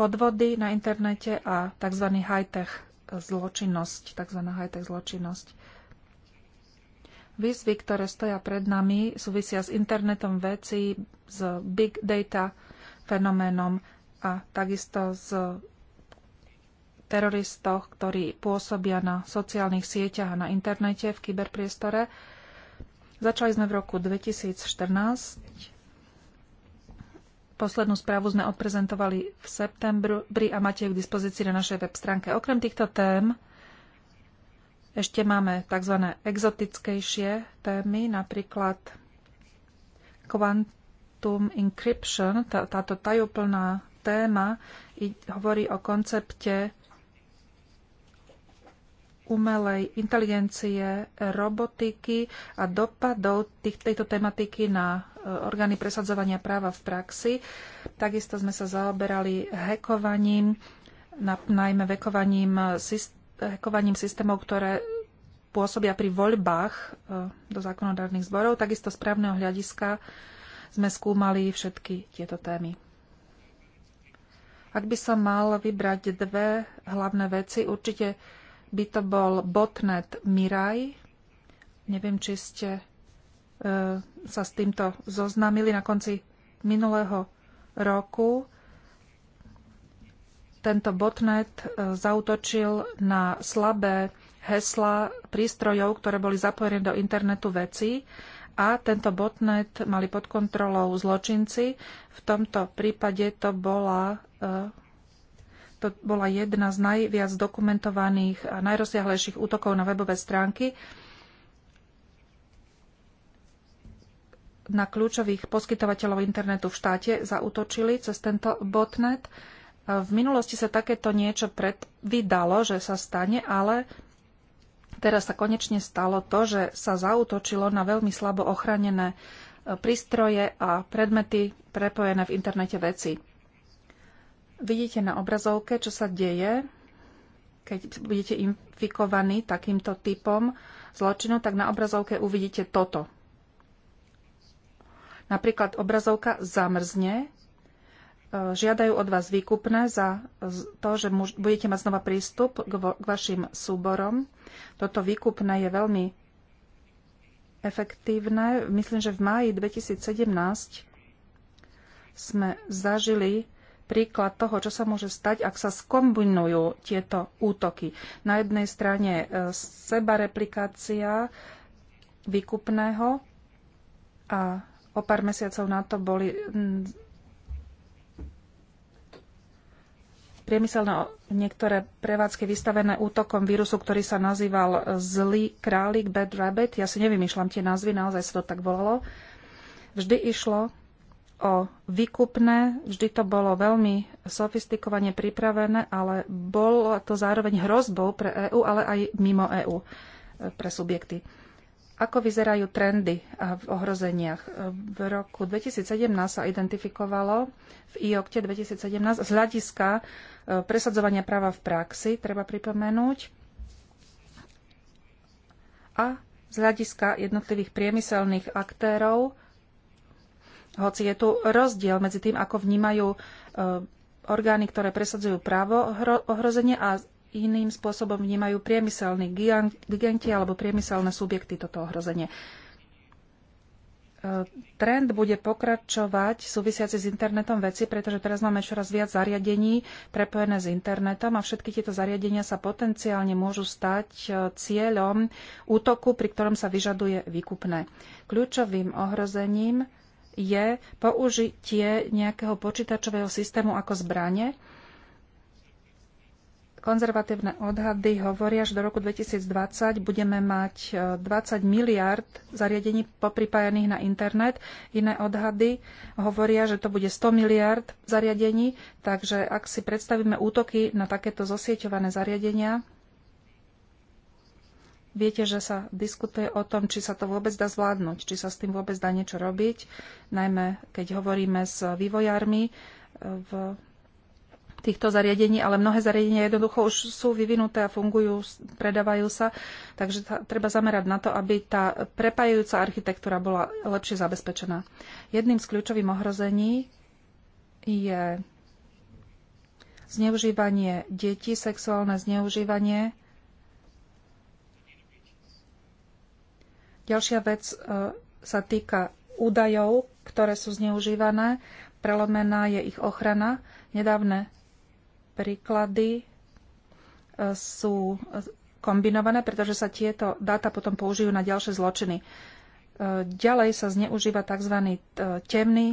podvody na internete a tzv. high-tech zločinnosť, tzv. high-tech zločinnosť. Výzvy, ktoré stoja pred nami, súvisia s internetom vecí, s big data fenoménom a takisto s teroristoch, ktorí pôsobia na sociálnych sieťach a na internete v kyberpriestore. Začali sme v roku 2014. Poslednú správu sme odprezentovali v septembri a máte ju k dispozícii na našej web stránke. Okrem týchto tém ešte máme tzv. exotickejšie témy, napríklad quantum encryption, tá, táto tajúplná téma hovorí o koncepte umelej inteligencie, robotiky a dopadov tých, tejto tematiky na e, orgány presadzovania práva v praxi. Takisto sme sa zaoberali hekovaním, na, najmä vekovaním, e, hekovaním systémov, ktoré pôsobia pri voľbách e, do zákonodárnych zborov. Takisto z právneho hľadiska sme skúmali všetky tieto témy. Ak by som mal vybrať dve hlavné veci, určite by to bol botnet Mirai. Neviem, či ste e, sa s týmto zoznámili na konci minulého roku. Tento botnet e, zautočil na slabé hesla prístrojov, ktoré boli zapojené do internetu veci a tento botnet mali pod kontrolou zločinci. V tomto prípade to bola e, to bola jedna z najviac dokumentovaných a najrozsiahlejších útokov na webové stránky na kľúčových poskytovateľov internetu v štáte zautočili cez tento botnet. V minulosti sa takéto niečo predvídalo, že sa stane, ale teraz sa konečne stalo to, že sa zautočilo na veľmi slabo ochranené e, prístroje a predmety prepojené v internete veci. Vidíte na obrazovke, čo sa deje, keď budete infikovaní takýmto typom zločinu, tak na obrazovke uvidíte toto. Napríklad obrazovka zamrzne, e, žiadajú od vás výkupné za to, že budete mať znova prístup k, k vašim súborom. Toto výkupné je veľmi efektívne. Myslím, že v máji 2017 sme zažili príklad toho, čo sa môže stať, ak sa skombinujú tieto útoky. Na jednej strane e, sebareplikácia výkupného a o pár mesiacov na to boli priemyselné niektoré prevádzky vystavené útokom vírusu, ktorý sa nazýval e, zlý králik, bad rabbit. Ja si nevymýšľam tie názvy, naozaj sa to tak volalo. Vždy išlo o výkupné. Vždy to bolo veľmi sofistikovane pripravené, ale bolo to zároveň hrozbou pre EÚ, ale aj mimo EÚ e, pre subjekty. Ako vyzerajú trendy v ohrozeniach? V roku 2017 sa identifikovalo v IOKTE 2017 z hľadiska e, presadzovania práva v praxi, treba pripomenúť, a z hľadiska jednotlivých priemyselných aktérov hoci je tu rozdiel medzi tým, ako vnímajú e, orgány, ktoré presadzujú právo ohrozenie a iným spôsobom vnímajú priemyselní giganti alebo priemyselné subjekty toto ohrozenie. E, trend bude pokračovať súvisiaci s internetom veci, pretože teraz máme čoraz viac zariadení prepojené s internetom a všetky tieto zariadenia sa potenciálne môžu stať e, cieľom útoku, pri ktorom sa vyžaduje výkupné. Kľúčovým ohrozením je použitie nejakého počítačového systému ako zbranie. Konzervatívne odhady hovoria, že do roku 2020 budeme mať 20 e, miliard zariadení popripájaných na internet. Iné odhady hovoria, že to bude 100 miliard zariadení. Takže ak si predstavíme útoky na takéto zosieťované zariadenia, Viete, že sa diskutuje o tom, či sa to vôbec dá zvládnuť, či sa s tým vôbec dá niečo robiť, najmä keď hovoríme s vývojármi e, v týchto zariadení, ale mnohé zariadenia jednoducho už sú vyvinuté a fungujú, predávajú sa, takže tá, treba zamerať na to, aby tá prepájajúca architektúra bola lepšie zabezpečená. Jedným z kľúčových ohrození je zneužívanie detí, sexuálne zneužívanie Ďalšia vec e, sa týka údajov, ktoré sú zneužívané. Prelomená je ich ochrana. Nedávne príklady e, sú kombinované, pretože sa tieto dáta potom použijú na ďalšie zločiny. E, ďalej sa zneužíva tzv. temný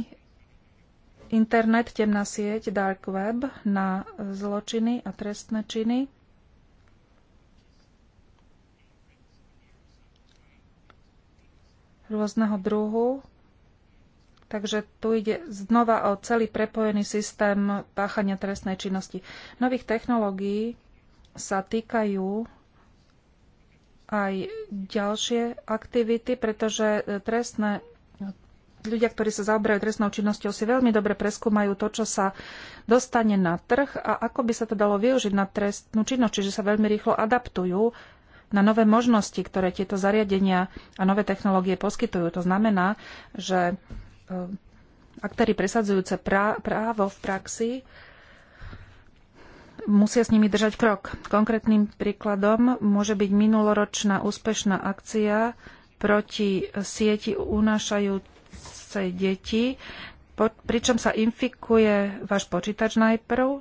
internet, temná sieť, dark web na zločiny a trestné činy. rôzneho druhu. Takže tu ide znova o celý prepojený systém páchania trestnej činnosti. Nových technológií sa týkajú aj ďalšie aktivity, pretože e, trestné ľudia, ktorí sa zaoberajú trestnou činnosťou, si veľmi dobre preskúmajú to, čo sa dostane na trh a ako by sa to dalo využiť na trestnú činnosť, čiže sa veľmi rýchlo adaptujú na nové možnosti, ktoré tieto zariadenia a nové technológie poskytujú. To znamená, že eh, aktéry presadzujúce právo v praxi musia s nimi držať krok. Konkrétnym príkladom môže byť minuloročná úspešná akcia proti sieti unášajúcej deti, pričom sa infikuje váš počítač najprv,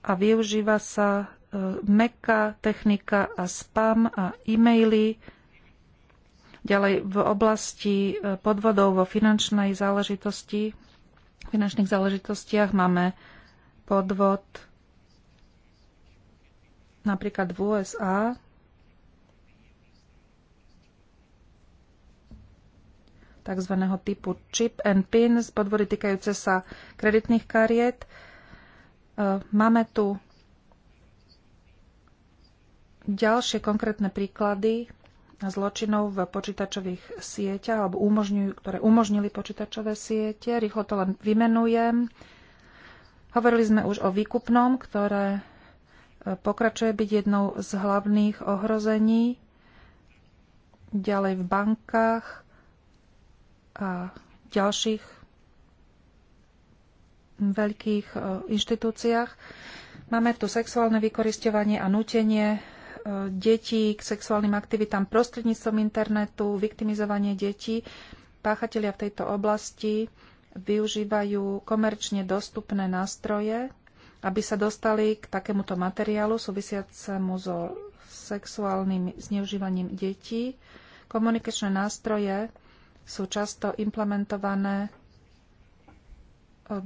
a využíva sa e, Meka, technika a spam a e-maily. Ďalej v oblasti e, podvodov vo finančnej záležitosti, finančných záležitostiach máme podvod napríklad v USA, takzvaného typu chip and pins, podvody týkajúce sa kreditných kariet. E, máme tu ďalšie konkrétne príklady zločinov v počítačových sieťach, alebo umožňujú, ktoré umožnili počítačové siete. Rýchlo to len vymenujem. Hovorili sme už o výkupnom, ktoré e, pokračuje byť jednou z hlavných ohrození. Ďalej v bankách a ďalších veľkých e, inštitúciách. Máme tu sexuálne vykoristovanie a nutenie e, detí k sexuálnym aktivitám prostredníctvom internetu, viktimizovanie detí. Páchatelia v tejto oblasti využívajú komerčne dostupné nástroje, aby sa dostali k takémuto materiálu súvisiacemu so sexuálnym zneužívaním detí. Komunikačné nástroje sú často implementované e,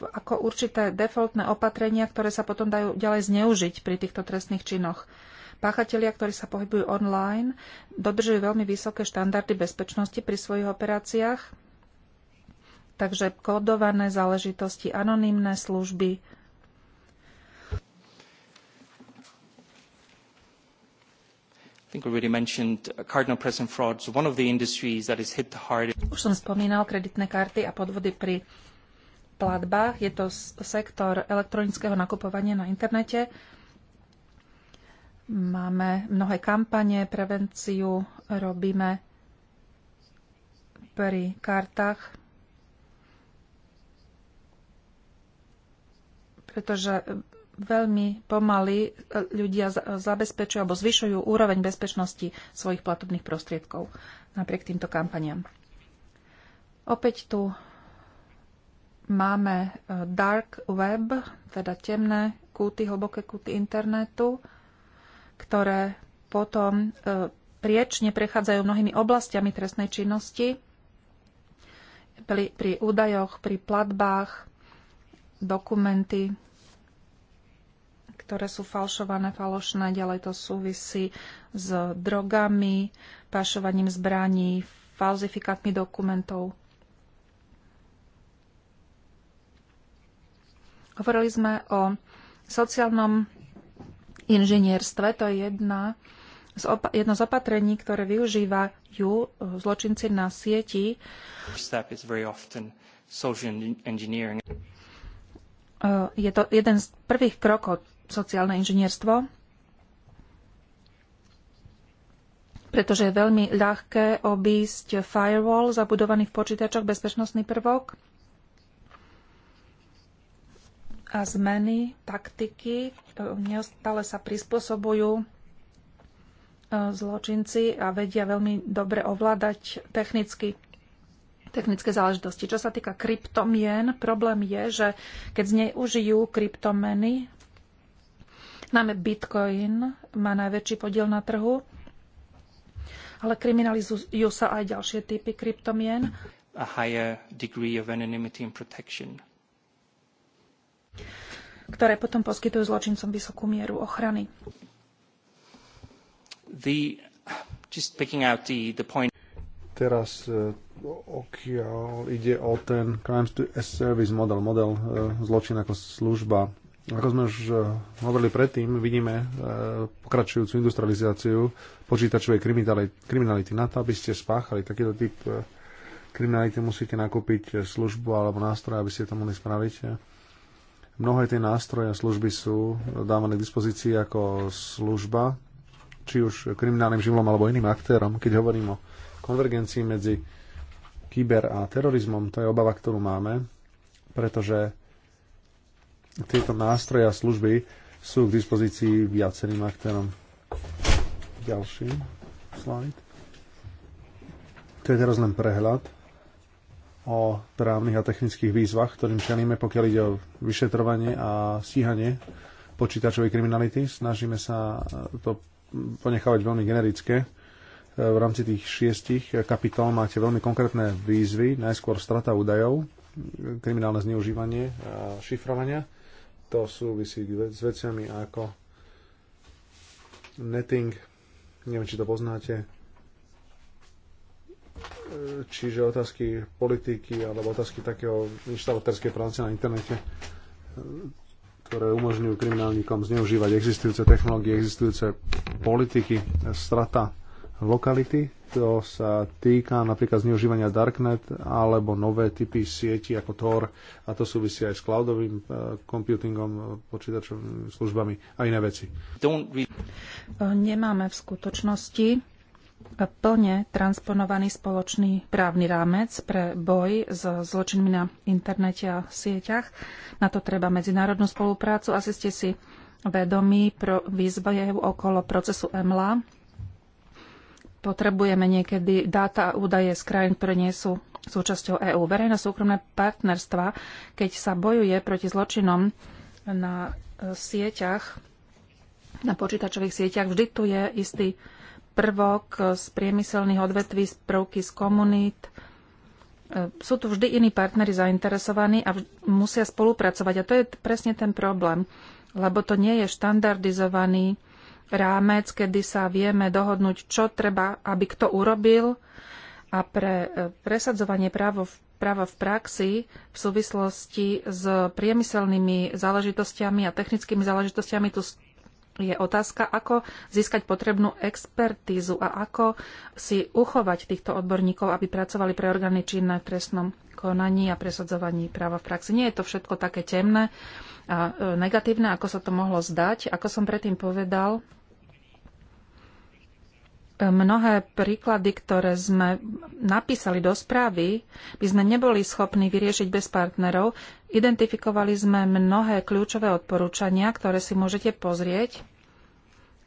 ako určité defaultné opatrenia, ktoré sa potom dajú ďalej zneužiť pri týchto trestných činoch. Páchatelia, ktorí sa pohybujú online, dodržujú veľmi vysoké štandardy bezpečnosti pri svojich operáciách, takže kódované záležitosti, anonymné služby. Uh, Už som spomínal kreditné karty a podvody pri platbách. Je to sektor elektronického nakupovania na internete. Máme mnohé kampane, prevenciu robíme pri kartách, pretože veľmi pomaly e, ľudia zabezpečujú alebo zvyšujú úroveň bezpečnosti svojich platobných prostriedkov napriek týmto kampaniam. Opäť tu Máme e, dark web, teda temné kúty, hlboké kúty internetu, ktoré potom e, priečne prechádzajú mnohými oblastiami trestnej činnosti, pri, pri údajoch, pri platbách, dokumenty, ktoré sú falšované, falošné, ďalej to súvisí s drogami, pašovaním zbraní, falzifikátmi dokumentov. Hovorili sme o sociálnom inžinierstve. To je jedna z jedno z opatrení, ktoré využívajú eh, zločinci na sieti. Eh, je to jeden z prvých krokov sociálne inžinierstvo, pretože je veľmi ľahké obísť firewall zabudovaný v počítačoch bezpečnostný prvok a zmeny taktiky. E, neustále sa prispôsobujú e, zločinci a vedia veľmi dobre ovládať technicky technické záležitosti. Čo sa týka kryptomien, problém je, že keď zneužijú kryptomeny, najmä Bitcoin má najväčší podiel na trhu, ale kriminalizujú sa aj ďalšie typy kryptomien. A higher degree of anonymity and protection ktoré potom poskytujú zločincom vysokú mieru ochrany. The, just picking out the, the point. Teraz e, okiaľ ide o ten Crimes to a Service model, model e, zločin ako služba. Ako sme už e, hovorili predtým, vidíme pokračujúcu industrializáciu počítačovej kriminality. Na to, aby ste spáchali takýto typ kriminality, musíte nakúpiť službu alebo nástroj, aby ste to mohli spraviť Mnohé tie nástroje a služby sú dávané k dispozícii ako služba, či už kriminálnym živlom alebo iným aktérom. Keď hovorím o konvergencii medzi kyber a terorizmom, to je obava, ktorú máme, pretože tieto nástroje a služby sú k dispozícii viacerým aktérom. Ďalší slide. To je teraz len prehľad o právnych a technických výzvach, ktorým čelíme, pokiaľ ide o vyšetrovanie a stíhanie počítačovej kriminality. Snažíme sa to ponechávať veľmi generické. V rámci tých šiestich kapitol máte veľmi konkrétne výzvy, najskôr strata údajov, kriminálne zneužívanie a šifrovania. To súvisí s veciami ako netting, neviem, či to poznáte, čiže otázky politiky alebo otázky takého inštalaterskej práce na internete, ktoré umožňujú kriminálnikom zneužívať existujúce technológie, existujúce politiky, strata lokality. To sa týka napríklad zneužívania Darknet alebo nové typy sieti ako Tor a to súvisí aj s cloudovým eh, computingom, počítačovými službami a iné veci. Nemáme v skutočnosti plne transponovaný spoločný právny rámec pre boj s zločinmi na internete a sieťach. Na to treba medzinárodnú spoluprácu. Asi ste si vedomí pro výzvajú okolo procesu EMLA. Potrebujeme niekedy dáta a údaje z krajín, ktoré nie sú súčasťou EÚ. Verejné súkromné partnerstva, keď sa bojuje proti zločinom na e, sieťach, na počítačových sieťach, vždy tu je istý prvok z priemyselných odvetví, z prvky z komunít. E, sú tu vždy iní partnery zainteresovaní a musia spolupracovať. A to je presne ten problém, lebo to nie je štandardizovaný rámec, kedy sa vieme dohodnúť, čo treba, aby kto urobil. A pre e, presadzovanie právo v, práva v praxi v súvislosti s priemyselnými záležitostiami a technickými záležitostiami. tu je otázka, ako získať potrebnú expertízu a ako si uchovať týchto odborníkov, aby pracovali pre orgány činné v trestnom konaní a presadzovaní práva v praxi. Nie je to všetko také temné a e, negatívne, ako sa to mohlo zdať. Ako som predtým povedal, mnohé príklady, ktoré sme napísali do správy, by sme neboli schopní vyriešiť bez partnerov. Identifikovali sme mnohé kľúčové odporúčania, ktoré si môžete pozrieť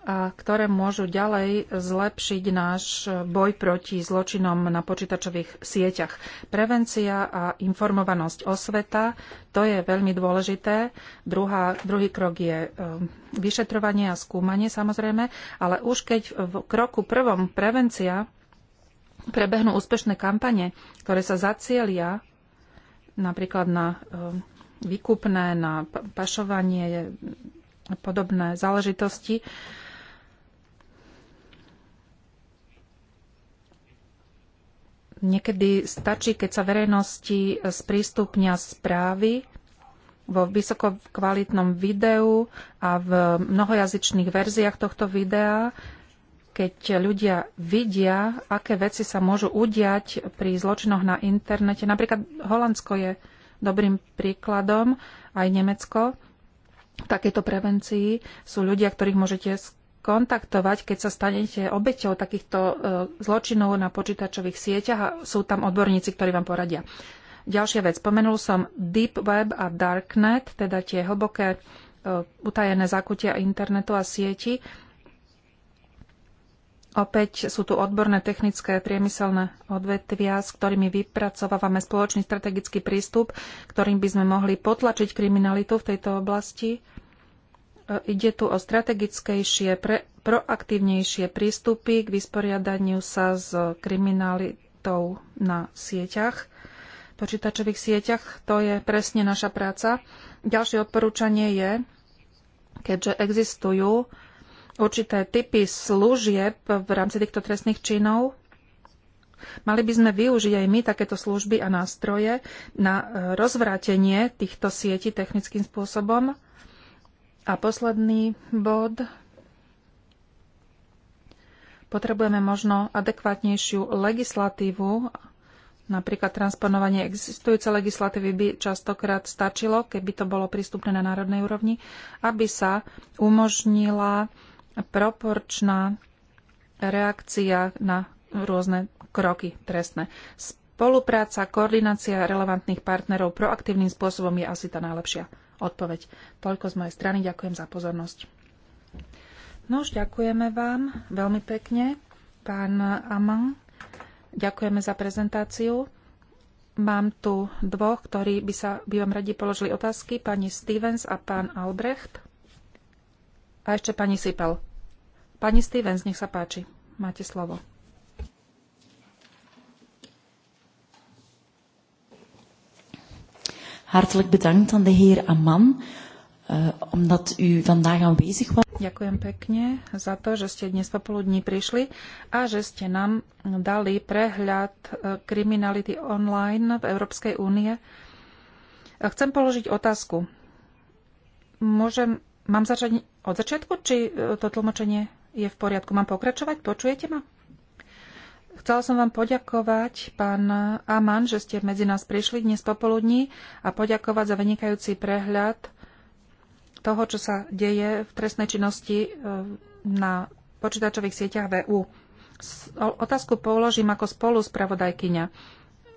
a ktoré môžu ďalej zlepšiť náš boj proti zločinom na počítačových sieťach. Prevencia a informovanosť o sveta, to je veľmi dôležité. Druhá, druhý krok je e, vyšetrovanie a skúmanie samozrejme, ale už keď v kroku prvom prevencia prebehnú úspešné kampane, ktoré sa zacielia napríklad na e, výkupné, na pašovanie, podobné záležitosti, Niekedy stačí, keď sa verejnosti sprístupnia správy vo vysoko kvalitnom videu a v mnohojazyčných verziách tohto videa, keď ľudia vidia, aké veci sa môžu udiať pri zločinoch na internete. Napríklad Holandsko je dobrým príkladom, aj Nemecko. V takejto prevencii sú ľudia, ktorých môžete kontaktovať, keď sa stanete obeťou takýchto e, zločinov na počítačových sieťach a sú tam odborníci, ktorí vám poradia. Ďalšia vec. Spomenul som Deep Web a Darknet, teda tie hlboké e, utajené zakutia internetu a sieti. Opäť sú tu odborné technické priemyselné odvetvia, s ktorými vypracovávame spoločný strategický prístup, ktorým by sme mohli potlačiť kriminalitu v tejto oblasti Ide tu o strategickejšie, pre, proaktívnejšie prístupy k vysporiadaniu sa s kriminalitou na sieťach, počítačových sieťach. To je presne naša práca. Ďalšie odporúčanie je, keďže existujú určité typy služieb v rámci týchto trestných činov, Mali by sme využiť aj my takéto služby a nástroje na e, rozvrátenie týchto sietí technickým spôsobom a posledný bod. Potrebujeme možno adekvátnejšiu legislatívu. Napríklad transponovanie existujúce legislatívy by častokrát stačilo, keby to bolo prístupné na národnej úrovni, aby sa umožnila proporčná reakcia na rôzne kroky trestné. Spolupráca, koordinácia relevantných partnerov proaktívnym spôsobom je asi tá najlepšia odpoveď. Toľko z mojej strany. Ďakujem za pozornosť. Nož, ďakujeme vám veľmi pekne, pán Aman. Ďakujeme za prezentáciu. Mám tu dvoch, ktorí by, sa, by vám radi položili otázky, pani Stevens a pán Albrecht. A ešte pani Sipel. Pani Stevens, nech sa páči. Máte slovo. hartelijk bedankt aan de heer Amman, uh, omdat u vandaag aanwezig was. Ďakujem pekne za to, že ste dnes popoludní prišli a že ste nám dali prehľad eh, kriminality online v Európskej únie. Eh, chcem položiť otázku. Môžem, mám začať od začiatku, či to tlmočenie je v poriadku? Mám pokračovať? Počujete ma? Chcela som vám poďakovať, pán Aman, že ste medzi nás prišli dnes popoludní a poďakovať za vynikajúci prehľad toho, čo sa deje v trestnej činnosti e, na počítačových sieťach VU. E otázku položím ako spolu spravodajkyňa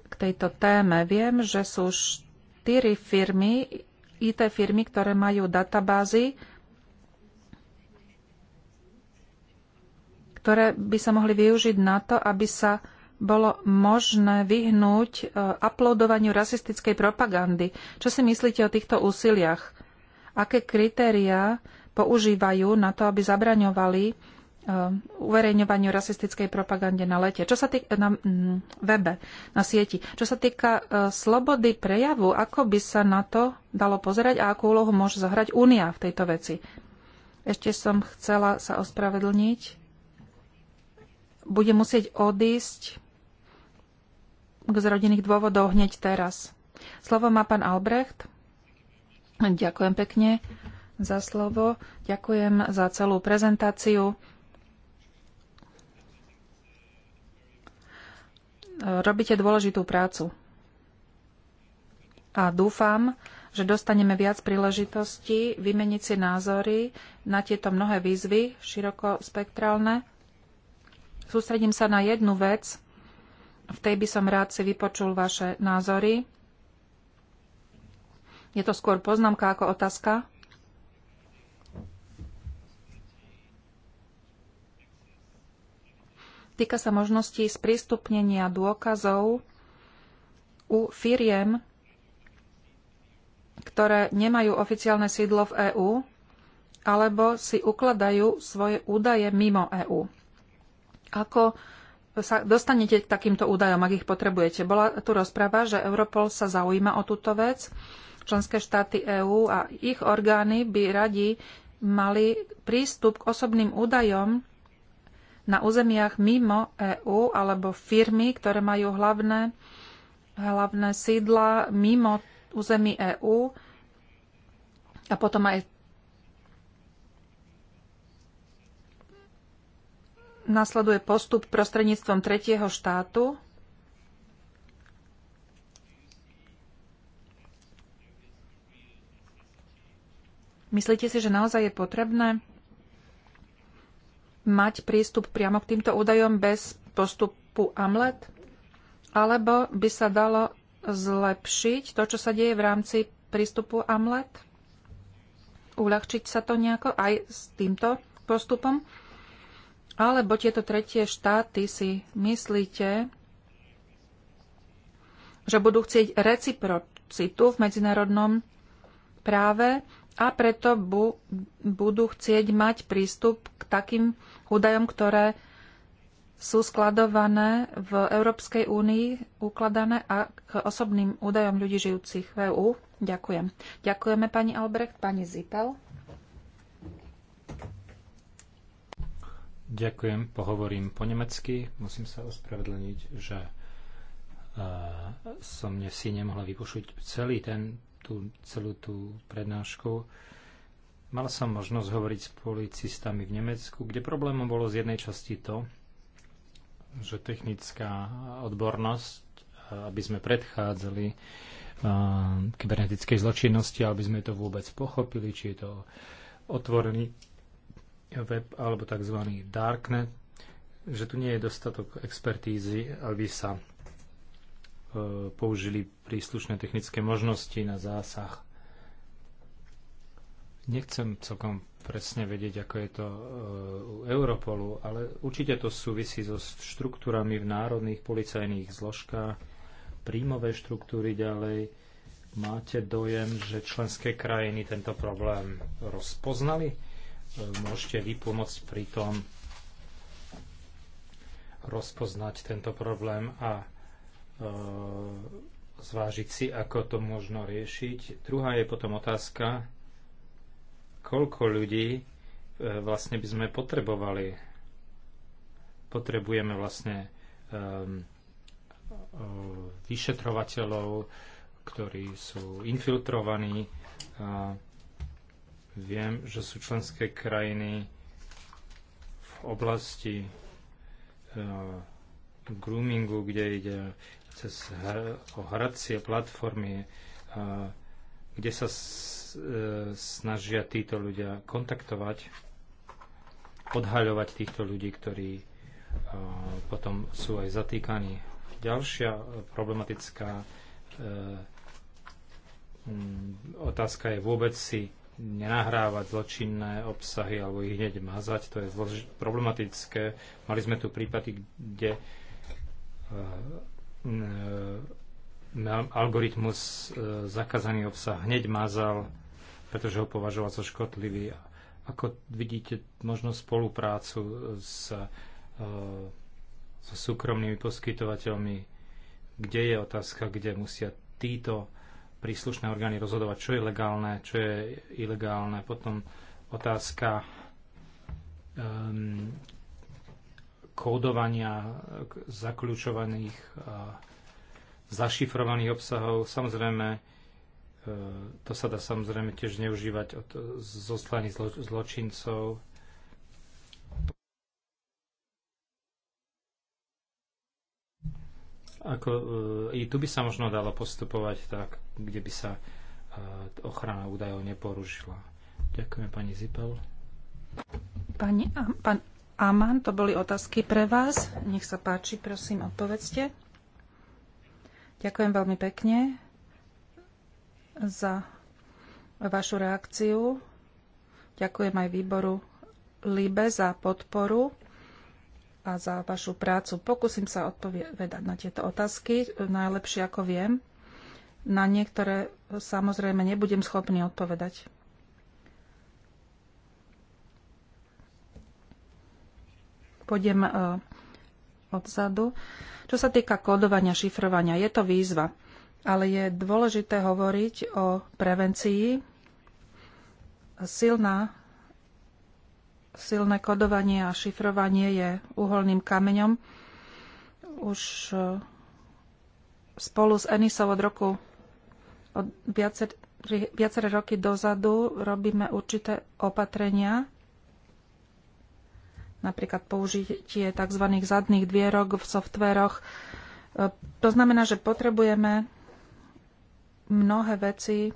k tejto téme. Viem, že sú štyri firmy, IT firmy, ktoré majú databázy ktoré by sa mohli využiť na to, aby sa bolo možné vyhnúť e, uploadovaniu rasistickej propagandy. Čo si myslíte o týchto úsiliach? Aké kritériá používajú na to, aby zabraňovali e, uverejňovaniu rasistickej propagande na lete, čo sa týka na webe, na sieti. Čo sa týka e, slobody prejavu, ako by sa na to dalo pozerať a akú úlohu môže zahrať Únia v tejto veci? Ešte som chcela sa ospravedlniť bude musieť odísť z rodinných dôvodov hneď teraz. Slovo má pán Albrecht. Ďakujem pekne za slovo. Ďakujem za celú prezentáciu. Robíte dôležitú prácu. A dúfam, že dostaneme viac príležitostí vymeniť si názory na tieto mnohé výzvy širokospektrálne Sústredím sa na jednu vec. V tej by som rád si vypočul vaše názory. Je to skôr poznámka ako otázka. Týka sa možností sprístupnenia dôkazov u firiem, ktoré nemajú oficiálne sídlo v EÚ alebo si ukladajú svoje údaje mimo EÚ. Ako sa dostanete k takýmto údajom, ak ich potrebujete? Bola tu rozpráva, že Europol sa zaujíma o túto vec. Členské štáty EÚ a ich orgány by radi mali prístup k osobným údajom na územiach mimo EÚ alebo firmy, ktoré majú hlavné, hlavné sídla mimo území EÚ a potom aj Nasleduje postup prostredníctvom tretieho štátu. Myslíte si, že naozaj je potrebné mať prístup priamo k týmto údajom bez postupu AMLET? Alebo by sa dalo zlepšiť to, čo sa deje v rámci prístupu AMLET? Uľahčiť sa to nejako aj s týmto postupom? Alebo tieto tretie štáty si myslíte, že budú chcieť reciprocitu v medzinárodnom práve a preto bu- budú chcieť mať prístup k takým údajom, ktoré sú skladované v Európskej únii, ukladané a k osobným údajom ľudí žijúcich v EÚ. Ďakujem. Ďakujeme pani Albrecht, pani Zipel. Ďakujem, pohovorím po nemecky. Musím sa ospravedlniť, že e, som ne, si nemohla vypušiť celý ten, tú, celú tú prednášku. Mal som možnosť hovoriť s policistami v Nemecku, kde problémom bolo z jednej časti to, že technická odbornosť, aby sme predchádzali e, kybernetickej zločinnosti, aby sme to vôbec pochopili, či je to otvorený web alebo tzv. darknet, že tu nie je dostatok expertízy, aby sa e, použili príslušné technické možnosti na zásah. Nechcem celkom presne vedieť, ako je to e, u Europolu, ale určite to súvisí so štruktúrami v národných policajných zložkách, príjmové štruktúry ďalej. Máte dojem, že členské krajiny tento problém rozpoznali? môžete vy pomôcť pri tom rozpoznať tento problém a e, zvážiť si, ako to možno riešiť. Druhá je potom otázka, koľko ľudí e, vlastne by sme potrebovali. Potrebujeme vlastne e, e vyšetrovateľov, ktorí sú infiltrovaní. E, Viem, že sú členské krajiny v oblasti e, groomingu, kde ide cez hr- o hracie platformy, e, kde sa e, snažia títo ľudia kontaktovať, odhaľovať týchto ľudí, ktorí potom sú aj zatýkaní. Ďalšia problematická otázka je vôbec si nenahrávať zločinné obsahy alebo ich hneď mazať, to je zlož- problematické. Mali sme tu prípady, kde eh, eh, algoritmus eh, zakázaný obsah hneď mazal, pretože ho považoval za škodlivý. Ako vidíte možno spoluprácu s, so súkromnými poskytovateľmi, kde je otázka, kde musia títo príslušné orgány rozhodovať, čo je legálne, čo je ilegálne. Potom otázka um, kódovania zakľúčovaných a zašifrovaných obsahov. Samozrejme, e, to sa dá samozrejme tiež zneužívať od, zo strany zlo, zločincov Ako, e, I tu by sa možno dalo postupovať tak, kde by sa e, ochrana údajov neporušila. Ďakujem pani Zipel. Pani, pán Aman, to boli otázky pre vás. Nech sa páči, prosím, odpovedzte. Ďakujem veľmi pekne za vašu reakciu. Ďakujem aj výboru LIBE za podporu a za vašu prácu. Pokúsim sa odpovedať na tieto otázky e, najlepšie ako viem. Na niektoré samozrejme nebudem schopný odpovedať. Pôjdem e, odzadu. Čo sa týka kódovania, šifrovania, je to výzva, ale je dôležité hovoriť o prevencii. Silná silné kodovanie a šifrovanie je uholným kameňom. Už e, spolu s Enisou od roku od viacer, viaceré roky dozadu robíme určité opatrenia, napríklad použitie tzv. zadných dvierok v softveroch. E, to znamená, že potrebujeme mnohé veci,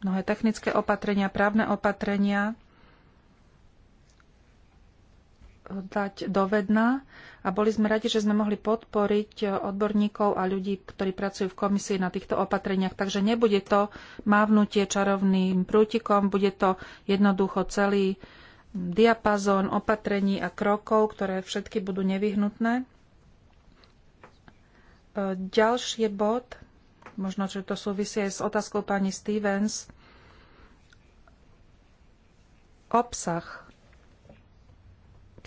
mnohé technické opatrenia, právne opatrenia, dať do vedna a boli sme radi, že sme mohli podporiť odborníkov a ľudí, ktorí pracujú v komisii na týchto opatreniach. Takže nebude to mávnutie čarovným prútikom, bude to jednoducho celý diapazón opatrení a krokov, ktoré všetky budú nevyhnutné. E, ďalší bod, možno, že to súvisie s otázkou pani Stevens, obsah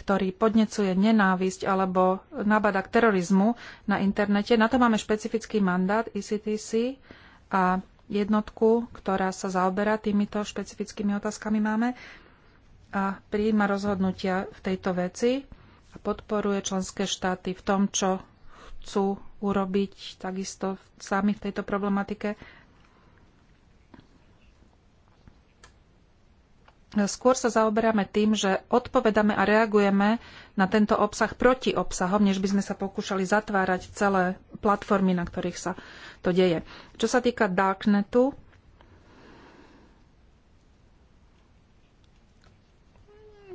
ktorý podnecuje nenávisť alebo nabada k terorizmu na internete. Na to máme špecifický mandát ICTC e a jednotku, ktorá sa zaoberá týmito špecifickými otázkami máme a prijíma rozhodnutia v tejto veci a podporuje členské štáty v tom, čo chcú urobiť takisto sami v tejto problematike skôr sa zaoberáme tým, že odpovedáme a reagujeme na tento obsah proti obsahom, než by sme sa pokúšali zatvárať celé platformy, na ktorých sa to deje. Čo sa týka darknetu,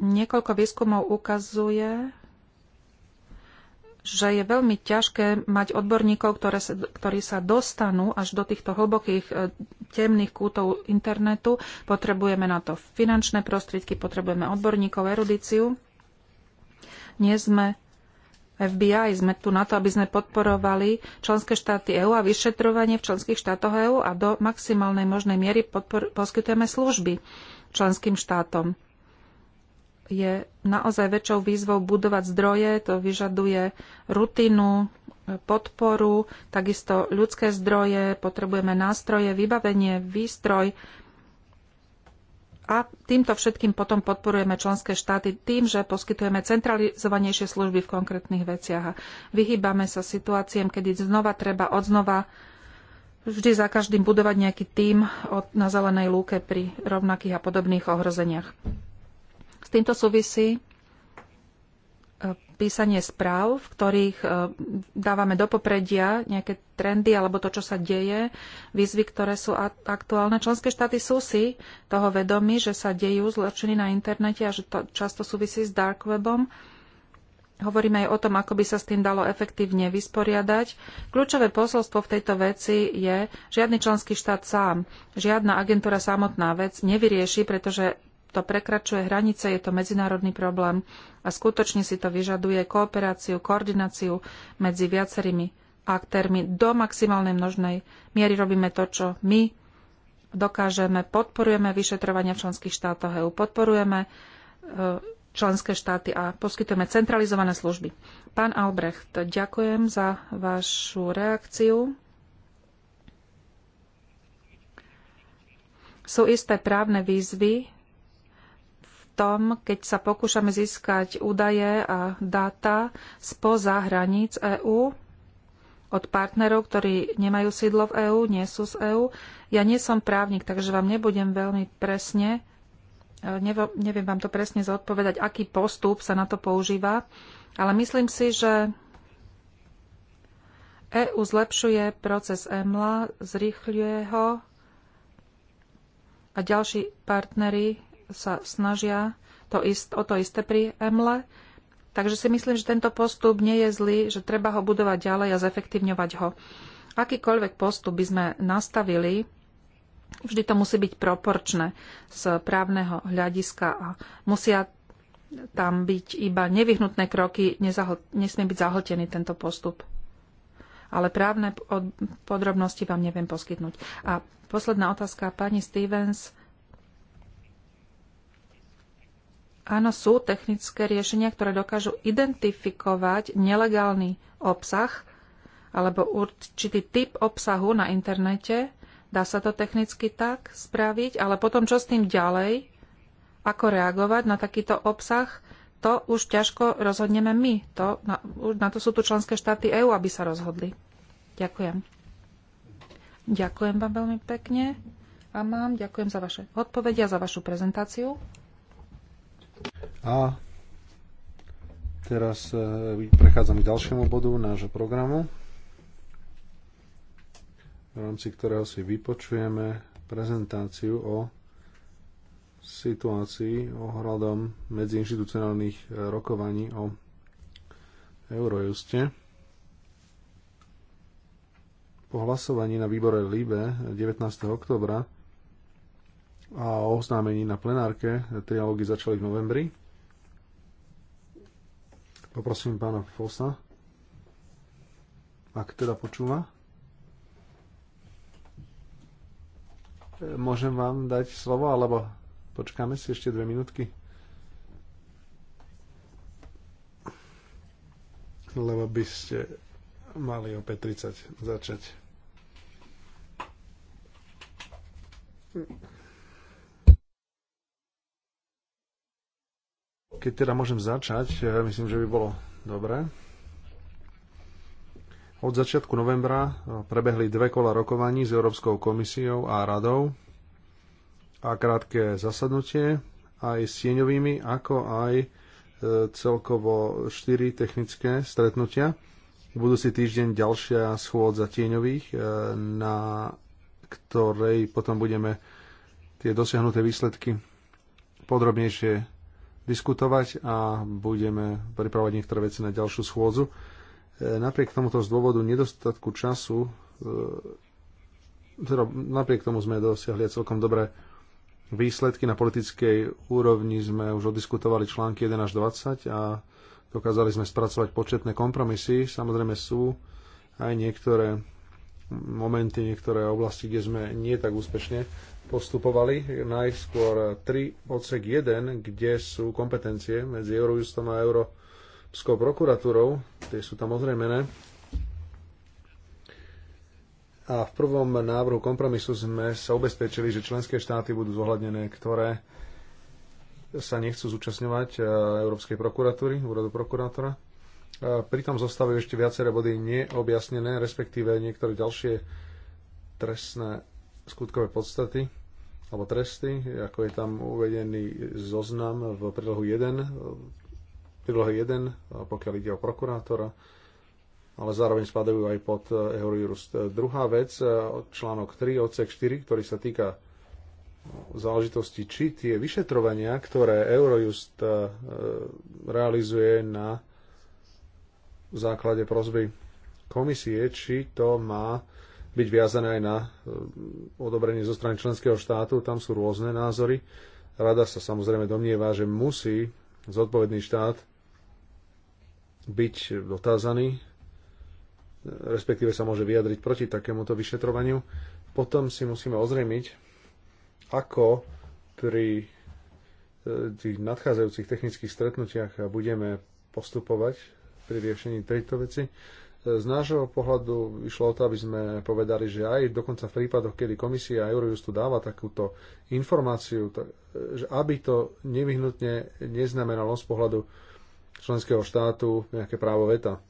niekoľko výskumov ukazuje, že je veľmi ťažké mať odborníkov, ktoré sa, ktorí sa dostanú až do týchto hlbokých e, temných kútov internetu. Potrebujeme na to finančné prostriedky, potrebujeme odborníkov, erudíciu. Nie sme FBI, sme tu na to, aby sme podporovali členské štáty EÚ a vyšetrovanie v členských štátoch EÚ a do maximálnej možnej miery podpor- poskytujeme služby členským štátom je naozaj väčšou výzvou budovať zdroje, to vyžaduje rutinu, podporu, takisto ľudské zdroje, potrebujeme nástroje, vybavenie, výstroj. A týmto všetkým potom podporujeme členské štáty tým, že poskytujeme centralizovanejšie služby v konkrétnych veciach. vyhýbame sa situáciám, kedy znova treba odznova vždy za každým budovať nejaký tím na zelenej lúke pri rovnakých a podobných ohrozeniach týmto súvisí e, písanie správ, v ktorých e, dávame do popredia nejaké trendy alebo to, čo sa deje, výzvy, ktoré sú aktuálne. Členské štáty sú si toho vedomi, že sa dejú zločiny na internete a že to často súvisí s dark webom. Hovoríme aj o tom, ako by sa s tým dalo efektívne vysporiadať. Kľúčové posolstvo v tejto veci je žiadny členský štát sám, žiadna agentúra samotná vec nevyrieši, pretože to prekračuje hranice, je to medzinárodný problém a skutočne si to vyžaduje kooperáciu, koordináciu medzi viacerými aktérmi do maximálnej množnej miery. Robíme to, čo my dokážeme, podporujeme vyšetrovania v členských štátoch EU, podporujeme e, členské štáty a poskytujeme centralizované služby. Pán Albrecht, ďakujem za vašu reakciu. Sú isté právne výzvy, tom, keď sa pokúšame získať údaje a dáta spoza hraníc EÚ od partnerov, ktorí nemajú sídlo v EÚ, nie sú z EÚ. Ja nie som právnik, takže vám nebudem veľmi presne, e, neviem vám to presne zodpovedať, aký postup sa na to používa, ale myslím si, že EÚ zlepšuje proces EMLA, zrýchľuje ho a ďalší partnery sa snažia to ist, o to isté pri EMLE. Takže si myslím, že tento postup nie je zlý, že treba ho budovať ďalej a zefektívňovať ho. Akýkoľvek postup by sme nastavili, vždy to musí byť proporčné z právneho hľadiska a musia tam byť iba nevyhnutné kroky, nezahl- nesmie byť zahltený tento postup. Ale právne podrobnosti vám neviem poskytnúť. A posledná otázka, pani Stevens Áno, sú technické riešenia, ktoré dokážu identifikovať nelegálny obsah alebo určitý typ obsahu na internete. Dá sa to technicky tak spraviť, ale potom čo s tým ďalej? Ako reagovať na takýto obsah? To už ťažko rozhodneme my. To, na, na to sú tu členské štáty EÚ, aby sa rozhodli. Ďakujem. Ďakujem vám veľmi pekne a mám ďakujem za vaše odpovede a za vašu prezentáciu. A teraz e, prechádzam k ďalšiemu bodu nášho programu, v rámci ktorého si vypočujeme prezentáciu o situácii ohľadom medziinstitucionálnych e, rokovaní o Eurojuste. Po hlasovaní na výbore LIBE 19. oktobra a oznámení na plenárke trialógy začali v novembri Poprosím pána Fosa, ak teda počúva. E, môžem vám dať slovo, alebo počkáme si ešte dve minútky? Lebo by ste mali o 30 začať. Keď teda môžem začať, myslím, že by bolo dobré. Od začiatku novembra e, prebehli dve kola rokovaní s Európskou komisiou a radou a krátke zasadnutie aj s sieňovými, ako aj e, celkovo štyri technické stretnutia. Budúci týždeň ďalšia schôdza tieňových, e, na ktorej potom budeme tie dosiahnuté výsledky podrobnejšie diskutovať a budeme pripravovať niektoré veci na ďalšiu schôdzu. E, napriek tomuto z dôvodu nedostatku času, e, teda napriek tomu sme dosiahli celkom dobré výsledky. Na politickej úrovni sme už odiskutovali články 1 až 20 a dokázali sme spracovať početné kompromisy. Samozrejme sú aj niektoré momenty, niektoré oblasti, kde sme nie tak úspešne postupovali. Najskôr 3 odsek 1, kde sú kompetencie medzi Eurojustom a Európskou prokuratúrou. Tie sú tam ozrejmené. A v prvom návrhu kompromisu sme sa ubezpečili, že členské štáty budú zohľadnené, ktoré sa nechcú zúčastňovať e, Európskej prokuratúry, úradu prokurátora. E, pritom zostávajú ešte viaceré body neobjasnené, respektíve niektoré ďalšie trestné skutkové podstaty alebo tresty, ako je tam uvedený zoznam v prílohu 1, prílohe 1, pokiaľ ide o prokurátora, ale zároveň spadajú aj pod eh, Eurojurus. Eh, druhá vec, eh, článok 3, odsek 4, ktorý sa týka záležitosti, či tie vyšetrovania, ktoré Eurojust realizuje na základe prozby komisie, či to má byť viazané aj na eh, odobrenie zo strany členského štátu. Tam sú rôzne názory. Rada sa samozrejme domnieva, že musí zodpovedný štát byť dotázaný, eh, respektíve sa môže vyjadriť proti takémuto vyšetrovaniu. Potom si musíme ozrejmiť, ako pri eh, tých nadchádzajúcich technických stretnutiach budeme postupovať pri riešení tejto veci z nášho pohľadu išlo o to, aby sme povedali, že aj dokonca v prípadoch, kedy komisia Eurojustu dáva takúto informáciu, tak, že aby to nevyhnutne neznamenalo z pohľadu členského štátu nejaké právo veta.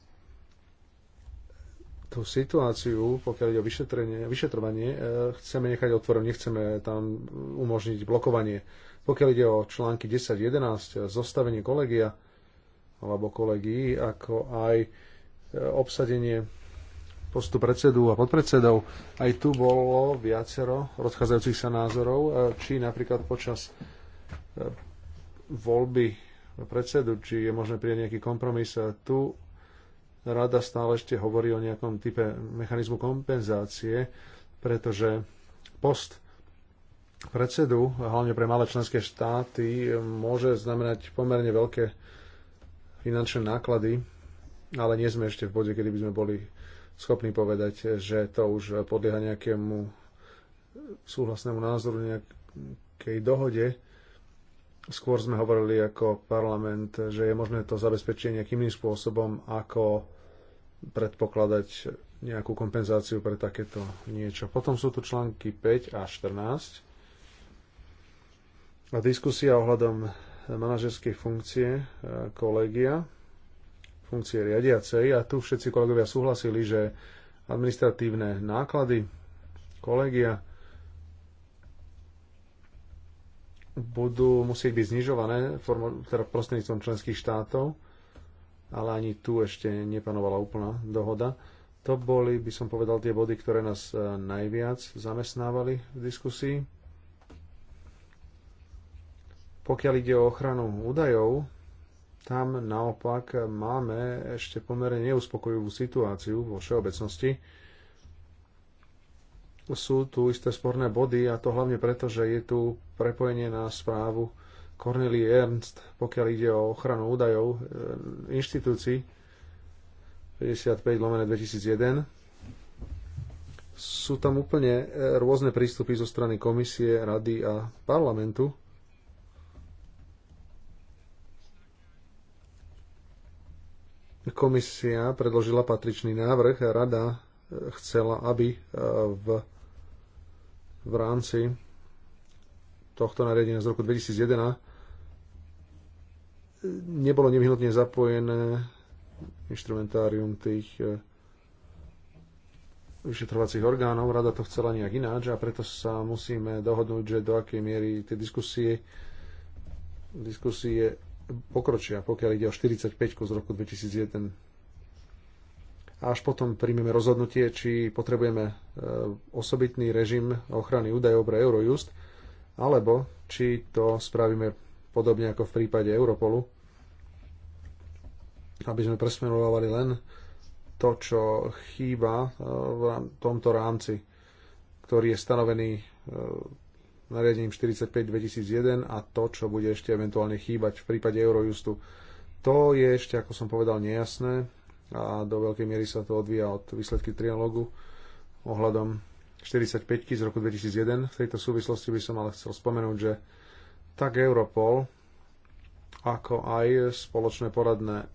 Tú situáciu, pokiaľ ide o vyšetrenie, vyšetrovanie, e, chceme nechať otvorenú, nechceme tam umožniť blokovanie. Pokiaľ ide o články 10-11, zostavenie kolegia alebo kolegií, ako aj E, obsadenie postu predsedu a podpredsedov. Aj tu bolo viacero rozchádzajúcich sa názorov, e, či napríklad počas e, voľby predsedu, či je možné prijať nejaký kompromis. Tu rada stále ešte hovorí o nejakom type mechanizmu kompenzácie, pretože post predsedu, hlavne pre malé členské štáty, môže znamenať pomerne veľké finančné náklady ale nie sme ešte v bode, kedy by sme boli schopní povedať, že to už podlieha nejakému súhlasnému názoru, nejakej dohode. Skôr sme hovorili ako parlament, že je možné to zabezpečiť nejakým iným spôsobom, ako predpokladať nejakú kompenzáciu pre takéto niečo. Potom sú tu články 5 a 14. A diskusia ohľadom manažerskej funkcie eh, kolegia funkcie riadiacej a tu všetci kolegovia súhlasili, že administratívne náklady kolegia budú musieť byť znižované teda prostredníctvom členských štátov, ale ani tu ešte nepanovala úplná dohoda. To boli, by som povedal, tie body, ktoré nás e, najviac zamestnávali v diskusii. Pokiaľ ide o ochranu údajov, tam naopak máme ešte pomerne neuspokojivú situáciu vo všeobecnosti. Sú tu isté sporné body a to hlavne preto, že je tu prepojenie na správu Cornelie Ernst, pokiaľ ide o ochranu údajov e, inštitúcií 55 2001. Sú tam úplne e, rôzne prístupy zo strany komisie, rady a parlamentu Komisia predložila patričný návrh a rada e, chcela, aby e, v, v rámci tohto nariadenia z roku 2001 e, nebolo nevyhnutne zapojené instrumentárium tých vyšetrovacích orgánov. Rada to chcela nejak ináč a preto sa musíme dohodnúť, že do akej miery tie diskusie, diskusie pokročia, pokiaľ ide o 45 z roku 2001. Až potom príjmeme rozhodnutie, či potrebujeme e, osobitný režim ochrany údajov pre Eurojust, alebo či to spravíme podobne ako v prípade Europolu, aby sme presmerovali len to, čo chýba e, v tomto rámci, ktorý je stanovený e, nariadením 45-2001 a to, čo bude ešte eventuálne chýbať v prípade Eurojustu. To je ešte, ako som povedal, nejasné a do veľkej miery sa to odvíja od výsledky trialógu ohľadom 45 z roku 2001. V tejto súvislosti by som ale chcel spomenúť, že tak Europol, ako aj spoločné poradné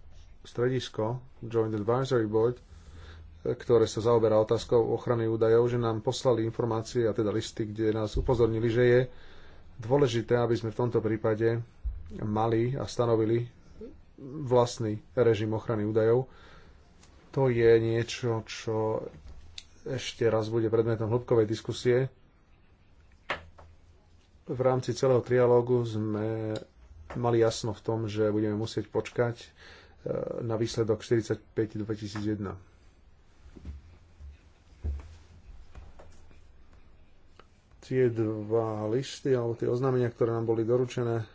stredisko Joint Advisory Board – ktoré sa zaoberá otázkou ochrany údajov, že nám poslali informácie a teda listy, kde nás upozornili, že je dôležité, aby sme v tomto prípade mali a stanovili vlastný režim ochrany údajov. To je niečo, čo ešte raz bude predmetom hĺbkovej diskusie. V rámci celého trialógu sme mali jasno v tom, že budeme musieť počkať e, na výsledok 45 2001. tie dva listy alebo tie oznámenia, ktoré nám boli doručené,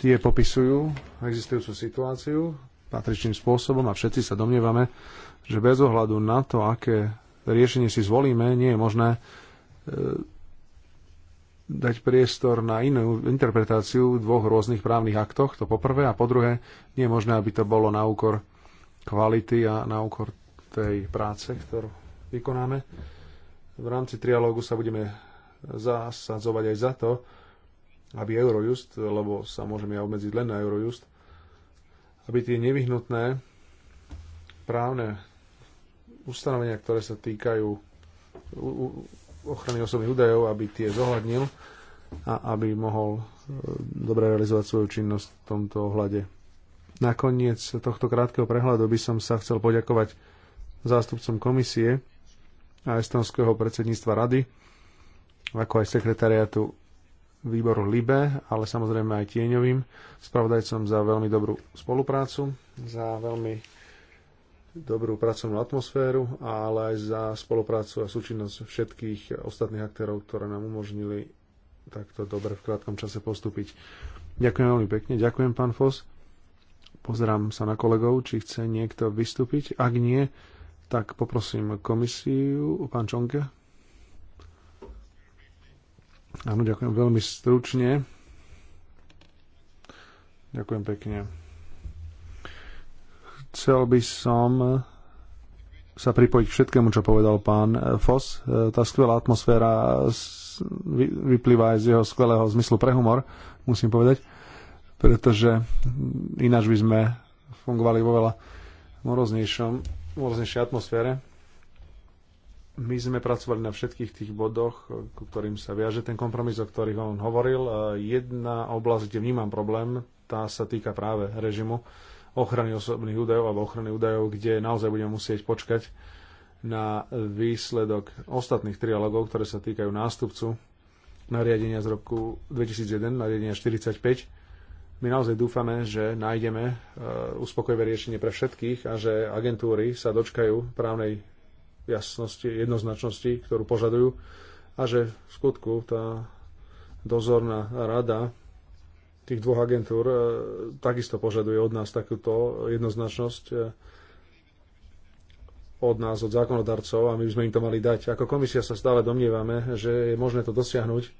tie popisujú existujúcu situáciu patričným spôsobom a všetci sa domnievame, že bez ohľadu na to, aké riešenie si zvolíme, nie je možné e, dať priestor na inú interpretáciu v dvoch rôznych právnych aktoch, to poprvé, a po druhé, nie je možné, aby to bolo na úkor kvality a na úkor tej práce, ktorú vykonáme. V rámci trialógu sa budeme zasadzovať aj za to, aby Eurojust, lebo sa môžeme ja obmedziť len na Eurojust, aby tie nevyhnutné právne ustanovenia, ktoré sa týkajú ochrany osobných údajov, aby tie zohľadnil a aby mohol e, dobre realizovať svoju činnosť v tomto ohľade. Nakoniec tohto krátkeho prehľadu by som sa chcel poďakovať zástupcom komisie, a estonského predsedníctva rady, ako aj sekretariatu výboru LIBE, ale samozrejme aj tieňovým spravodajcom za veľmi dobrú spoluprácu, za veľmi dobrú pracovnú atmosféru, ale aj za spoluprácu a súčinnosť všetkých ostatných aktérov, ktoré nám umožnili takto dobre v krátkom čase postúpiť. Ďakujem veľmi pekne, ďakujem pán Fos. Pozerám sa na kolegov, či chce niekto vystúpiť. Ak nie, tak poprosím komisiu, pán Čonke. Áno, ďakujem veľmi stručne. Ďakujem pekne. Chcel by som sa pripojiť k všetkému, čo povedal pán Foss. Tá skvelá atmosféra vyplýva aj z jeho skvelého zmyslu pre humor, musím povedať, pretože ináč by sme fungovali vo veľa moroznejšom rôznejšej atmosfére. My sme pracovali na všetkých tých bodoch, ku ktorým sa viaže ten kompromis, o ktorých on hovoril. Jedna oblasť, kde vnímam problém, tá sa týka práve režimu ochrany osobných údajov alebo ochrany údajov, kde naozaj budeme musieť počkať na výsledok ostatných trialogov, ktoré sa týkajú nástupcu nariadenia z roku 2001, nariadenia 45 my naozaj dúfame, že nájdeme e, uspokojivé riešenie pre všetkých a že agentúry sa dočkajú právnej jasnosti, jednoznačnosti, ktorú požadujú a že v skutku tá dozorná rada tých dvoch agentúr e, takisto požaduje od nás takúto jednoznačnosť e, od nás, od zákonodarcov a my sme im to mali dať. Ako komisia sa stále domnievame, že je možné to dosiahnuť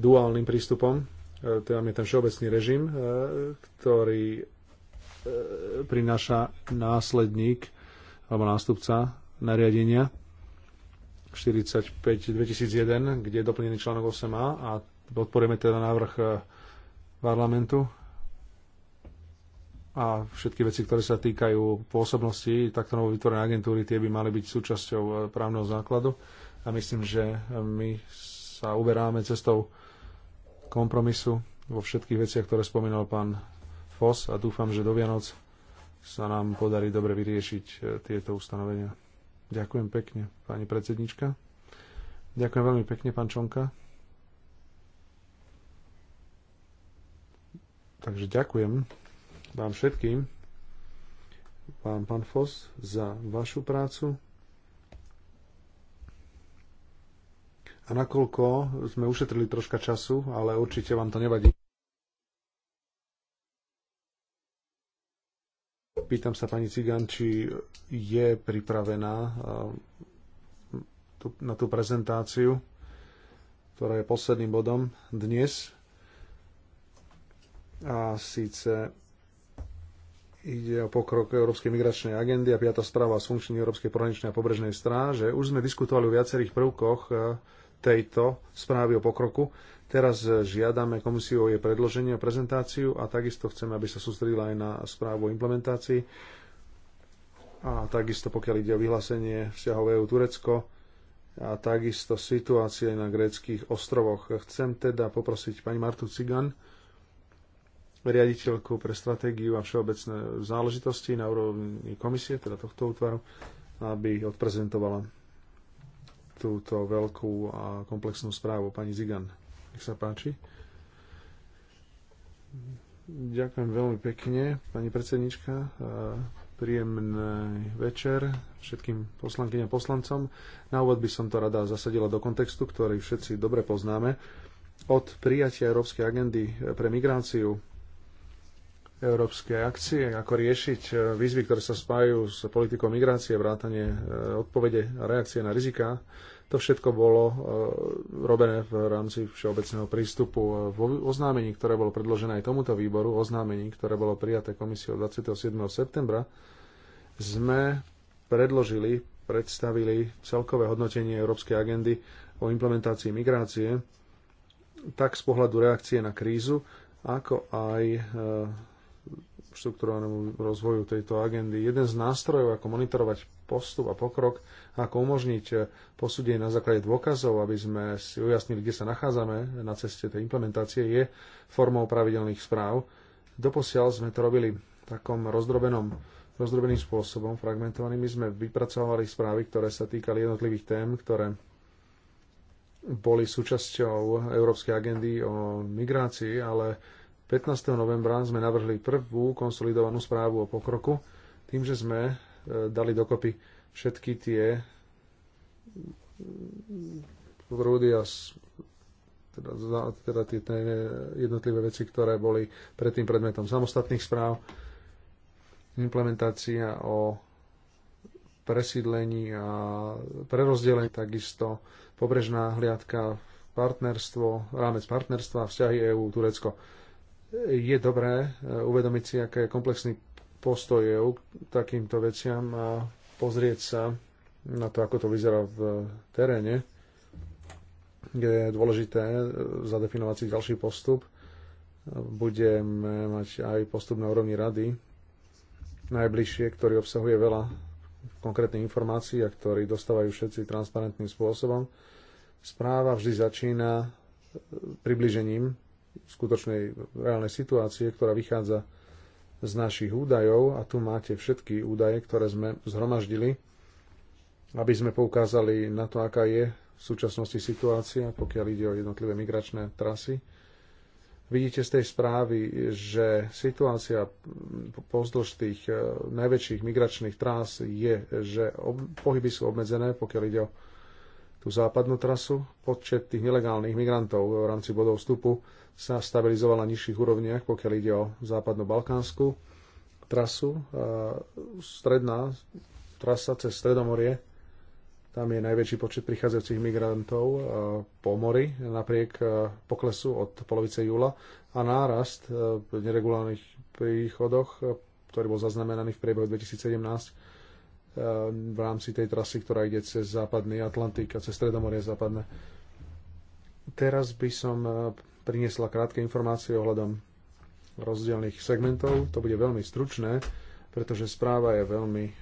duálnym prístupom, teda je ten všeobecný režim, e, ktorý e, prináša následník alebo nástupca nariadenia 45-2001, kde je doplnený článok 8a a podporujeme teda návrh e, parlamentu a všetky veci, ktoré sa týkajú pôsobnosti takto novo vytvorené agentúry, tie by mali byť súčasťou právneho základu a myslím, že my sa uberáme cestou kompromisu vo všetkých veciach, ktoré spomínal pán Fos a dúfam, že do Vianoc sa nám podarí dobre vyriešiť e, tieto ustanovenia. Ďakujem pekne, pani predsednička. Ďakujem veľmi pekne, pán Čonka. Takže ďakujem vám všetkým, vám pán Fos, za vašu prácu. nakoľko sme ušetrili troška času, ale určite vám to nevadí. Pýtam sa pani Cigan, či je pripravená eh, na tú prezentáciu, ktorá je posledným bodom dnes. A síce ide o pokrok Európskej migračnej agendy a piata správa z funkčnej Európskej pohraničnej a pobrežnej stráže. Už sme diskutovali o viacerých prvkoch eh, tejto správy o pokroku. Teraz eh, žiadame komisiu o jej predloženie a prezentáciu a takisto chceme, aby sa sústredila aj na správu o implementácii. A takisto pokiaľ ide o vyhlásenie vzťahov EU Turecko a takisto situácie na gréckých ostrovoch. Chcem teda poprosiť pani Martu Cigan, riaditeľku pre stratégiu a všeobecné záležitosti na úrovni komisie, teda tohto útvaru, aby odprezentovala túto veľkú a komplexnú správu. Pani Zigan, nech sa páči. Ďakujem veľmi pekne, pani predsednička. Príjemný večer všetkým poslankyňam a poslancom. Na úvod by som to rada zasadila do kontextu, ktorý všetci dobre poznáme. Od prijatia Európskej agendy pre migráciu európske akcie, ako riešiť e, výzvy, ktoré sa spájajú s politikou migrácie, vrátanie e, odpovede a reakcie na rizika. To všetko bolo e, robené v rámci všeobecného prístupu. V oznámení, ktoré bolo predložené aj tomuto výboru, oznámení, ktoré bolo prijaté komisiou 27. septembra, sme predložili, predstavili celkové hodnotenie Európskej agendy o implementácii migrácie, tak z pohľadu reakcie na krízu, ako aj štruktúrovanému rozvoju tejto agendy. Jeden z nástrojov, ako monitorovať postup a pokrok, ako umožniť eh, posúdenie na základe dôkazov, aby sme si ujasnili, kde sa nachádzame na ceste tej implementácie, je formou pravidelných správ. Doposiaľ sme to robili takom rozdrobenom rozdrobeným spôsobom, fragmentovanými sme vypracovali správy, ktoré sa týkali jednotlivých tém, ktoré boli súčasťou Európskej agendy o migrácii, ale 15. novembra sme navrhli prvú konsolidovanú správu o pokroku, tým, že sme e, dali dokopy všetky tie vrúdy mm, a teda, teda tie jednotlivé veci, ktoré boli predtým predmetom samostatných správ, implementácia o presídlení a prerozdelení, takisto pobrežná hliadka, partnerstvo, rámec partnerstva, vzťahy EÚ-Turecko je dobré e, uvedomiť si, aké je komplexný postoj EU k takýmto veciam a pozrieť sa na to, ako to vyzerá v teréne, kde je dôležité e, zadefinovať si ďalší postup. Budeme mať aj postup na úrovni rady najbližšie, ktorý obsahuje veľa konkrétnych informácií a ktorý dostávajú všetci transparentným spôsobom. Správa vždy začína e, približením skutočnej reálnej situácie, ktorá vychádza z našich údajov a tu máte všetky údaje, ktoré sme zhromaždili, aby sme poukázali na to, aká je v súčasnosti situácia, pokiaľ ide o jednotlivé migračné trasy. Vidíte z tej správy, že situácia pozdĺž tých eh, najväčších migračných trás je, že pohyby sú obmedzené, pokiaľ ide o tú západnú trasu. Počet tých nelegálnych migrantov v rámci bodov vstupu sa stabilizoval na nižších úrovniach, pokiaľ ide o západnú balkánsku trasu. Stredná trasa cez Stredomorie, tam je najväčší počet prichádzajúcich migrantov po mori napriek poklesu od polovice júla a nárast v neregulárnych príchodoch, ktorý bol zaznamenaný v priebehu 2017 v rámci tej trasy, ktorá ide cez západný Atlantik a cez Stredomorie západné. Teraz by som eh, priniesla krátke informácie ohľadom rozdielných segmentov. To bude veľmi stručné, pretože správa je veľmi eh,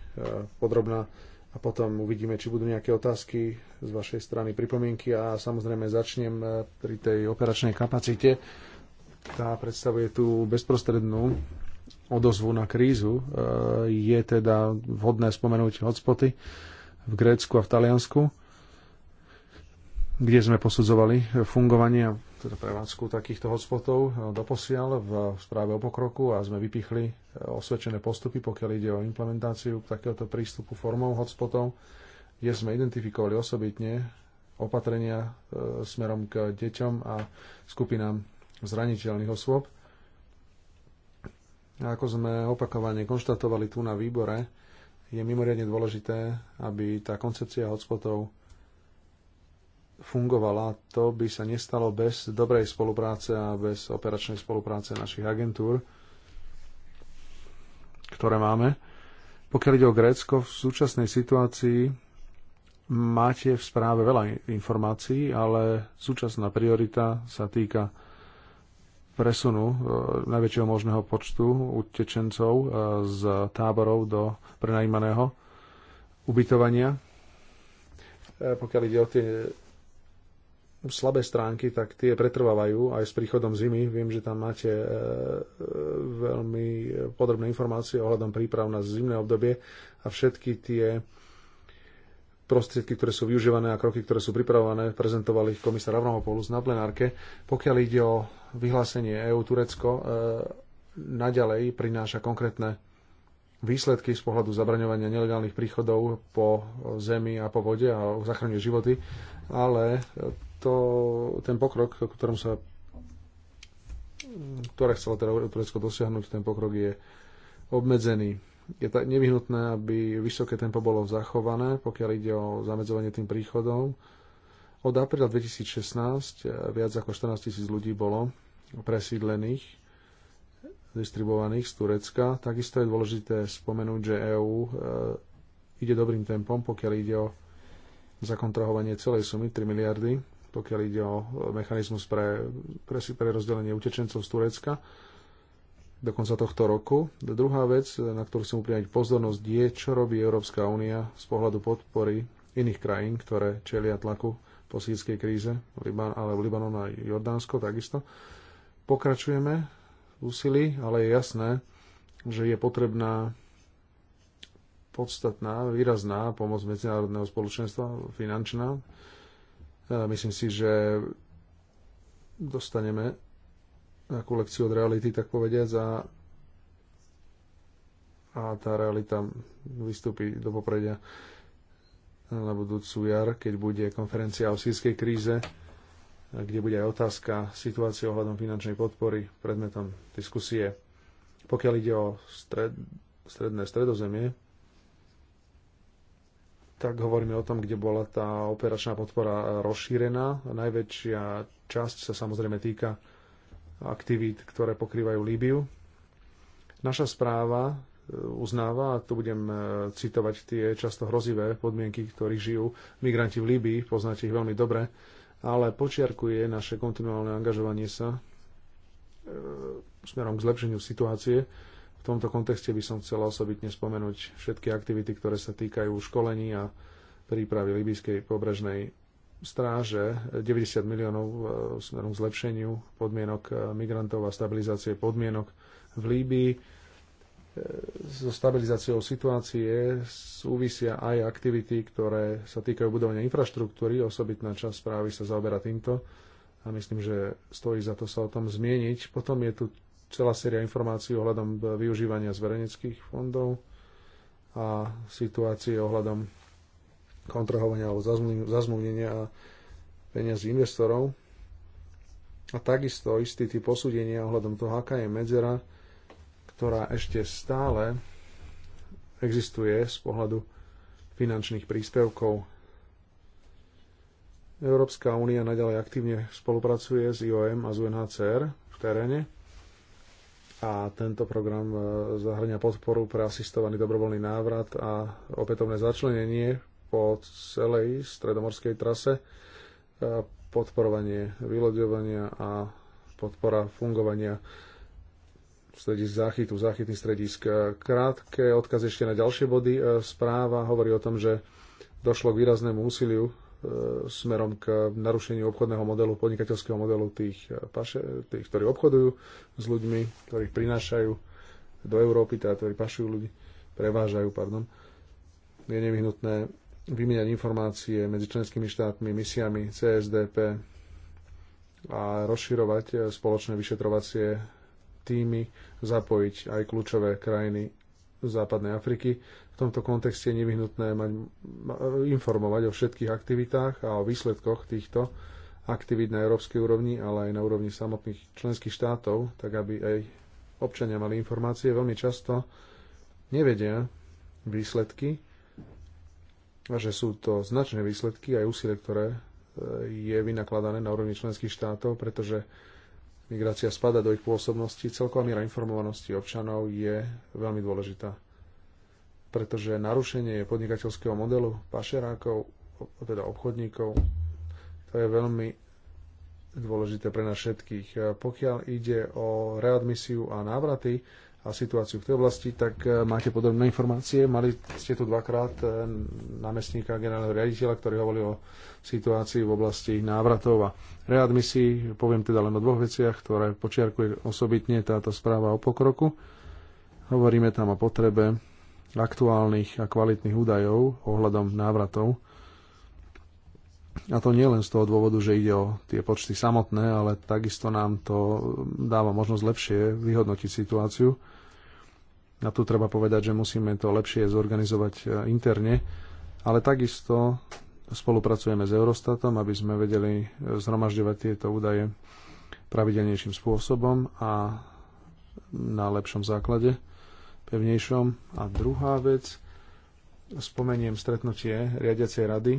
podrobná a potom uvidíme, či budú nejaké otázky z vašej strany, pripomienky a samozrejme začnem eh, pri tej operačnej kapacite. Tá predstavuje tú bezprostrednú odozvu na krízu. E, je teda vhodné spomenúť hotspoty v Grécku a v Taliansku, kde sme posudzovali fungovanie teda prevádzku takýchto hotspotov doposiaľ v správe o pokroku a sme vypichli e, osvedčené postupy, pokiaľ ide o implementáciu takéhoto prístupu formou hotspotov, kde sme identifikovali osobitne opatrenia e, smerom k deťom a skupinám zraniteľných osôb ako sme opakovane konštatovali tu na výbore, je mimoriadne dôležité, aby tá koncepcia hotspotov fungovala. To by sa nestalo bez dobrej spolupráce a bez operačnej spolupráce našich agentúr, ktoré máme. Pokiaľ ide o Grécko, v súčasnej situácii máte v správe veľa informácií, ale súčasná priorita sa týka presunu e, najväčšieho možného počtu utečencov e, z táborov do prenajímaného ubytovania. E, pokiaľ ide o tie slabé stránky, tak tie pretrvávajú aj s príchodom zimy. Viem, že tam máte veľmi podrobné informácie ohľadom príprav na zimné obdobie a všetky tie prostriedky, ktoré sú využívané a kroky, ktoré sú pripravované, prezentoval ich komisár Avramopoulos na plenárke. Pokiaľ ide o vyhlásenie EÚ Turecko, e, naďalej prináša konkrétne výsledky z pohľadu zabraňovania nelegálnych príchodov po zemi a po vode a zachraňuje životy, ale to, ten pokrok, ktorom sa ktoré chcelo teda Turecko dosiahnuť, ten pokrok je obmedzený je tak nevyhnutné, aby vysoké tempo bolo zachované, pokiaľ ide o zamedzovanie tým príchodom. Od apríla 2016 eh, viac ako 14 tisíc ľudí bolo presídlených, distribuovaných z Turecka. Takisto je dôležité spomenúť, že EÚ eh, ide dobrým tempom, pokiaľ ide o zakontrahovanie celej sumy 3 miliardy, pokiaľ ide o eh, mechanizmus pre, pre, pre rozdelenie utečencov z Turecka do konca tohto roku. Druhá vec, na ktorú chcem upriamiť pozornosť, je, čo robí Európska únia z pohľadu podpory iných krajín, ktoré čelia tlaku po sírskej kríze, ale v Libanon a Jordánsko takisto. Pokračujeme v úsilí, ale je jasné, že je potrebná podstatná, výrazná pomoc medzinárodného spoločenstva, finančná. E, myslím si, že dostaneme nejakú lekciu od reality, tak povediať, a, a tá realita vystúpi do popredia na budúcu jar, keď bude konferencia o sírskej kríze, kde bude aj otázka situácie ohľadom finančnej podpory predmetom diskusie. Pokiaľ ide o stred, stredné stredozemie, tak hovoríme o tom, kde bola tá operačná podpora rozšírená. Najväčšia časť sa samozrejme týka aktivít, ktoré pokrývajú Líbiu. Naša správa e, uznáva, a tu budem e, citovať tie často hrozivé podmienky, ktorých žijú migranti v Líbii, poznáte ich veľmi dobre, ale počiarkuje naše kontinuálne angažovanie sa e, smerom k zlepšeniu situácie. V tomto kontexte by som chcela osobitne spomenúť všetky aktivity, ktoré sa týkajú školení a prípravy libyskej pobrežnej stráže eh, 90 miliónov eh, smerom k zlepšeniu podmienok eh, migrantov a stabilizácie podmienok v Líbii. So stabilizáciou situácie súvisia aj aktivity, ktoré sa týkajú budovania infraštruktúry. Osobitná časť správy sa zaoberá týmto a myslím, že stojí za to sa o tom zmieniť. Potom je tu celá séria informácií ohľadom využívania zverejneckých fondov a situácie ohľadom kontrahovania alebo zazmluvnenia a peniazy investorov. A takisto istý typ posúdenia ohľadom toho, aká je medzera, ktorá ešte stále existuje z pohľadu finančných príspevkov. Európska únia naďalej aktívne spolupracuje s IOM a z UNHCR v teréne a tento program e, zahrňa podporu pre asistovaný dobrovoľný návrat a opätovné začlenenie po celej stredomorskej trase, podporovanie vyloďovania a podpora fungovania stredisk záchytu, záchytných stredisk. Krátke odkaz ešte na ďalšie body. Správa hovorí o tom, že došlo k výraznému úsiliu e, smerom k narušeniu obchodného modelu, podnikateľského modelu tých, e, paše, tých ktorí obchodujú s ľuďmi, ktorých prinášajú do Európy, teda ktorí pašujú ľudí, prevážajú, pardon. Je nevyhnutné vymieňať informácie medzi členskými štátmi, misiami CSDP a rozširovať e, spoločné vyšetrovacie týmy, zapojiť aj kľúčové krajiny západnej Afriky. V tomto kontexte je nevyhnutné mať, informovať o všetkých aktivitách a o výsledkoch týchto aktivít na európskej úrovni, ale aj na úrovni samotných členských štátov, tak aby aj občania mali informácie. Veľmi často nevedia výsledky že sú to značné výsledky aj úsilie, ktoré e, je vynakladané na úrovni členských štátov, pretože migrácia spada do ich pôsobnosti. Celková miera informovanosti občanov je veľmi dôležitá, pretože narušenie podnikateľského modelu pašerákov, teda obchodníkov, to je veľmi dôležité pre nás všetkých. E, pokiaľ ide o readmisiu a návraty, a situáciu v tej oblasti, tak e, máte podobné informácie. Mali ste tu dvakrát e, námestníka generálneho riaditeľa, ktorý hovoril o situácii v oblasti návratov a readmisí. Poviem teda len o dvoch veciach, ktoré počiarkuje osobitne táto správa o pokroku. Hovoríme tam o potrebe aktuálnych a kvalitných údajov ohľadom návratov a to nie len z toho dôvodu, že ide o tie počty samotné, ale takisto nám to dáva možnosť lepšie vyhodnotiť situáciu. A tu treba povedať, že musíme to lepšie zorganizovať e, interne, ale takisto spolupracujeme s Eurostatom, aby sme vedeli e, zhromažďovať tieto údaje pravidelnejším spôsobom a na lepšom základe, pevnejšom. A druhá vec, spomeniem stretnutie riadiacej rady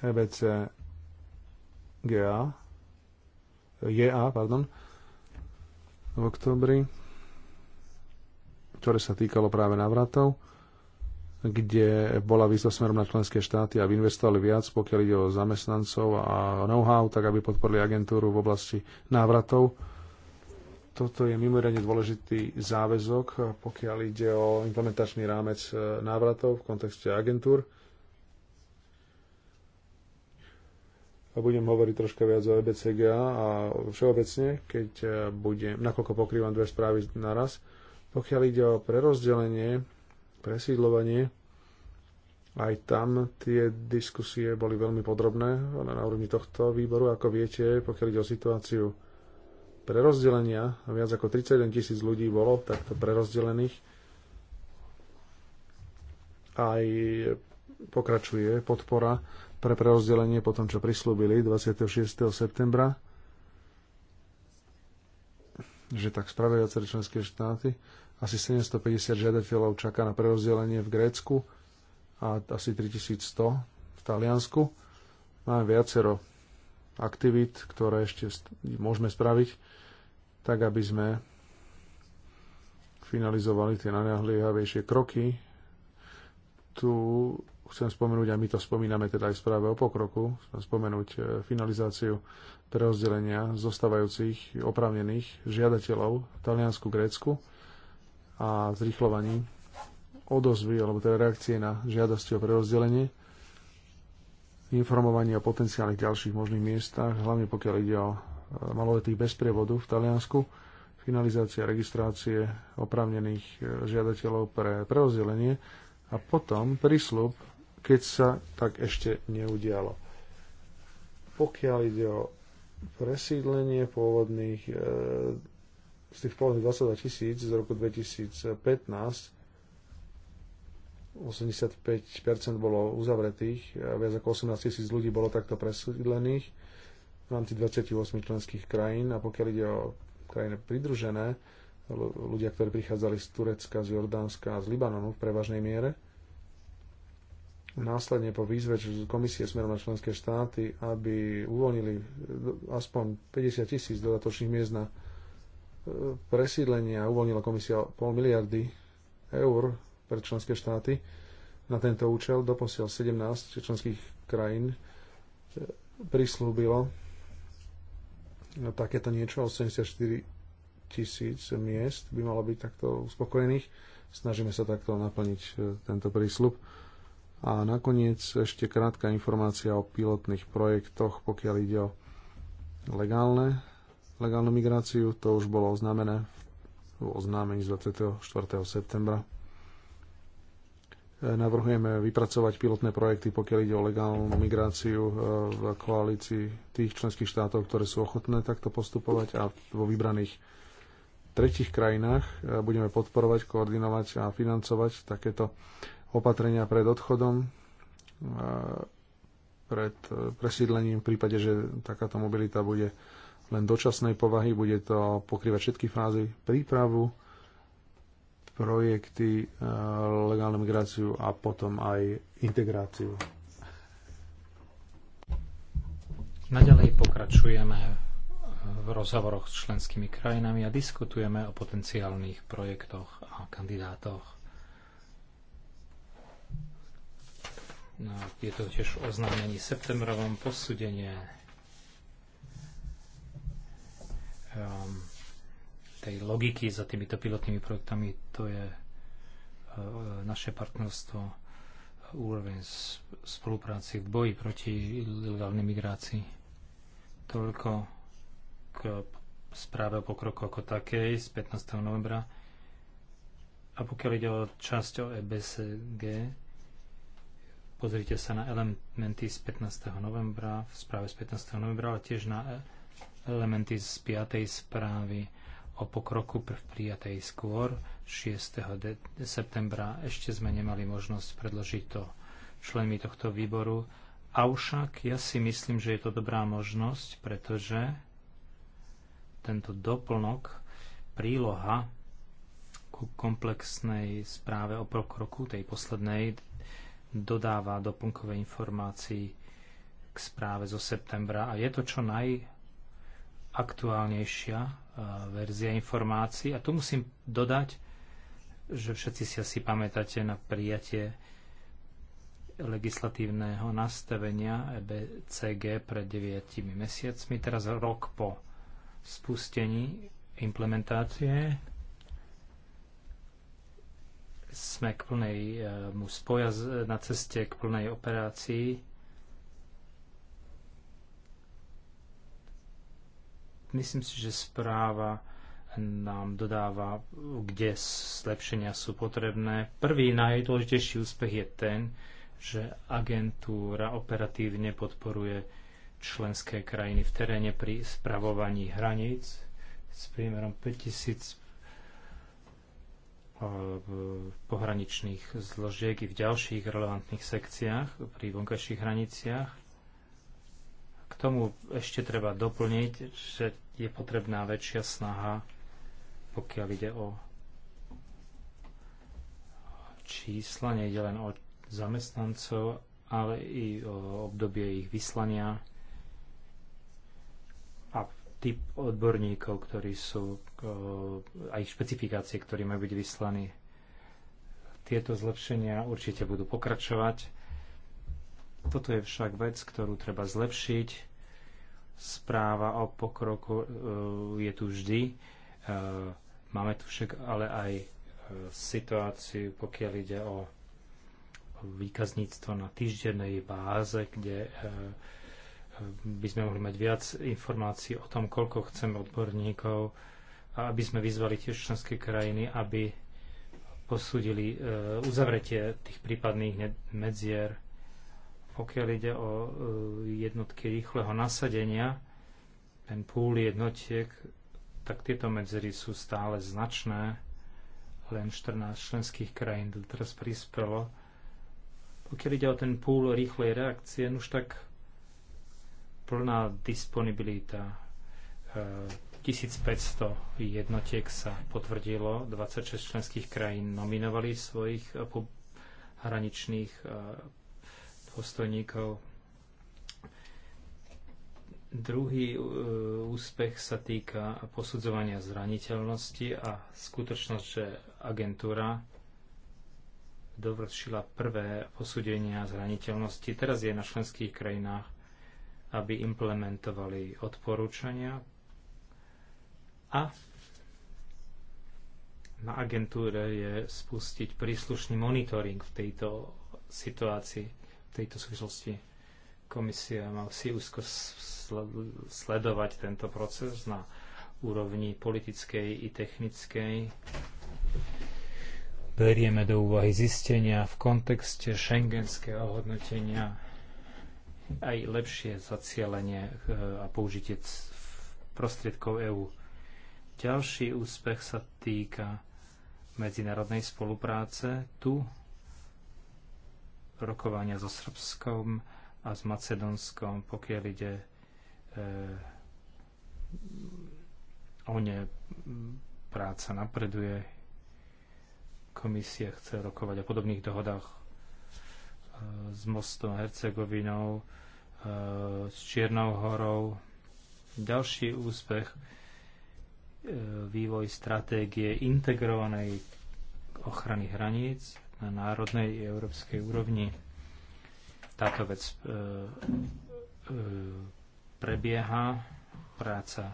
EBC GA, GA pardon, v oktobri, ktoré sa týkalo práve návratov, kde bola výzva smerom na členské štáty, aby investovali viac, pokiaľ ide o zamestnancov a know-how, tak aby podporili agentúru v oblasti návratov. Toto je mimoriadne dôležitý záväzok, pokiaľ ide o implementačný rámec e, návratov v kontexte agentúr budem hovoriť troška viac o EBCGA a všeobecne, keď e, budem, nakoľko pokrývam dve správy naraz. Pokiaľ ide o prerozdelenie, presídlovanie, aj tam tie diskusie boli veľmi podrobné na úrovni tohto výboru. Ako viete, pokiaľ ide o situáciu prerozdelenia, viac ako 31 tisíc ľudí bolo takto prerozdelených. Aj pokračuje podpora pre prerozdelenie po tom, čo prislúbili 26. septembra, že tak spravia viaceré členské štáty. Asi 750 žiadateľov čaká na prerozdelenie v Grécku a asi 3100 v Taliansku. Máme viacero aktivít, ktoré ešte môžeme spraviť, tak aby sme finalizovali tie najnáhliehavejšie kroky. Tu chcem spomenúť, a my to spomíname teda aj v správe o pokroku, chcem spomenúť e, finalizáciu prerozdelenia zostávajúcich oprávnených žiadateľov v Taliansku, Grécku a zrýchlovaní odozvy alebo teda reakcie na žiadosti o prerozdelenie, informovanie o potenciálnych ďalších možných miestach, hlavne pokiaľ ide o e, maloletých bez prievodu v Taliansku, finalizácia registrácie oprávnených e, žiadateľov pre prerozdelenie a potom prísľub keď sa tak ešte neudialo. Pokiaľ ide o presídlenie pôvodných, e, z tých pôvodných 22 tisíc z roku 2015, 85% bolo uzavretých, e, viac ako 18 tisíc ľudí bolo takto presídlených v rámci 28 členských krajín a pokiaľ ide o krajiny pridružené, ľudia, ktorí prichádzali z Turecka, z Jordánska a z Libanonu v prevažnej miere, následne po výzve komisie smerom na členské štáty, aby uvoľnili aspoň 50 tisíc dodatočných miest na e, presídlenie a Uvoľnila komisia pol miliardy eur pre členské štáty na tento účel. Doposiaľ 17 členských krajín e, prislúbilo takéto niečo, 84 tisíc miest by malo byť takto uspokojených. Snažíme sa takto naplniť e, tento prísľub a nakoniec ešte krátka informácia o pilotných projektoch, pokiaľ ide o legálne, legálnu migráciu. To už bolo oznámené v oznámení z 24. septembra. E, navrhujeme vypracovať pilotné projekty, pokiaľ ide o legálnu migráciu e, v koalícii tých členských štátov, ktoré sú ochotné takto postupovať a vo vybraných tretich krajinách e, budeme podporovať, koordinovať a financovať takéto opatrenia pred odchodom, pred e, presídlením v prípade, že takáto mobilita bude len dočasnej povahy, bude to pokrývať všetky fázy prípravu, projekty, e, legálnu migráciu a potom aj integráciu. Naďalej pokračujeme v rozhovoroch s členskými krajinami a diskutujeme o potenciálnych projektoch a kandidátoch. No, je to tiež oznámení septembrovom posúdenie um, tej logiky za týmito pilotnými projektami. To je uh, naše partnerstvo úroveň spolupráci v boji proti ilegálnej migrácii. Toľko k správe o pokroku ako takej z 15. novembra. A pokiaľ ide o časť o EBSG, Pozrite sa na elementy z 15. novembra, v správe z 15. novembra, ale tiež na e- elementy z 5. správy o pokroku prijatej skôr 6. septembra. Ešte sme nemali možnosť predložiť to členmi tohto výboru. Avšak ja si myslím, že je to dobrá možnosť, pretože tento doplnok, príloha ku komplexnej správe o pokroku, tej poslednej dodáva doplnkové informácií k správe zo septembra a je to čo najaktuálnejšia e, verzia informácií. A tu musím dodať, že všetci si asi pamätáte na prijatie legislatívneho nastavenia EBCG pred 9 mesiacmi, teraz rok po spustení implementácie sme k plnej e, mu spoja na ceste k plnej operácii. Myslím si, že správa nám dodáva, kde zlepšenia sú potrebné. Prvý najdôležitejší úspech je ten, že agentúra operatívne podporuje členské krajiny v teréne pri spravovaní hraníc s prímerom 5000 pohraničných zložiek i v ďalších relevantných sekciách pri vonkajších hraniciach. K tomu ešte treba doplniť, že je potrebná väčšia snaha, pokiaľ ide o čísla, nejde len o zamestnancov, ale i o obdobie ich vyslania typ odborníkov, ktorí sú, aj špecifikácie, ktorí majú byť vyslaní. Tieto zlepšenia určite budú pokračovať. Toto je však vec, ktorú treba zlepšiť. Správa o pokroku e, je tu vždy. E, máme tu však ale aj e, situáciu, pokiaľ ide o výkazníctvo na týždennej báze, kde e, by sme mohli mať viac informácií o tom, koľko chceme odborníkov a aby sme vyzvali tiež členské krajiny, aby posúdili e, uzavretie tých prípadných medzier. Pokiaľ ide o e, jednotky rýchleho nasadenia, ten púl jednotiek, tak tieto medzery sú stále značné. Len 14 členských krajín teraz prispelo. Pokiaľ ide o ten púl rýchlej reakcie, no už tak plná disponibilita 1500 eh, jednotiek sa potvrdilo, 26 členských krajín nominovali svojich eh, hraničných eh, dôstojníkov. Druhý úspech sa týka posudzovania zraniteľnosti a skutočnosť, že agentúra dovršila prvé posúdenia zraniteľnosti. Teraz je na členských krajinách aby implementovali odporúčania a na agentúre je spustiť príslušný monitoring v tejto situácii, v tejto súvislosti. Komisia mal si úzko sledovať tento proces na úrovni politickej i technickej. Berieme do úvahy zistenia v kontexte šengenského hodnotenia aj lepšie zacielenie eh, a použitie prostriedkov EÚ. Ďalší úspech sa týka medzinárodnej spolupráce. Tu rokovania so Srbskom a s Macedónskom, pokiaľ ide e, o ne práca napreduje, komisia chce rokovať o podobných dohodách Eh, s mostom Hercegovinou, eh, s Čiernou horou. Ďalší úspech eh, vývoj stratégie integrovanej ochrany hraníc na národnej i európskej úrovni. Táto vec prebieha, práca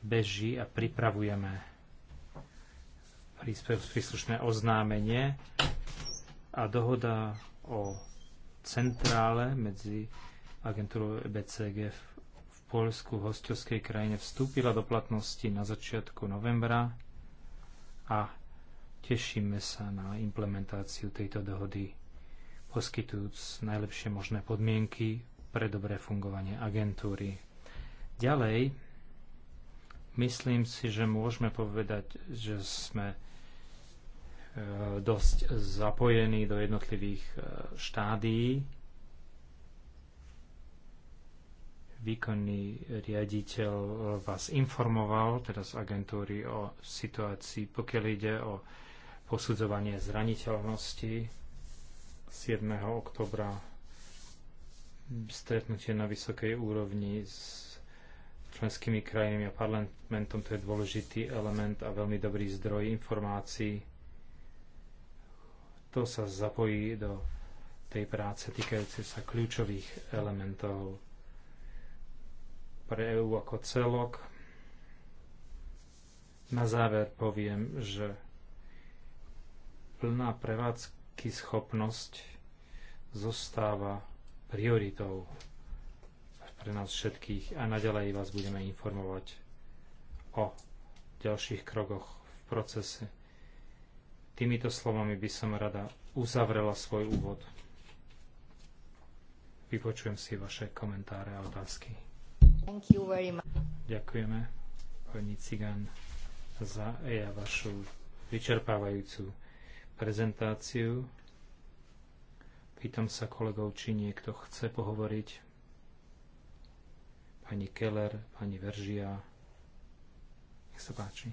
beží a pripravujeme príslušné oznámenie a dohoda o centrále medzi agentúrou EBCG v Polsku, v hostovskej krajine, vstúpila do platnosti na začiatku novembra a tešíme sa na implementáciu tejto dohody, poskytujúc najlepšie možné podmienky pre dobré fungovanie agentúry. Ďalej, myslím si, že môžeme povedať, že sme Eh, dosť zapojený do jednotlivých eh, štádií. Výkonný riaditeľ vás informoval, teda z agentúry, o situácii, pokiaľ ide o posudzovanie zraniteľnosti 7. oktobra stretnutie na vysokej úrovni s členskými krajinami a parlamentom, to je dôležitý element a veľmi dobrý zdroj informácií to sa zapojí do tej práce týkajúce sa kľúčových elementov pre EU ako celok. Na záver poviem, že plná prevádzky schopnosť zostáva prioritou pre nás všetkých a naďalej vás budeme informovať o ďalších krokoch v procese Týmito slovami by som rada uzavrela svoj úvod. Vypočujem si vaše komentáre a otázky. Ďakujeme, pani Cigan, za ja e, vašu vyčerpávajúcu prezentáciu. Pýtam sa kolegov, či niekto chce pohovoriť. Pani Keller, pani Veržia. Nech sa páči.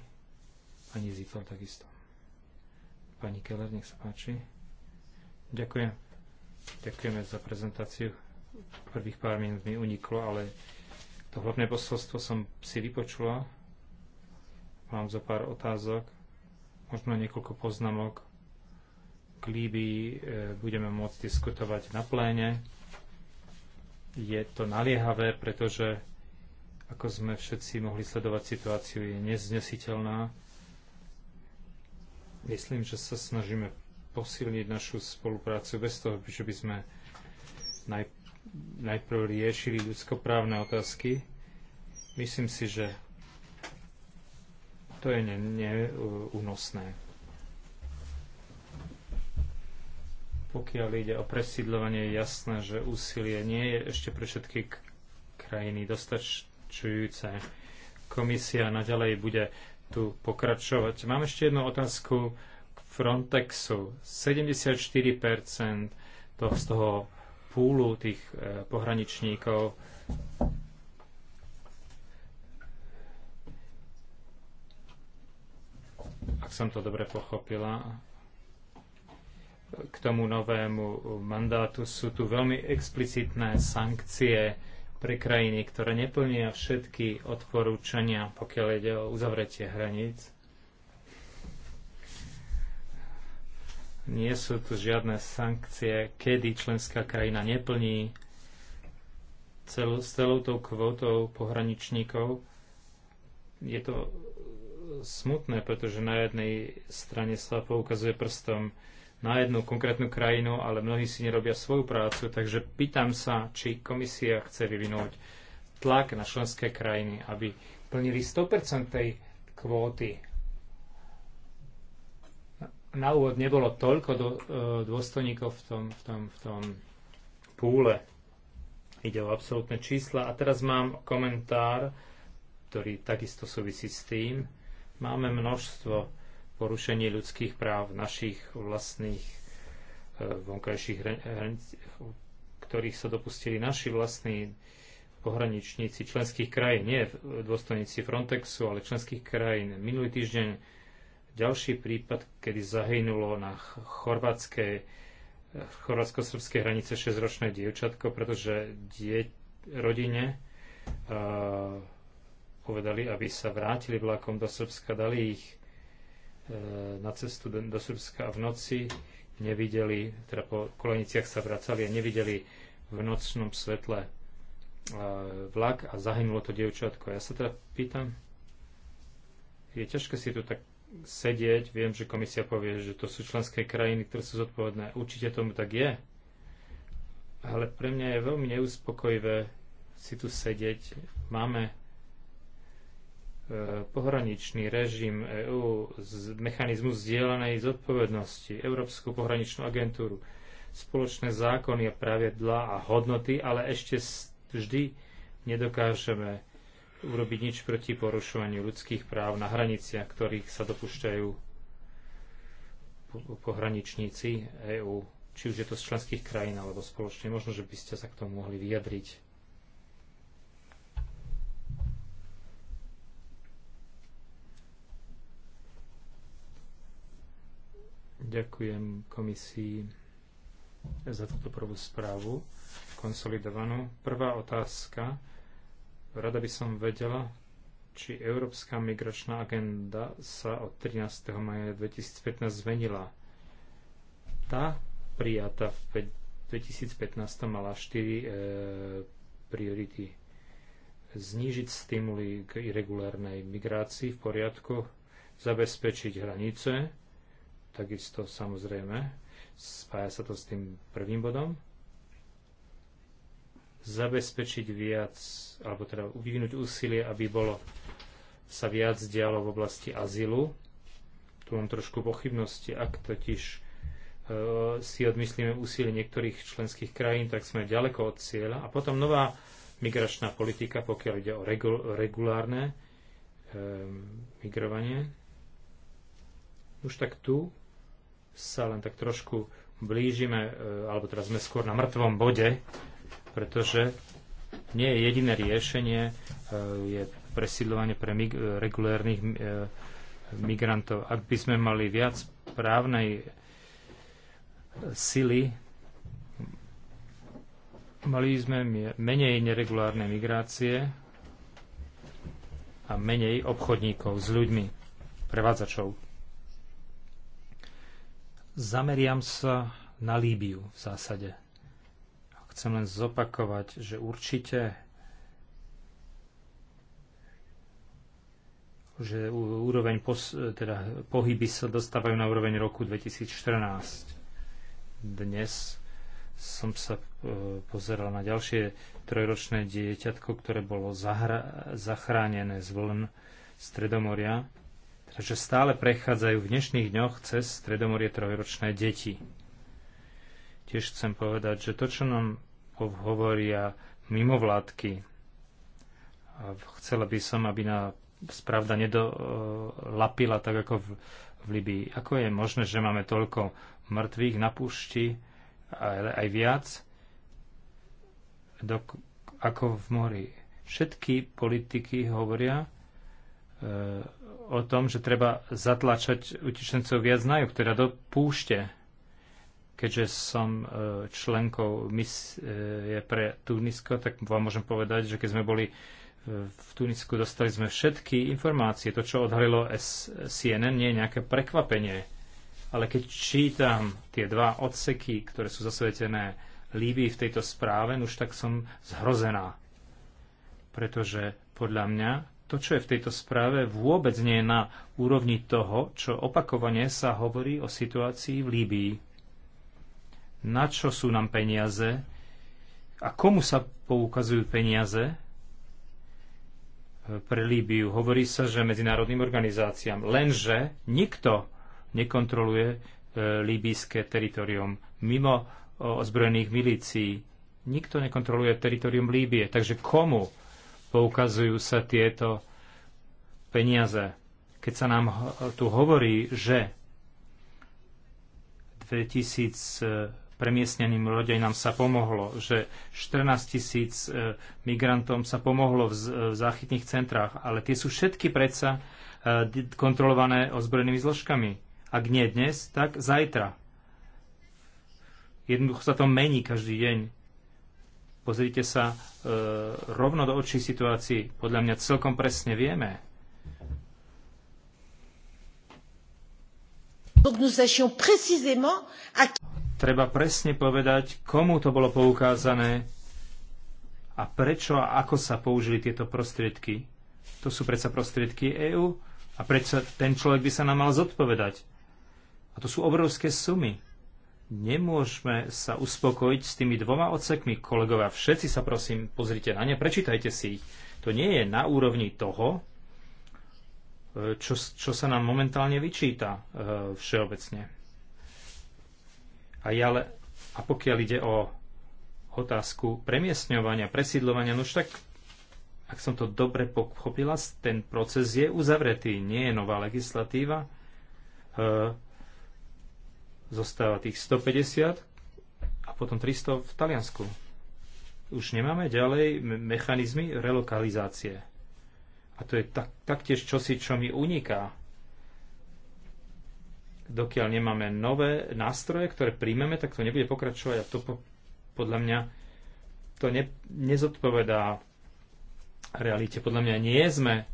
Pani Zifel takisto. Pani Keller, nech sa páči. Ďakujem. Ďakujeme za prezentáciu. Prvých pár minút mi uniklo, ale to hlavné posolstvo som si vypočula. Mám za pár otázok, možno niekoľko poznámok. K Líbii e, budeme môcť diskutovať na pléne. Je to naliehavé, pretože ako sme všetci mohli sledovať, situáciu je neznesiteľná Myslím, že sa snažíme posilniť našu spoluprácu bez toho, že by sme naj, najprv riešili ľudskoprávne otázky. Myslím si, že to je neúnosné. Pokiaľ ide o presídľovanie, je jasné, že úsilie nie je ešte pre všetky krajiny dostačujúce. Komisia naďalej bude tu pokračovať. Mám ešte jednu otázku k Frontexu. 74% to z toho púlu tých e, pohraničníkov ak som to dobre pochopila, k tomu novému mandátu sú tu veľmi explicitné sankcie pre krajiny, ktoré neplnia všetky odporúčania, pokiaľ ide o uzavretie hraníc. Nie sú tu žiadne sankcie, kedy členská krajina neplní celú, s celou tou kvotou pohraničníkov. Je to smutné, pretože na jednej strane sa poukazuje prstom na jednu konkrétnu krajinu, ale mnohí si nerobia svoju prácu, takže pýtam sa, či komisia chce vyvinúť tlak na členské krajiny, aby plnili 100% tej kvóty. Na úvod nebolo toľko do, e, dôstojníkov v tom, v, tom, v tom púle. Ide o absolútne čísla. A teraz mám komentár, ktorý takisto súvisí s tým. Máme množstvo porušenie ľudských práv našich vlastných e, vonkajších hraníc, ktorých sa dopustili naši vlastní pohraničníci členských krajín, nie dôstojníci Frontexu, ale členských krajín. Minulý týždeň ďalší prípad, kedy zahynulo na chorvátskej e, chorvátsko-srbskej hranice 6-ročné dievčatko, pretože die, rodine uh, povedali, aby sa vrátili vlakom do Srbska, dali ich E, na cestu do, do Srbska a v noci nevideli, teda po koleniciach sa vracali a nevideli v nocnom svetle e, vlak a zahynulo to dievčatko. Ja sa teda pýtam, je ťažké si tu tak sedieť, viem, že komisia povie, že to sú členské krajiny, ktoré sú zodpovedné. Určite tomu tak je. Ale pre mňa je veľmi neuspokojivé si tu sedieť. Máme E, pohraničný režim EÚ, mechanizmus zdieľanej zodpovednosti, Európsku pohraničnú agentúru, spoločné zákony a pravidlá a hodnoty, ale ešte vždy nedokážeme urobiť nič proti porušovaniu ľudských práv na hraniciach, ktorých sa dopúšťajú pohraničníci EÚ, či už je to z členských krajín alebo spoločne. Možno, že by ste sa k tomu mohli vyjadriť. Ďakujem komisii za túto prvú správu, konsolidovanú. Prvá otázka. Rada by som vedela, či Európska migračná agenda sa od 13. maja 2015 zmenila. Tá prijata v 2015 mala 4 e, priority. Znížiť stimuly k irregulárnej migrácii v poriadku, zabezpečiť hranice, Takisto samozrejme spája sa to s tým prvým bodom. Zabezpečiť viac, alebo teda vyvinúť úsilie, aby bolo sa viac dialo v oblasti azylu. Tu mám trošku pochybnosti, ak totiž e, si odmyslíme úsilie niektorých členských krajín, tak sme ďaleko od cieľa. A potom nová migračná politika, pokiaľ ide o regulárne e, migrovanie. Už tak tu sa len tak trošku blížime, e, alebo teraz sme skôr na mŕtvom bode, pretože nie je jediné riešenie, e, je presídľovanie pre mig- regulérnych e, migrantov. Ak by sme mali viac právnej sily, mali by sme menej neregulárnej migrácie a menej obchodníkov s ľuďmi, prevádzačov. Zameriam sa na Líbiu v zásade. Chcem len zopakovať, že určite že úroveň pos, teda pohyby sa dostávajú na úroveň roku 2014. Dnes som sa e, pozeral na ďalšie trojročné dieťatko, ktoré bolo zachránené z vln Stredomoria že stále prechádzajú v dnešných dňoch cez Stredomorie trojročné deti. Tiež chcem povedať, že to, čo nám hovoria mimovládky, a chcela by som, aby na spravda nedolapila tak ako v, v Libii. Ako je možné, že máme toľko mŕtvych na púšti, ale aj viac, do, ako v mori? Všetky politiky hovoria, e, o tom, že treba zatlačať utečencov viac na juh, teda do púšte. Keďže som e, členkou misie pre Tunisko, tak vám môžem povedať, že keď sme boli e, v Tunisku, dostali sme všetky informácie. To, čo odhalilo CNN, nie je nejaké prekvapenie. Ale keď čítam tie dva odseky, ktoré sú zasvetené Líbii v tejto správe, no už tak som zhrozená. Pretože podľa mňa to, čo je v tejto správe, vôbec nie je na úrovni toho, čo opakovane sa hovorí o situácii v Líbii. Na čo sú nám peniaze a komu sa poukazujú peniaze pre Líbiu. Hovorí sa, že medzinárodným organizáciám. Lenže nikto nekontroluje e, líbijské teritorium mimo ozbrojených milícií. Nikto nekontroluje teritorium Líbie. Takže komu poukazujú sa tieto peniaze. Keď sa nám tu hovorí, že 2000 e, premiestneným rodinám sa pomohlo, že 14 tisíc e, migrantom sa pomohlo v záchytných centrách, ale tie sú všetky predsa e, kontrolované ozbrojenými zložkami. Ak nie dnes, tak zajtra. Jednoducho sa to mení každý deň Pozrite sa e, rovno do očí situácii. Podľa mňa celkom presne vieme. Treba presne povedať, komu to bolo poukázané a prečo a ako sa použili tieto prostriedky. To sú predsa prostriedky EÚ a prečo ten človek by sa nám mal zodpovedať. A to sú obrovské sumy nemôžeme sa uspokojiť s tými dvoma odsekmi. Kolegovia, všetci sa prosím pozrite na ne, prečítajte si ich. To nie je na úrovni toho, e, čo, čo sa nám momentálne vyčíta e, všeobecne. A, ja, ale, a pokiaľ ide o otázku premiesňovania, presídlovania, no už tak, ak som to dobre pochopila, ten proces je uzavretý, nie je nová legislatíva. E, Zostáva tých 150 a potom 300 v Taliansku. Už nemáme ďalej mechanizmy relokalizácie. A to je tak, taktiež čosi, čo mi uniká. Dokiaľ nemáme nové nástroje, ktoré príjmeme, tak to nebude pokračovať a to po, podľa mňa to ne, nezodpovedá realite. Podľa mňa nie sme e,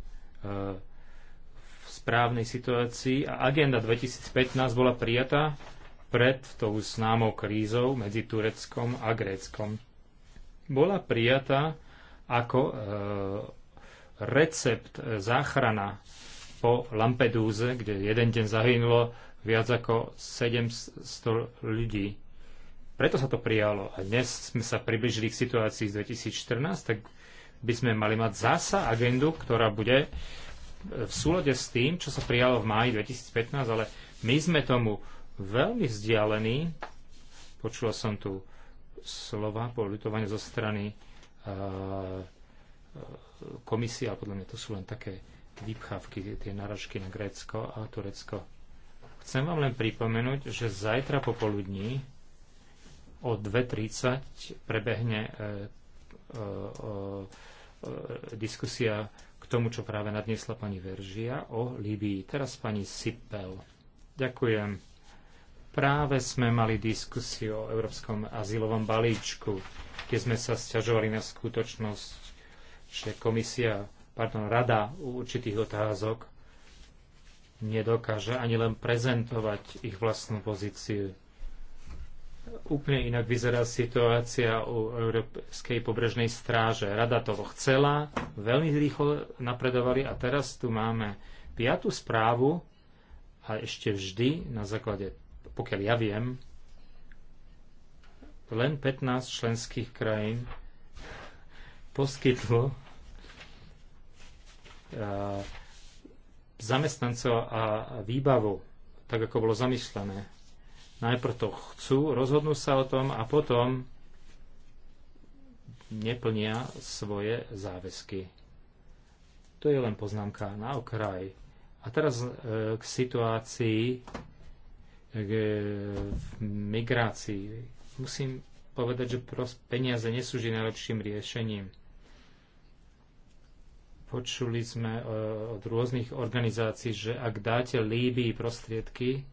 v správnej situácii a agenda 2015 bola prijatá pred tou známou krízou medzi Tureckom a Gréckom bola prijatá ako e, recept e, záchrana po Lampedúze, kde jeden deň zahynulo viac ako 700 ľudí. Preto sa to prijalo. A dnes sme sa približili k situácii z 2014, tak by sme mali mať zasa agendu, ktorá bude e, v súlade s tým, čo sa prijalo v máji 2015, ale my sme tomu veľmi vzdialený. Počula som tu slova poľutovania zo strany komisie, ale podľa mňa to sú len také vypchávky, tie naražky na Grécko a Turecko. Chcem vám len pripomenúť, že zajtra popoludní o 2.30 prebehne e, e, e, diskusia k tomu, čo práve nadniesla pani Veržia o Líbii. Teraz pani Sipel. Ďakujem. Práve sme mali diskusiu o Európskom azylovom balíčku, kde sme sa sťažovali na skutočnosť, že komisia, pardon, rada u určitých otázok nedokáže ani len prezentovať ich vlastnú pozíciu. Úplne inak vyzerá situácia u Európskej pobrežnej stráže. Rada toho chcela, veľmi rýchlo napredovali a teraz tu máme piatu správu a ešte vždy na základe pokiaľ ja viem, len 15 členských krajín poskytlo e, zamestnancov a výbavu, tak ako bolo zamýšľané. Najprv to chcú, rozhodnú sa o tom a potom neplnia svoje záväzky. To je len poznámka na okraj. A teraz e, k situácii k migrácii. Musím povedať, že peniaze nesúži najlepším riešením. Počuli sme e, od rôznych organizácií, že ak dáte Líbii prostriedky,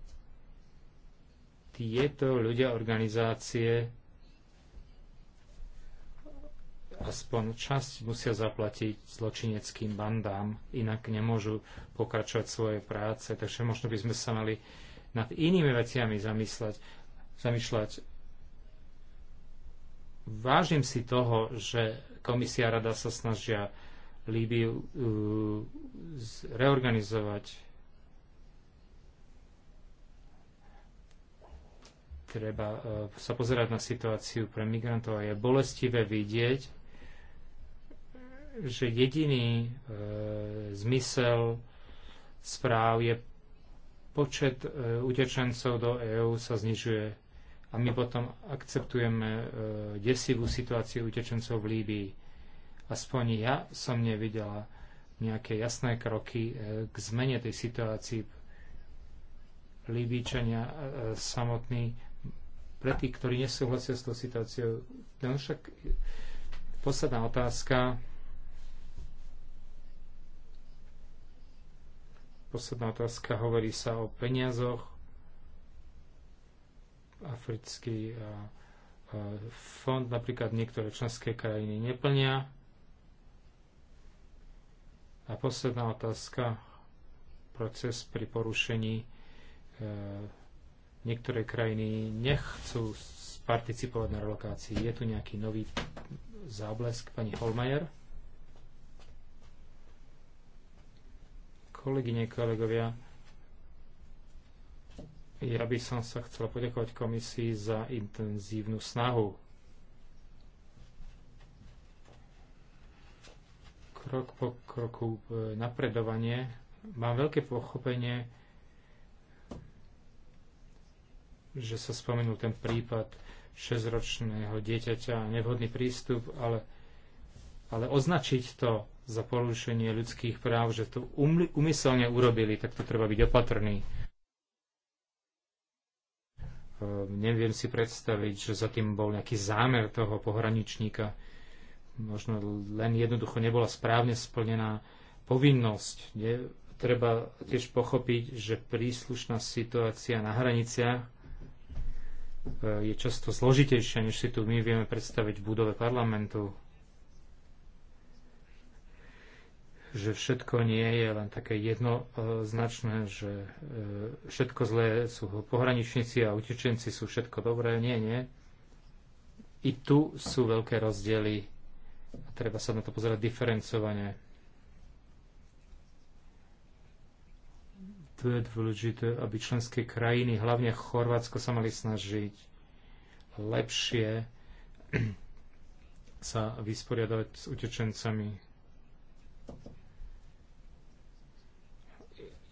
tieto ľudia, organizácie aspoň časť musia zaplatiť zločineckým bandám, inak nemôžu pokračovať svoje práce. Takže možno by sme sa mali nad inými veciami zamýšľať. zamýšľať. Vážim si toho, že komisia rada sa snažia Líbiu uh, reorganizovať. Treba uh, sa pozerať na situáciu pre migrantov a je bolestivé vidieť, že jediný e, zmysel správ je Počet e, utečencov do EÚ sa znižuje a my potom akceptujeme e, desivú situáciu utečencov v Líbii. Aspoň ja som nevidela nejaké jasné kroky e, k zmene tej situácii. Líbíčania samotní, pre tých, ktorí nesúhlasia s tou situáciou. No však posledná otázka. Posledná otázka, hovorí sa o peniazoch. Africký e, e, fond napríklad niektoré členské krajiny neplnia. A posledná otázka, proces pri porušení e, niektoré krajiny nechcú participovať na relokácii. Je tu nejaký nový záblesk, pani Holmajer? Kolegyne, kolegovia, ja by som sa chcel poďakovať komisii za intenzívnu snahu. Krok po kroku e, napredovanie. Mám veľké pochopenie, že sa spomenul ten prípad 6-ročného dieťaťa, nevhodný prístup, ale, ale označiť to za porušenie ľudských práv, že to umyselne urobili, tak to treba byť opatrný. Ehm, neviem si predstaviť, že za tým bol nejaký zámer toho pohraničníka. Možno len jednoducho nebola správne splnená povinnosť. Nie? Treba tiež pochopiť, že príslušná situácia na hraniciach ehm, je často zložitejšia, než si tu my vieme predstaviť v budove parlamentu že všetko nie je len také jednoznačné, že e, všetko zlé sú pohraničníci a utečenci sú všetko dobré. Nie, nie. I tu sú veľké rozdiely a treba sa na to pozerať diferencovane. Tu je dôležité, aby členské krajiny, hlavne Chorvátsko, sa mali snažiť lepšie sa vysporiadať s utečencami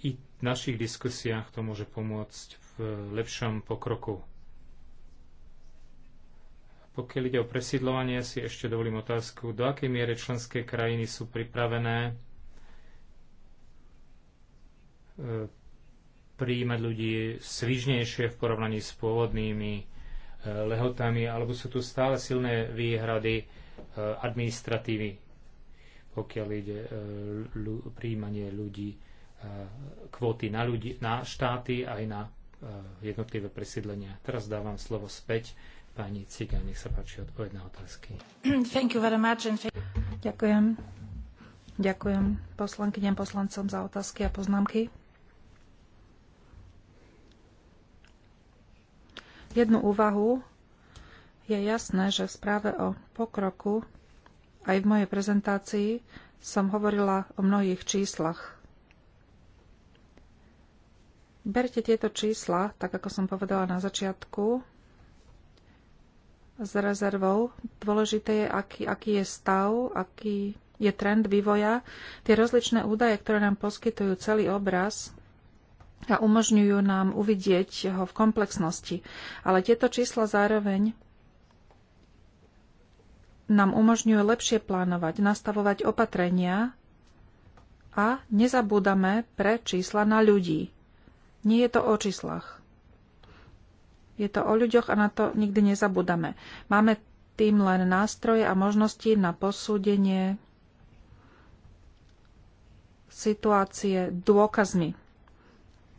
i v našich diskusiách to môže pomôcť v lepšom pokroku. Pokiaľ ide o presídlovanie, si ešte dovolím otázku, do akej miery členské krajiny sú pripravené e, prijímať ľudí svižnejšie v porovnaní s pôvodnými e, lehotami, alebo sú tu stále silné výhrady e, administratívy, pokiaľ ide prijímanie ľudí Eh, kvóty na, ľudí, na štáty aj na eh, jednotlivé presídlenia. Teraz dávam slovo späť pani Ciga, nech sa páči odpoveď na otázky. Thank you very much and... Ďakujem. Ďakujem poslankyňam poslancom za otázky a poznámky. Jednu úvahu je jasné, že v správe o pokroku aj v mojej prezentácii som hovorila o mnohých číslach Berte tieto čísla, tak ako som povedala na začiatku, s rezervou. Dôležité je, aký, aký je stav, aký je trend vývoja. Tie rozličné údaje, ktoré nám poskytujú celý obraz a umožňujú nám uvidieť ho v komplexnosti. Ale tieto čísla zároveň nám umožňujú lepšie plánovať, nastavovať opatrenia a nezabúdame pre čísla na ľudí nie je to o číslach. Je to o ľuďoch a na to nikdy nezabudame. Máme tým len nástroje a možnosti na posúdenie situácie dôkazmi.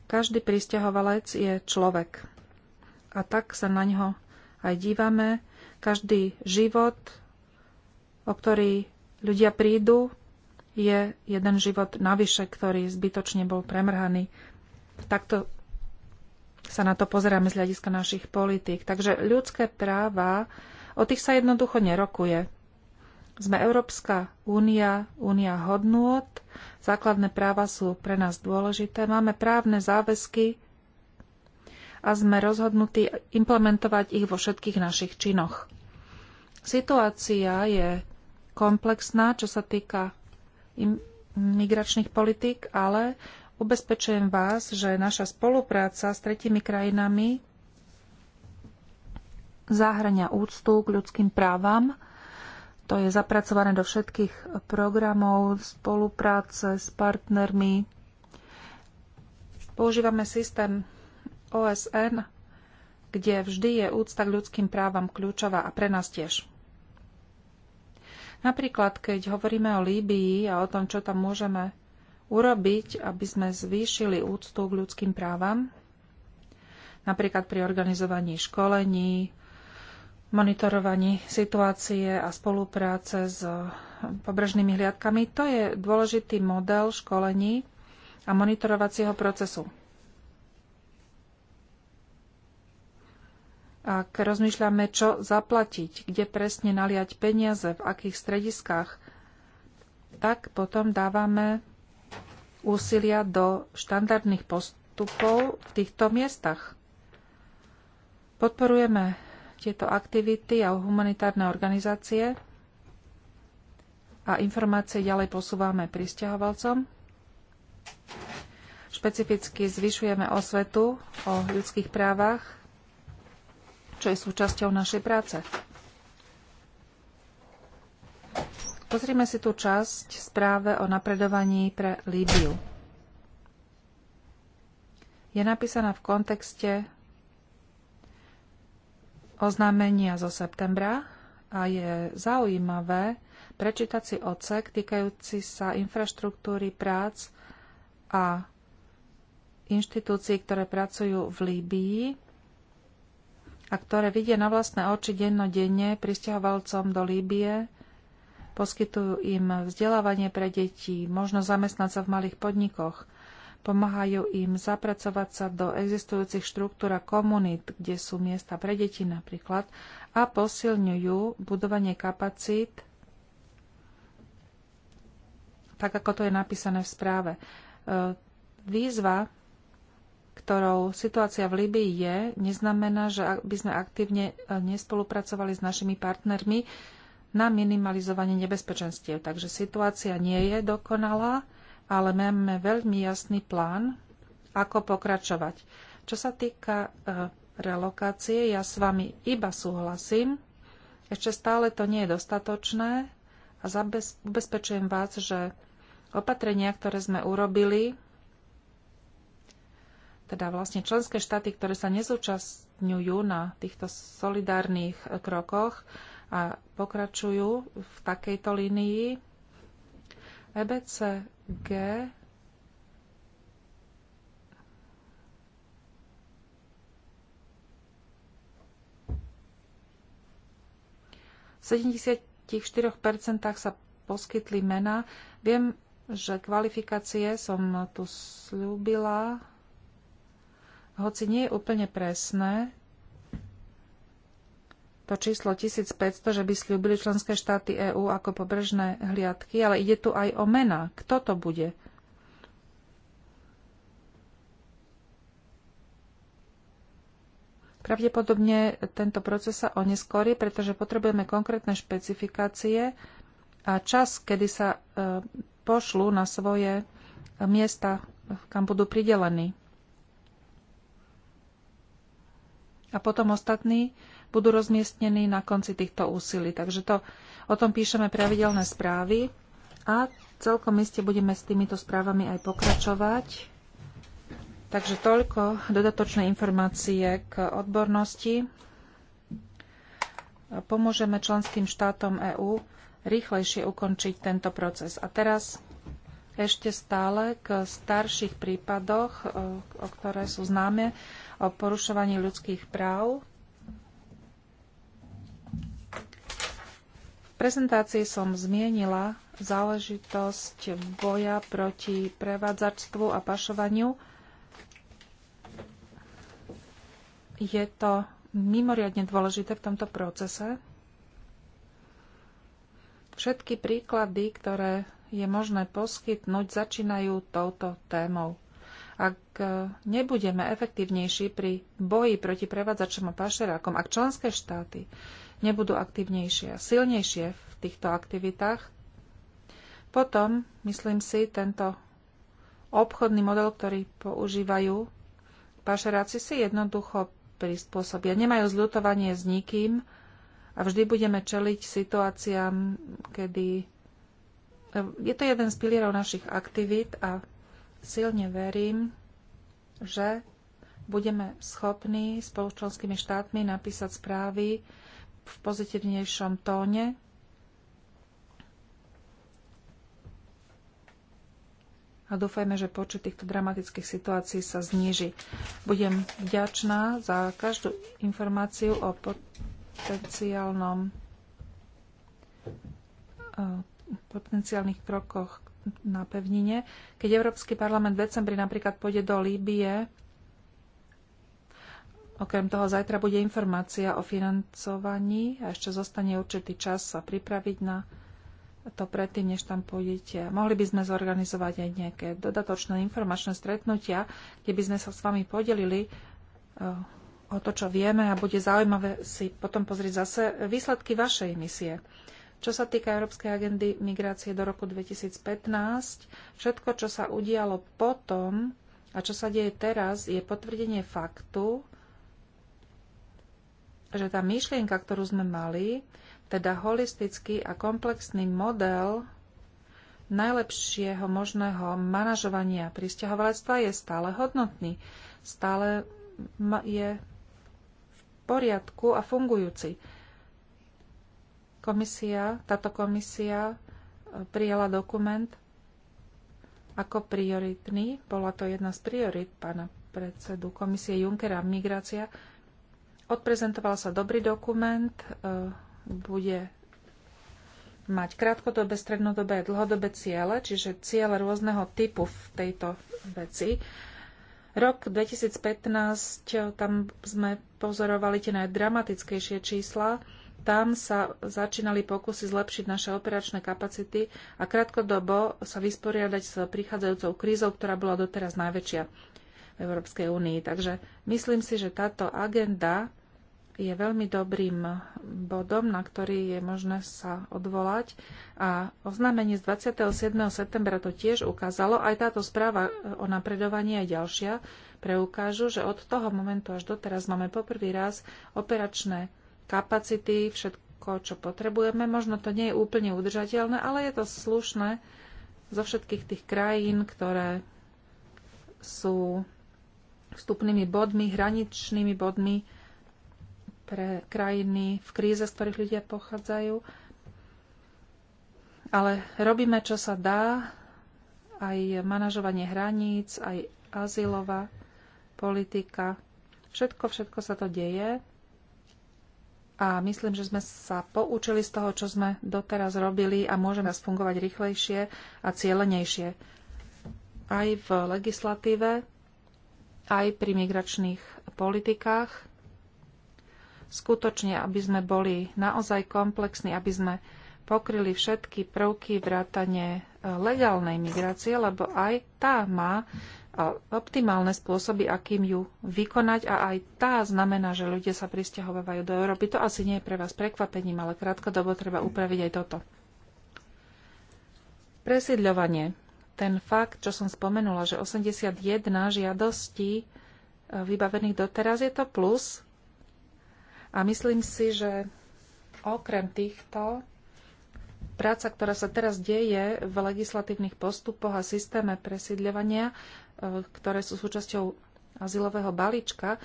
Každý pristahovalec je človek. A tak sa na ňo aj dívame. Každý život, o ktorý ľudia prídu, je jeden život navyše, ktorý zbytočne bol premrhaný takto sa na to pozeráme z hľadiska našich politík. Takže ľudské práva, o tých sa jednoducho nerokuje. Sme Európska únia, únia hodnôt, základné práva sú pre nás dôležité, máme právne záväzky a sme rozhodnutí implementovať ich vo všetkých našich činoch. Situácia je komplexná, čo sa týka migračných politík, ale Ubezpečujem vás, že naša spolupráca s tretimi krajinami zahrania úctu k ľudským právam. To je zapracované do všetkých programov spolupráce s partnermi. Používame systém OSN, kde vždy je úcta k ľudským právam kľúčová a pre nás tiež. Napríklad, keď hovoríme o Líbii a o tom, čo tam môžeme urobiť, aby sme zvýšili úctu k ľudským právam, napríklad pri organizovaní školení, monitorovaní situácie a spolupráce s pobrežnými hliadkami. To je dôležitý model školení a monitorovacieho procesu. Ak rozmýšľame, čo zaplatiť, kde presne naliať peniaze, v akých strediskách, tak potom dávame úsilia do štandardných postupov v týchto miestach. Podporujeme tieto aktivity a humanitárne organizácie a informácie ďalej posúvame pristahovalcom. Špecificky zvyšujeme osvetu o ľudských právach, čo je súčasťou našej práce. Pozrime si tú časť správe o napredovaní pre Líbiu. Je napísaná v kontexte oznámenia zo septembra a je zaujímavé prečítať si odsek týkajúci sa infraštruktúry prác a inštitúcií, ktoré pracujú v Líbii a ktoré vidia na vlastné oči dennodenne pristahovalcom do Líbie poskytujú im vzdelávanie pre deti, možno zamestnať sa v malých podnikoch, pomáhajú im zapracovať sa do existujúcich štruktúr a komunít, kde sú miesta pre deti napríklad, a posilňujú budovanie kapacít, tak ako to je napísané v správe. E, výzva, ktorou situácia v Libii je, neznamená, že by sme aktívne e, nespolupracovali s našimi partnermi, na minimalizovanie nebezpečenstiev. Takže situácia nie je dokonalá, ale máme veľmi jasný plán, ako pokračovať. Čo sa týka e, relokácie, ja s vami iba súhlasím. Ešte stále to nie je dostatočné a ubezpečujem vás, že opatrenia, ktoré sme urobili, teda vlastne členské štáty, ktoré sa nezúčastňujú na týchto solidárnych krokoch, a pokračujú v takejto línii. EBCG v 74% sa poskytli mena. Viem, že kvalifikácie som tu slúbila, hoci nie je úplne presné, to číslo 1500, že by slúbili členské štáty EÚ ako pobrežné hliadky, ale ide tu aj o mena. Kto to bude? Pravdepodobne tento proces sa oneskorí, pretože potrebujeme konkrétne špecifikácie a čas, kedy sa e, pošlú na svoje miesta, kam budú pridelení. A potom ostatní budú rozmiestnení na konci týchto úsilí. Takže to, o tom píšeme pravidelné správy a celkom iste budeme s týmito správami aj pokračovať. Takže toľko dodatočné informácie k odbornosti. Pomôžeme členským štátom EÚ rýchlejšie ukončiť tento proces. A teraz ešte stále k starších prípadoch, o ktoré sú známe, o porušovaní ľudských práv prezentácii som zmienila záležitosť boja proti prevádzačstvu a pašovaniu. Je to mimoriadne dôležité v tomto procese. Všetky príklady, ktoré je možné poskytnúť, začínajú touto témou. Ak e, nebudeme efektívnejší pri boji proti prevádzačom a pašerákom, ak členské štáty nebudú aktívnejšie a silnejšie v týchto aktivitách, potom, myslím si, tento obchodný model, ktorý používajú pašeráci, si jednoducho prispôsobia. Nemajú zľutovanie s nikým a vždy budeme čeliť situáciám, kedy e, je to jeden z pilierov našich aktivít a silne verím, že budeme schopní spolu členskými štátmi napísať správy, v pozitívnejšom tóne. A dúfajme, že počet týchto dramatických situácií sa zníži. Budem vďačná za každú informáciu o potenciálnom eh, potenciálnych krokoch na pevnine. Keď Európsky parlament v decembri napríklad pôjde do Líbie, Okrem toho zajtra bude informácia o financovaní a ešte zostane určitý čas sa pripraviť na to predtým, než tam pôjdete. Mohli by sme zorganizovať aj nejaké dodatočné informačné stretnutia, kde by sme sa s vami podelili eh, o to, čo vieme a bude zaujímavé si potom pozrieť zase výsledky vašej misie. Čo sa týka Európskej agendy migrácie do roku 2015, všetko, čo sa udialo potom a čo sa deje teraz, je potvrdenie faktu, že tá myšlienka, ktorú sme mali, teda holistický a komplexný model najlepšieho možného manažovania pristahovalectva je stále hodnotný, stále je v poriadku a fungujúci. Komisia, táto komisia e, prijala dokument ako prioritný. Bola to jedna z priorit pána predsedu komisie Junckera Migrácia Odprezentoval sa dobrý dokument, e, bude mať krátkodobé, strednodobé a dlhodobé ciele, čiže ciele rôzneho typu v tejto veci. Rok 2015, e, tam sme pozorovali tie najdramatickejšie čísla. Tam sa začínali pokusy zlepšiť naše operačné kapacity a krátkodobo sa vysporiadať s prichádzajúcou krízou, ktorá bola doteraz najväčšia v Európskej únii. Takže myslím si, že táto agenda je veľmi dobrým bodom, na ktorý je možné sa odvolať. A oznámenie z 27. septembra to tiež ukázalo. Aj táto správa e, o napredovaní je ďalšia preukážu, že od toho momentu až doteraz máme poprvý raz operačné kapacity, všetko, čo potrebujeme. Možno to nie je úplne udržateľné, ale je to slušné zo všetkých tých krajín, ktoré sú vstupnými bodmi, hraničnými bodmi pre krajiny v kríze, z ktorých ľudia pochádzajú. Ale robíme, čo sa dá, aj manažovanie hraníc, aj azylová politika. Všetko, všetko sa to deje. A myslím, že sme sa poučili z toho, čo sme doteraz robili a môžeme fungovať rýchlejšie a cieľenejšie. Aj v legislatíve, aj pri migračných politikách skutočne, aby sme boli naozaj komplexní, aby sme pokryli všetky prvky vrátane e, legálnej migrácie, lebo aj tá má e, optimálne spôsoby, akým ju vykonať a aj tá znamená, že ľudia sa pristahovávajú do Európy. To asi nie je pre vás prekvapením, ale krátkodobo treba upraviť aj toto. Presídľovanie. Ten fakt, čo som spomenula, že 81 žiadostí e, vybavených doteraz je to plus, a myslím si, že okrem týchto práca, ktorá sa teraz deje v legislatívnych postupoch a systéme presídľovania, e, ktoré sú súčasťou azylového balíčka,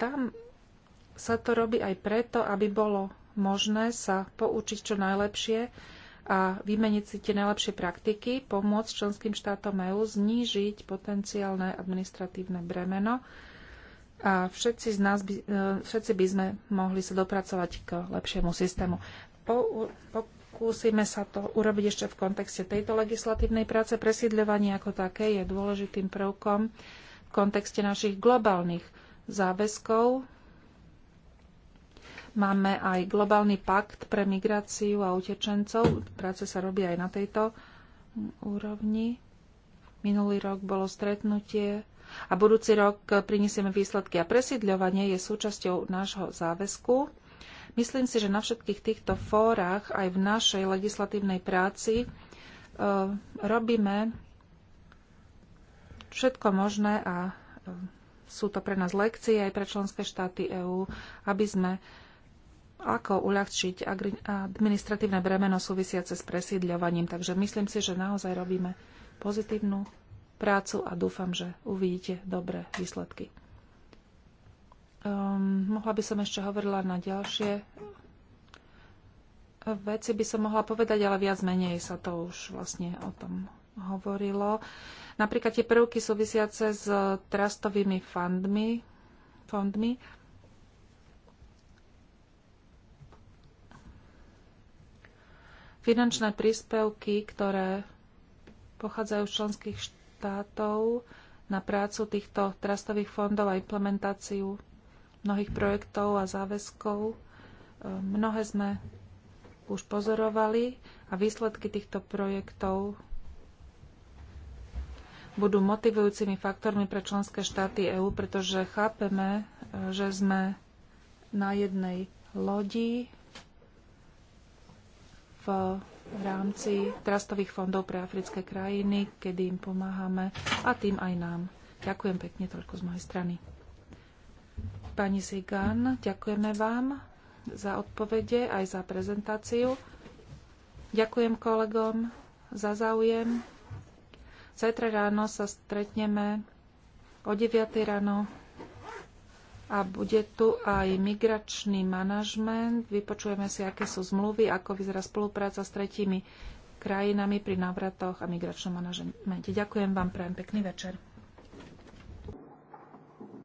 tam sa to robí aj preto, aby bolo možné sa poučiť čo najlepšie a vymeniť si tie najlepšie praktiky, pomôcť členským štátom EÚ znížiť potenciálne administratívne bremeno a všetci, z nás by, e, všetci by sme mohli sa dopracovať k lepšiemu systému. Po, pokúsime sa to urobiť ešte v kontexte tejto legislatívnej práce. Presídľovanie ako také je dôležitým prvkom v kontexte našich globálnych záväzkov. Máme aj globálny pakt pre migráciu a utečencov. Práce sa robí aj na tejto úrovni. Minulý rok bolo stretnutie a budúci rok prinesieme výsledky. A presídľovanie je súčasťou nášho záväzku. Myslím si, že na všetkých týchto fórach aj v našej legislatívnej práci e, robíme všetko možné a e, sú to pre nás lekcie aj pre členské štáty EÚ, aby sme ako uľahčiť administratívne bremeno súvisiace s presídľovaním. Takže myslím si, že naozaj robíme pozitívnu prácu a dúfam, že uvidíte dobré výsledky. Um, mohla by som ešte hovorila na ďalšie veci by som mohla povedať, ale viac menej sa to už vlastne o tom hovorilo. Napríklad tie prvky súvisiace s trastovými fondmi, fondmi finančné príspevky, ktoré pochádzajú z členských štátov, štátov na prácu týchto trastových fondov a implementáciu mnohých projektov a záväzkov. E, mnohé sme už pozorovali a výsledky týchto projektov budú motivujúcimi faktormi pre členské štáty EÚ, pretože chápeme, e, že sme na jednej lodi v v rámci trastových fondov pre africké krajiny, kedy im pomáhame a tým aj nám. Ďakujem pekne toľko z mojej strany. Pani Sigan, ďakujeme vám za odpovede aj za prezentáciu. Ďakujem kolegom za záujem. Zajtra ráno sa stretneme o 9 ráno a bude tu aj migračný manažment. Vypočujeme si, aké sú zmluvy, ako vyzerá spolupráca s tretími krajinami pri návratoch a migračnom manažmente. Ďakujem vám, prajem pekný večer.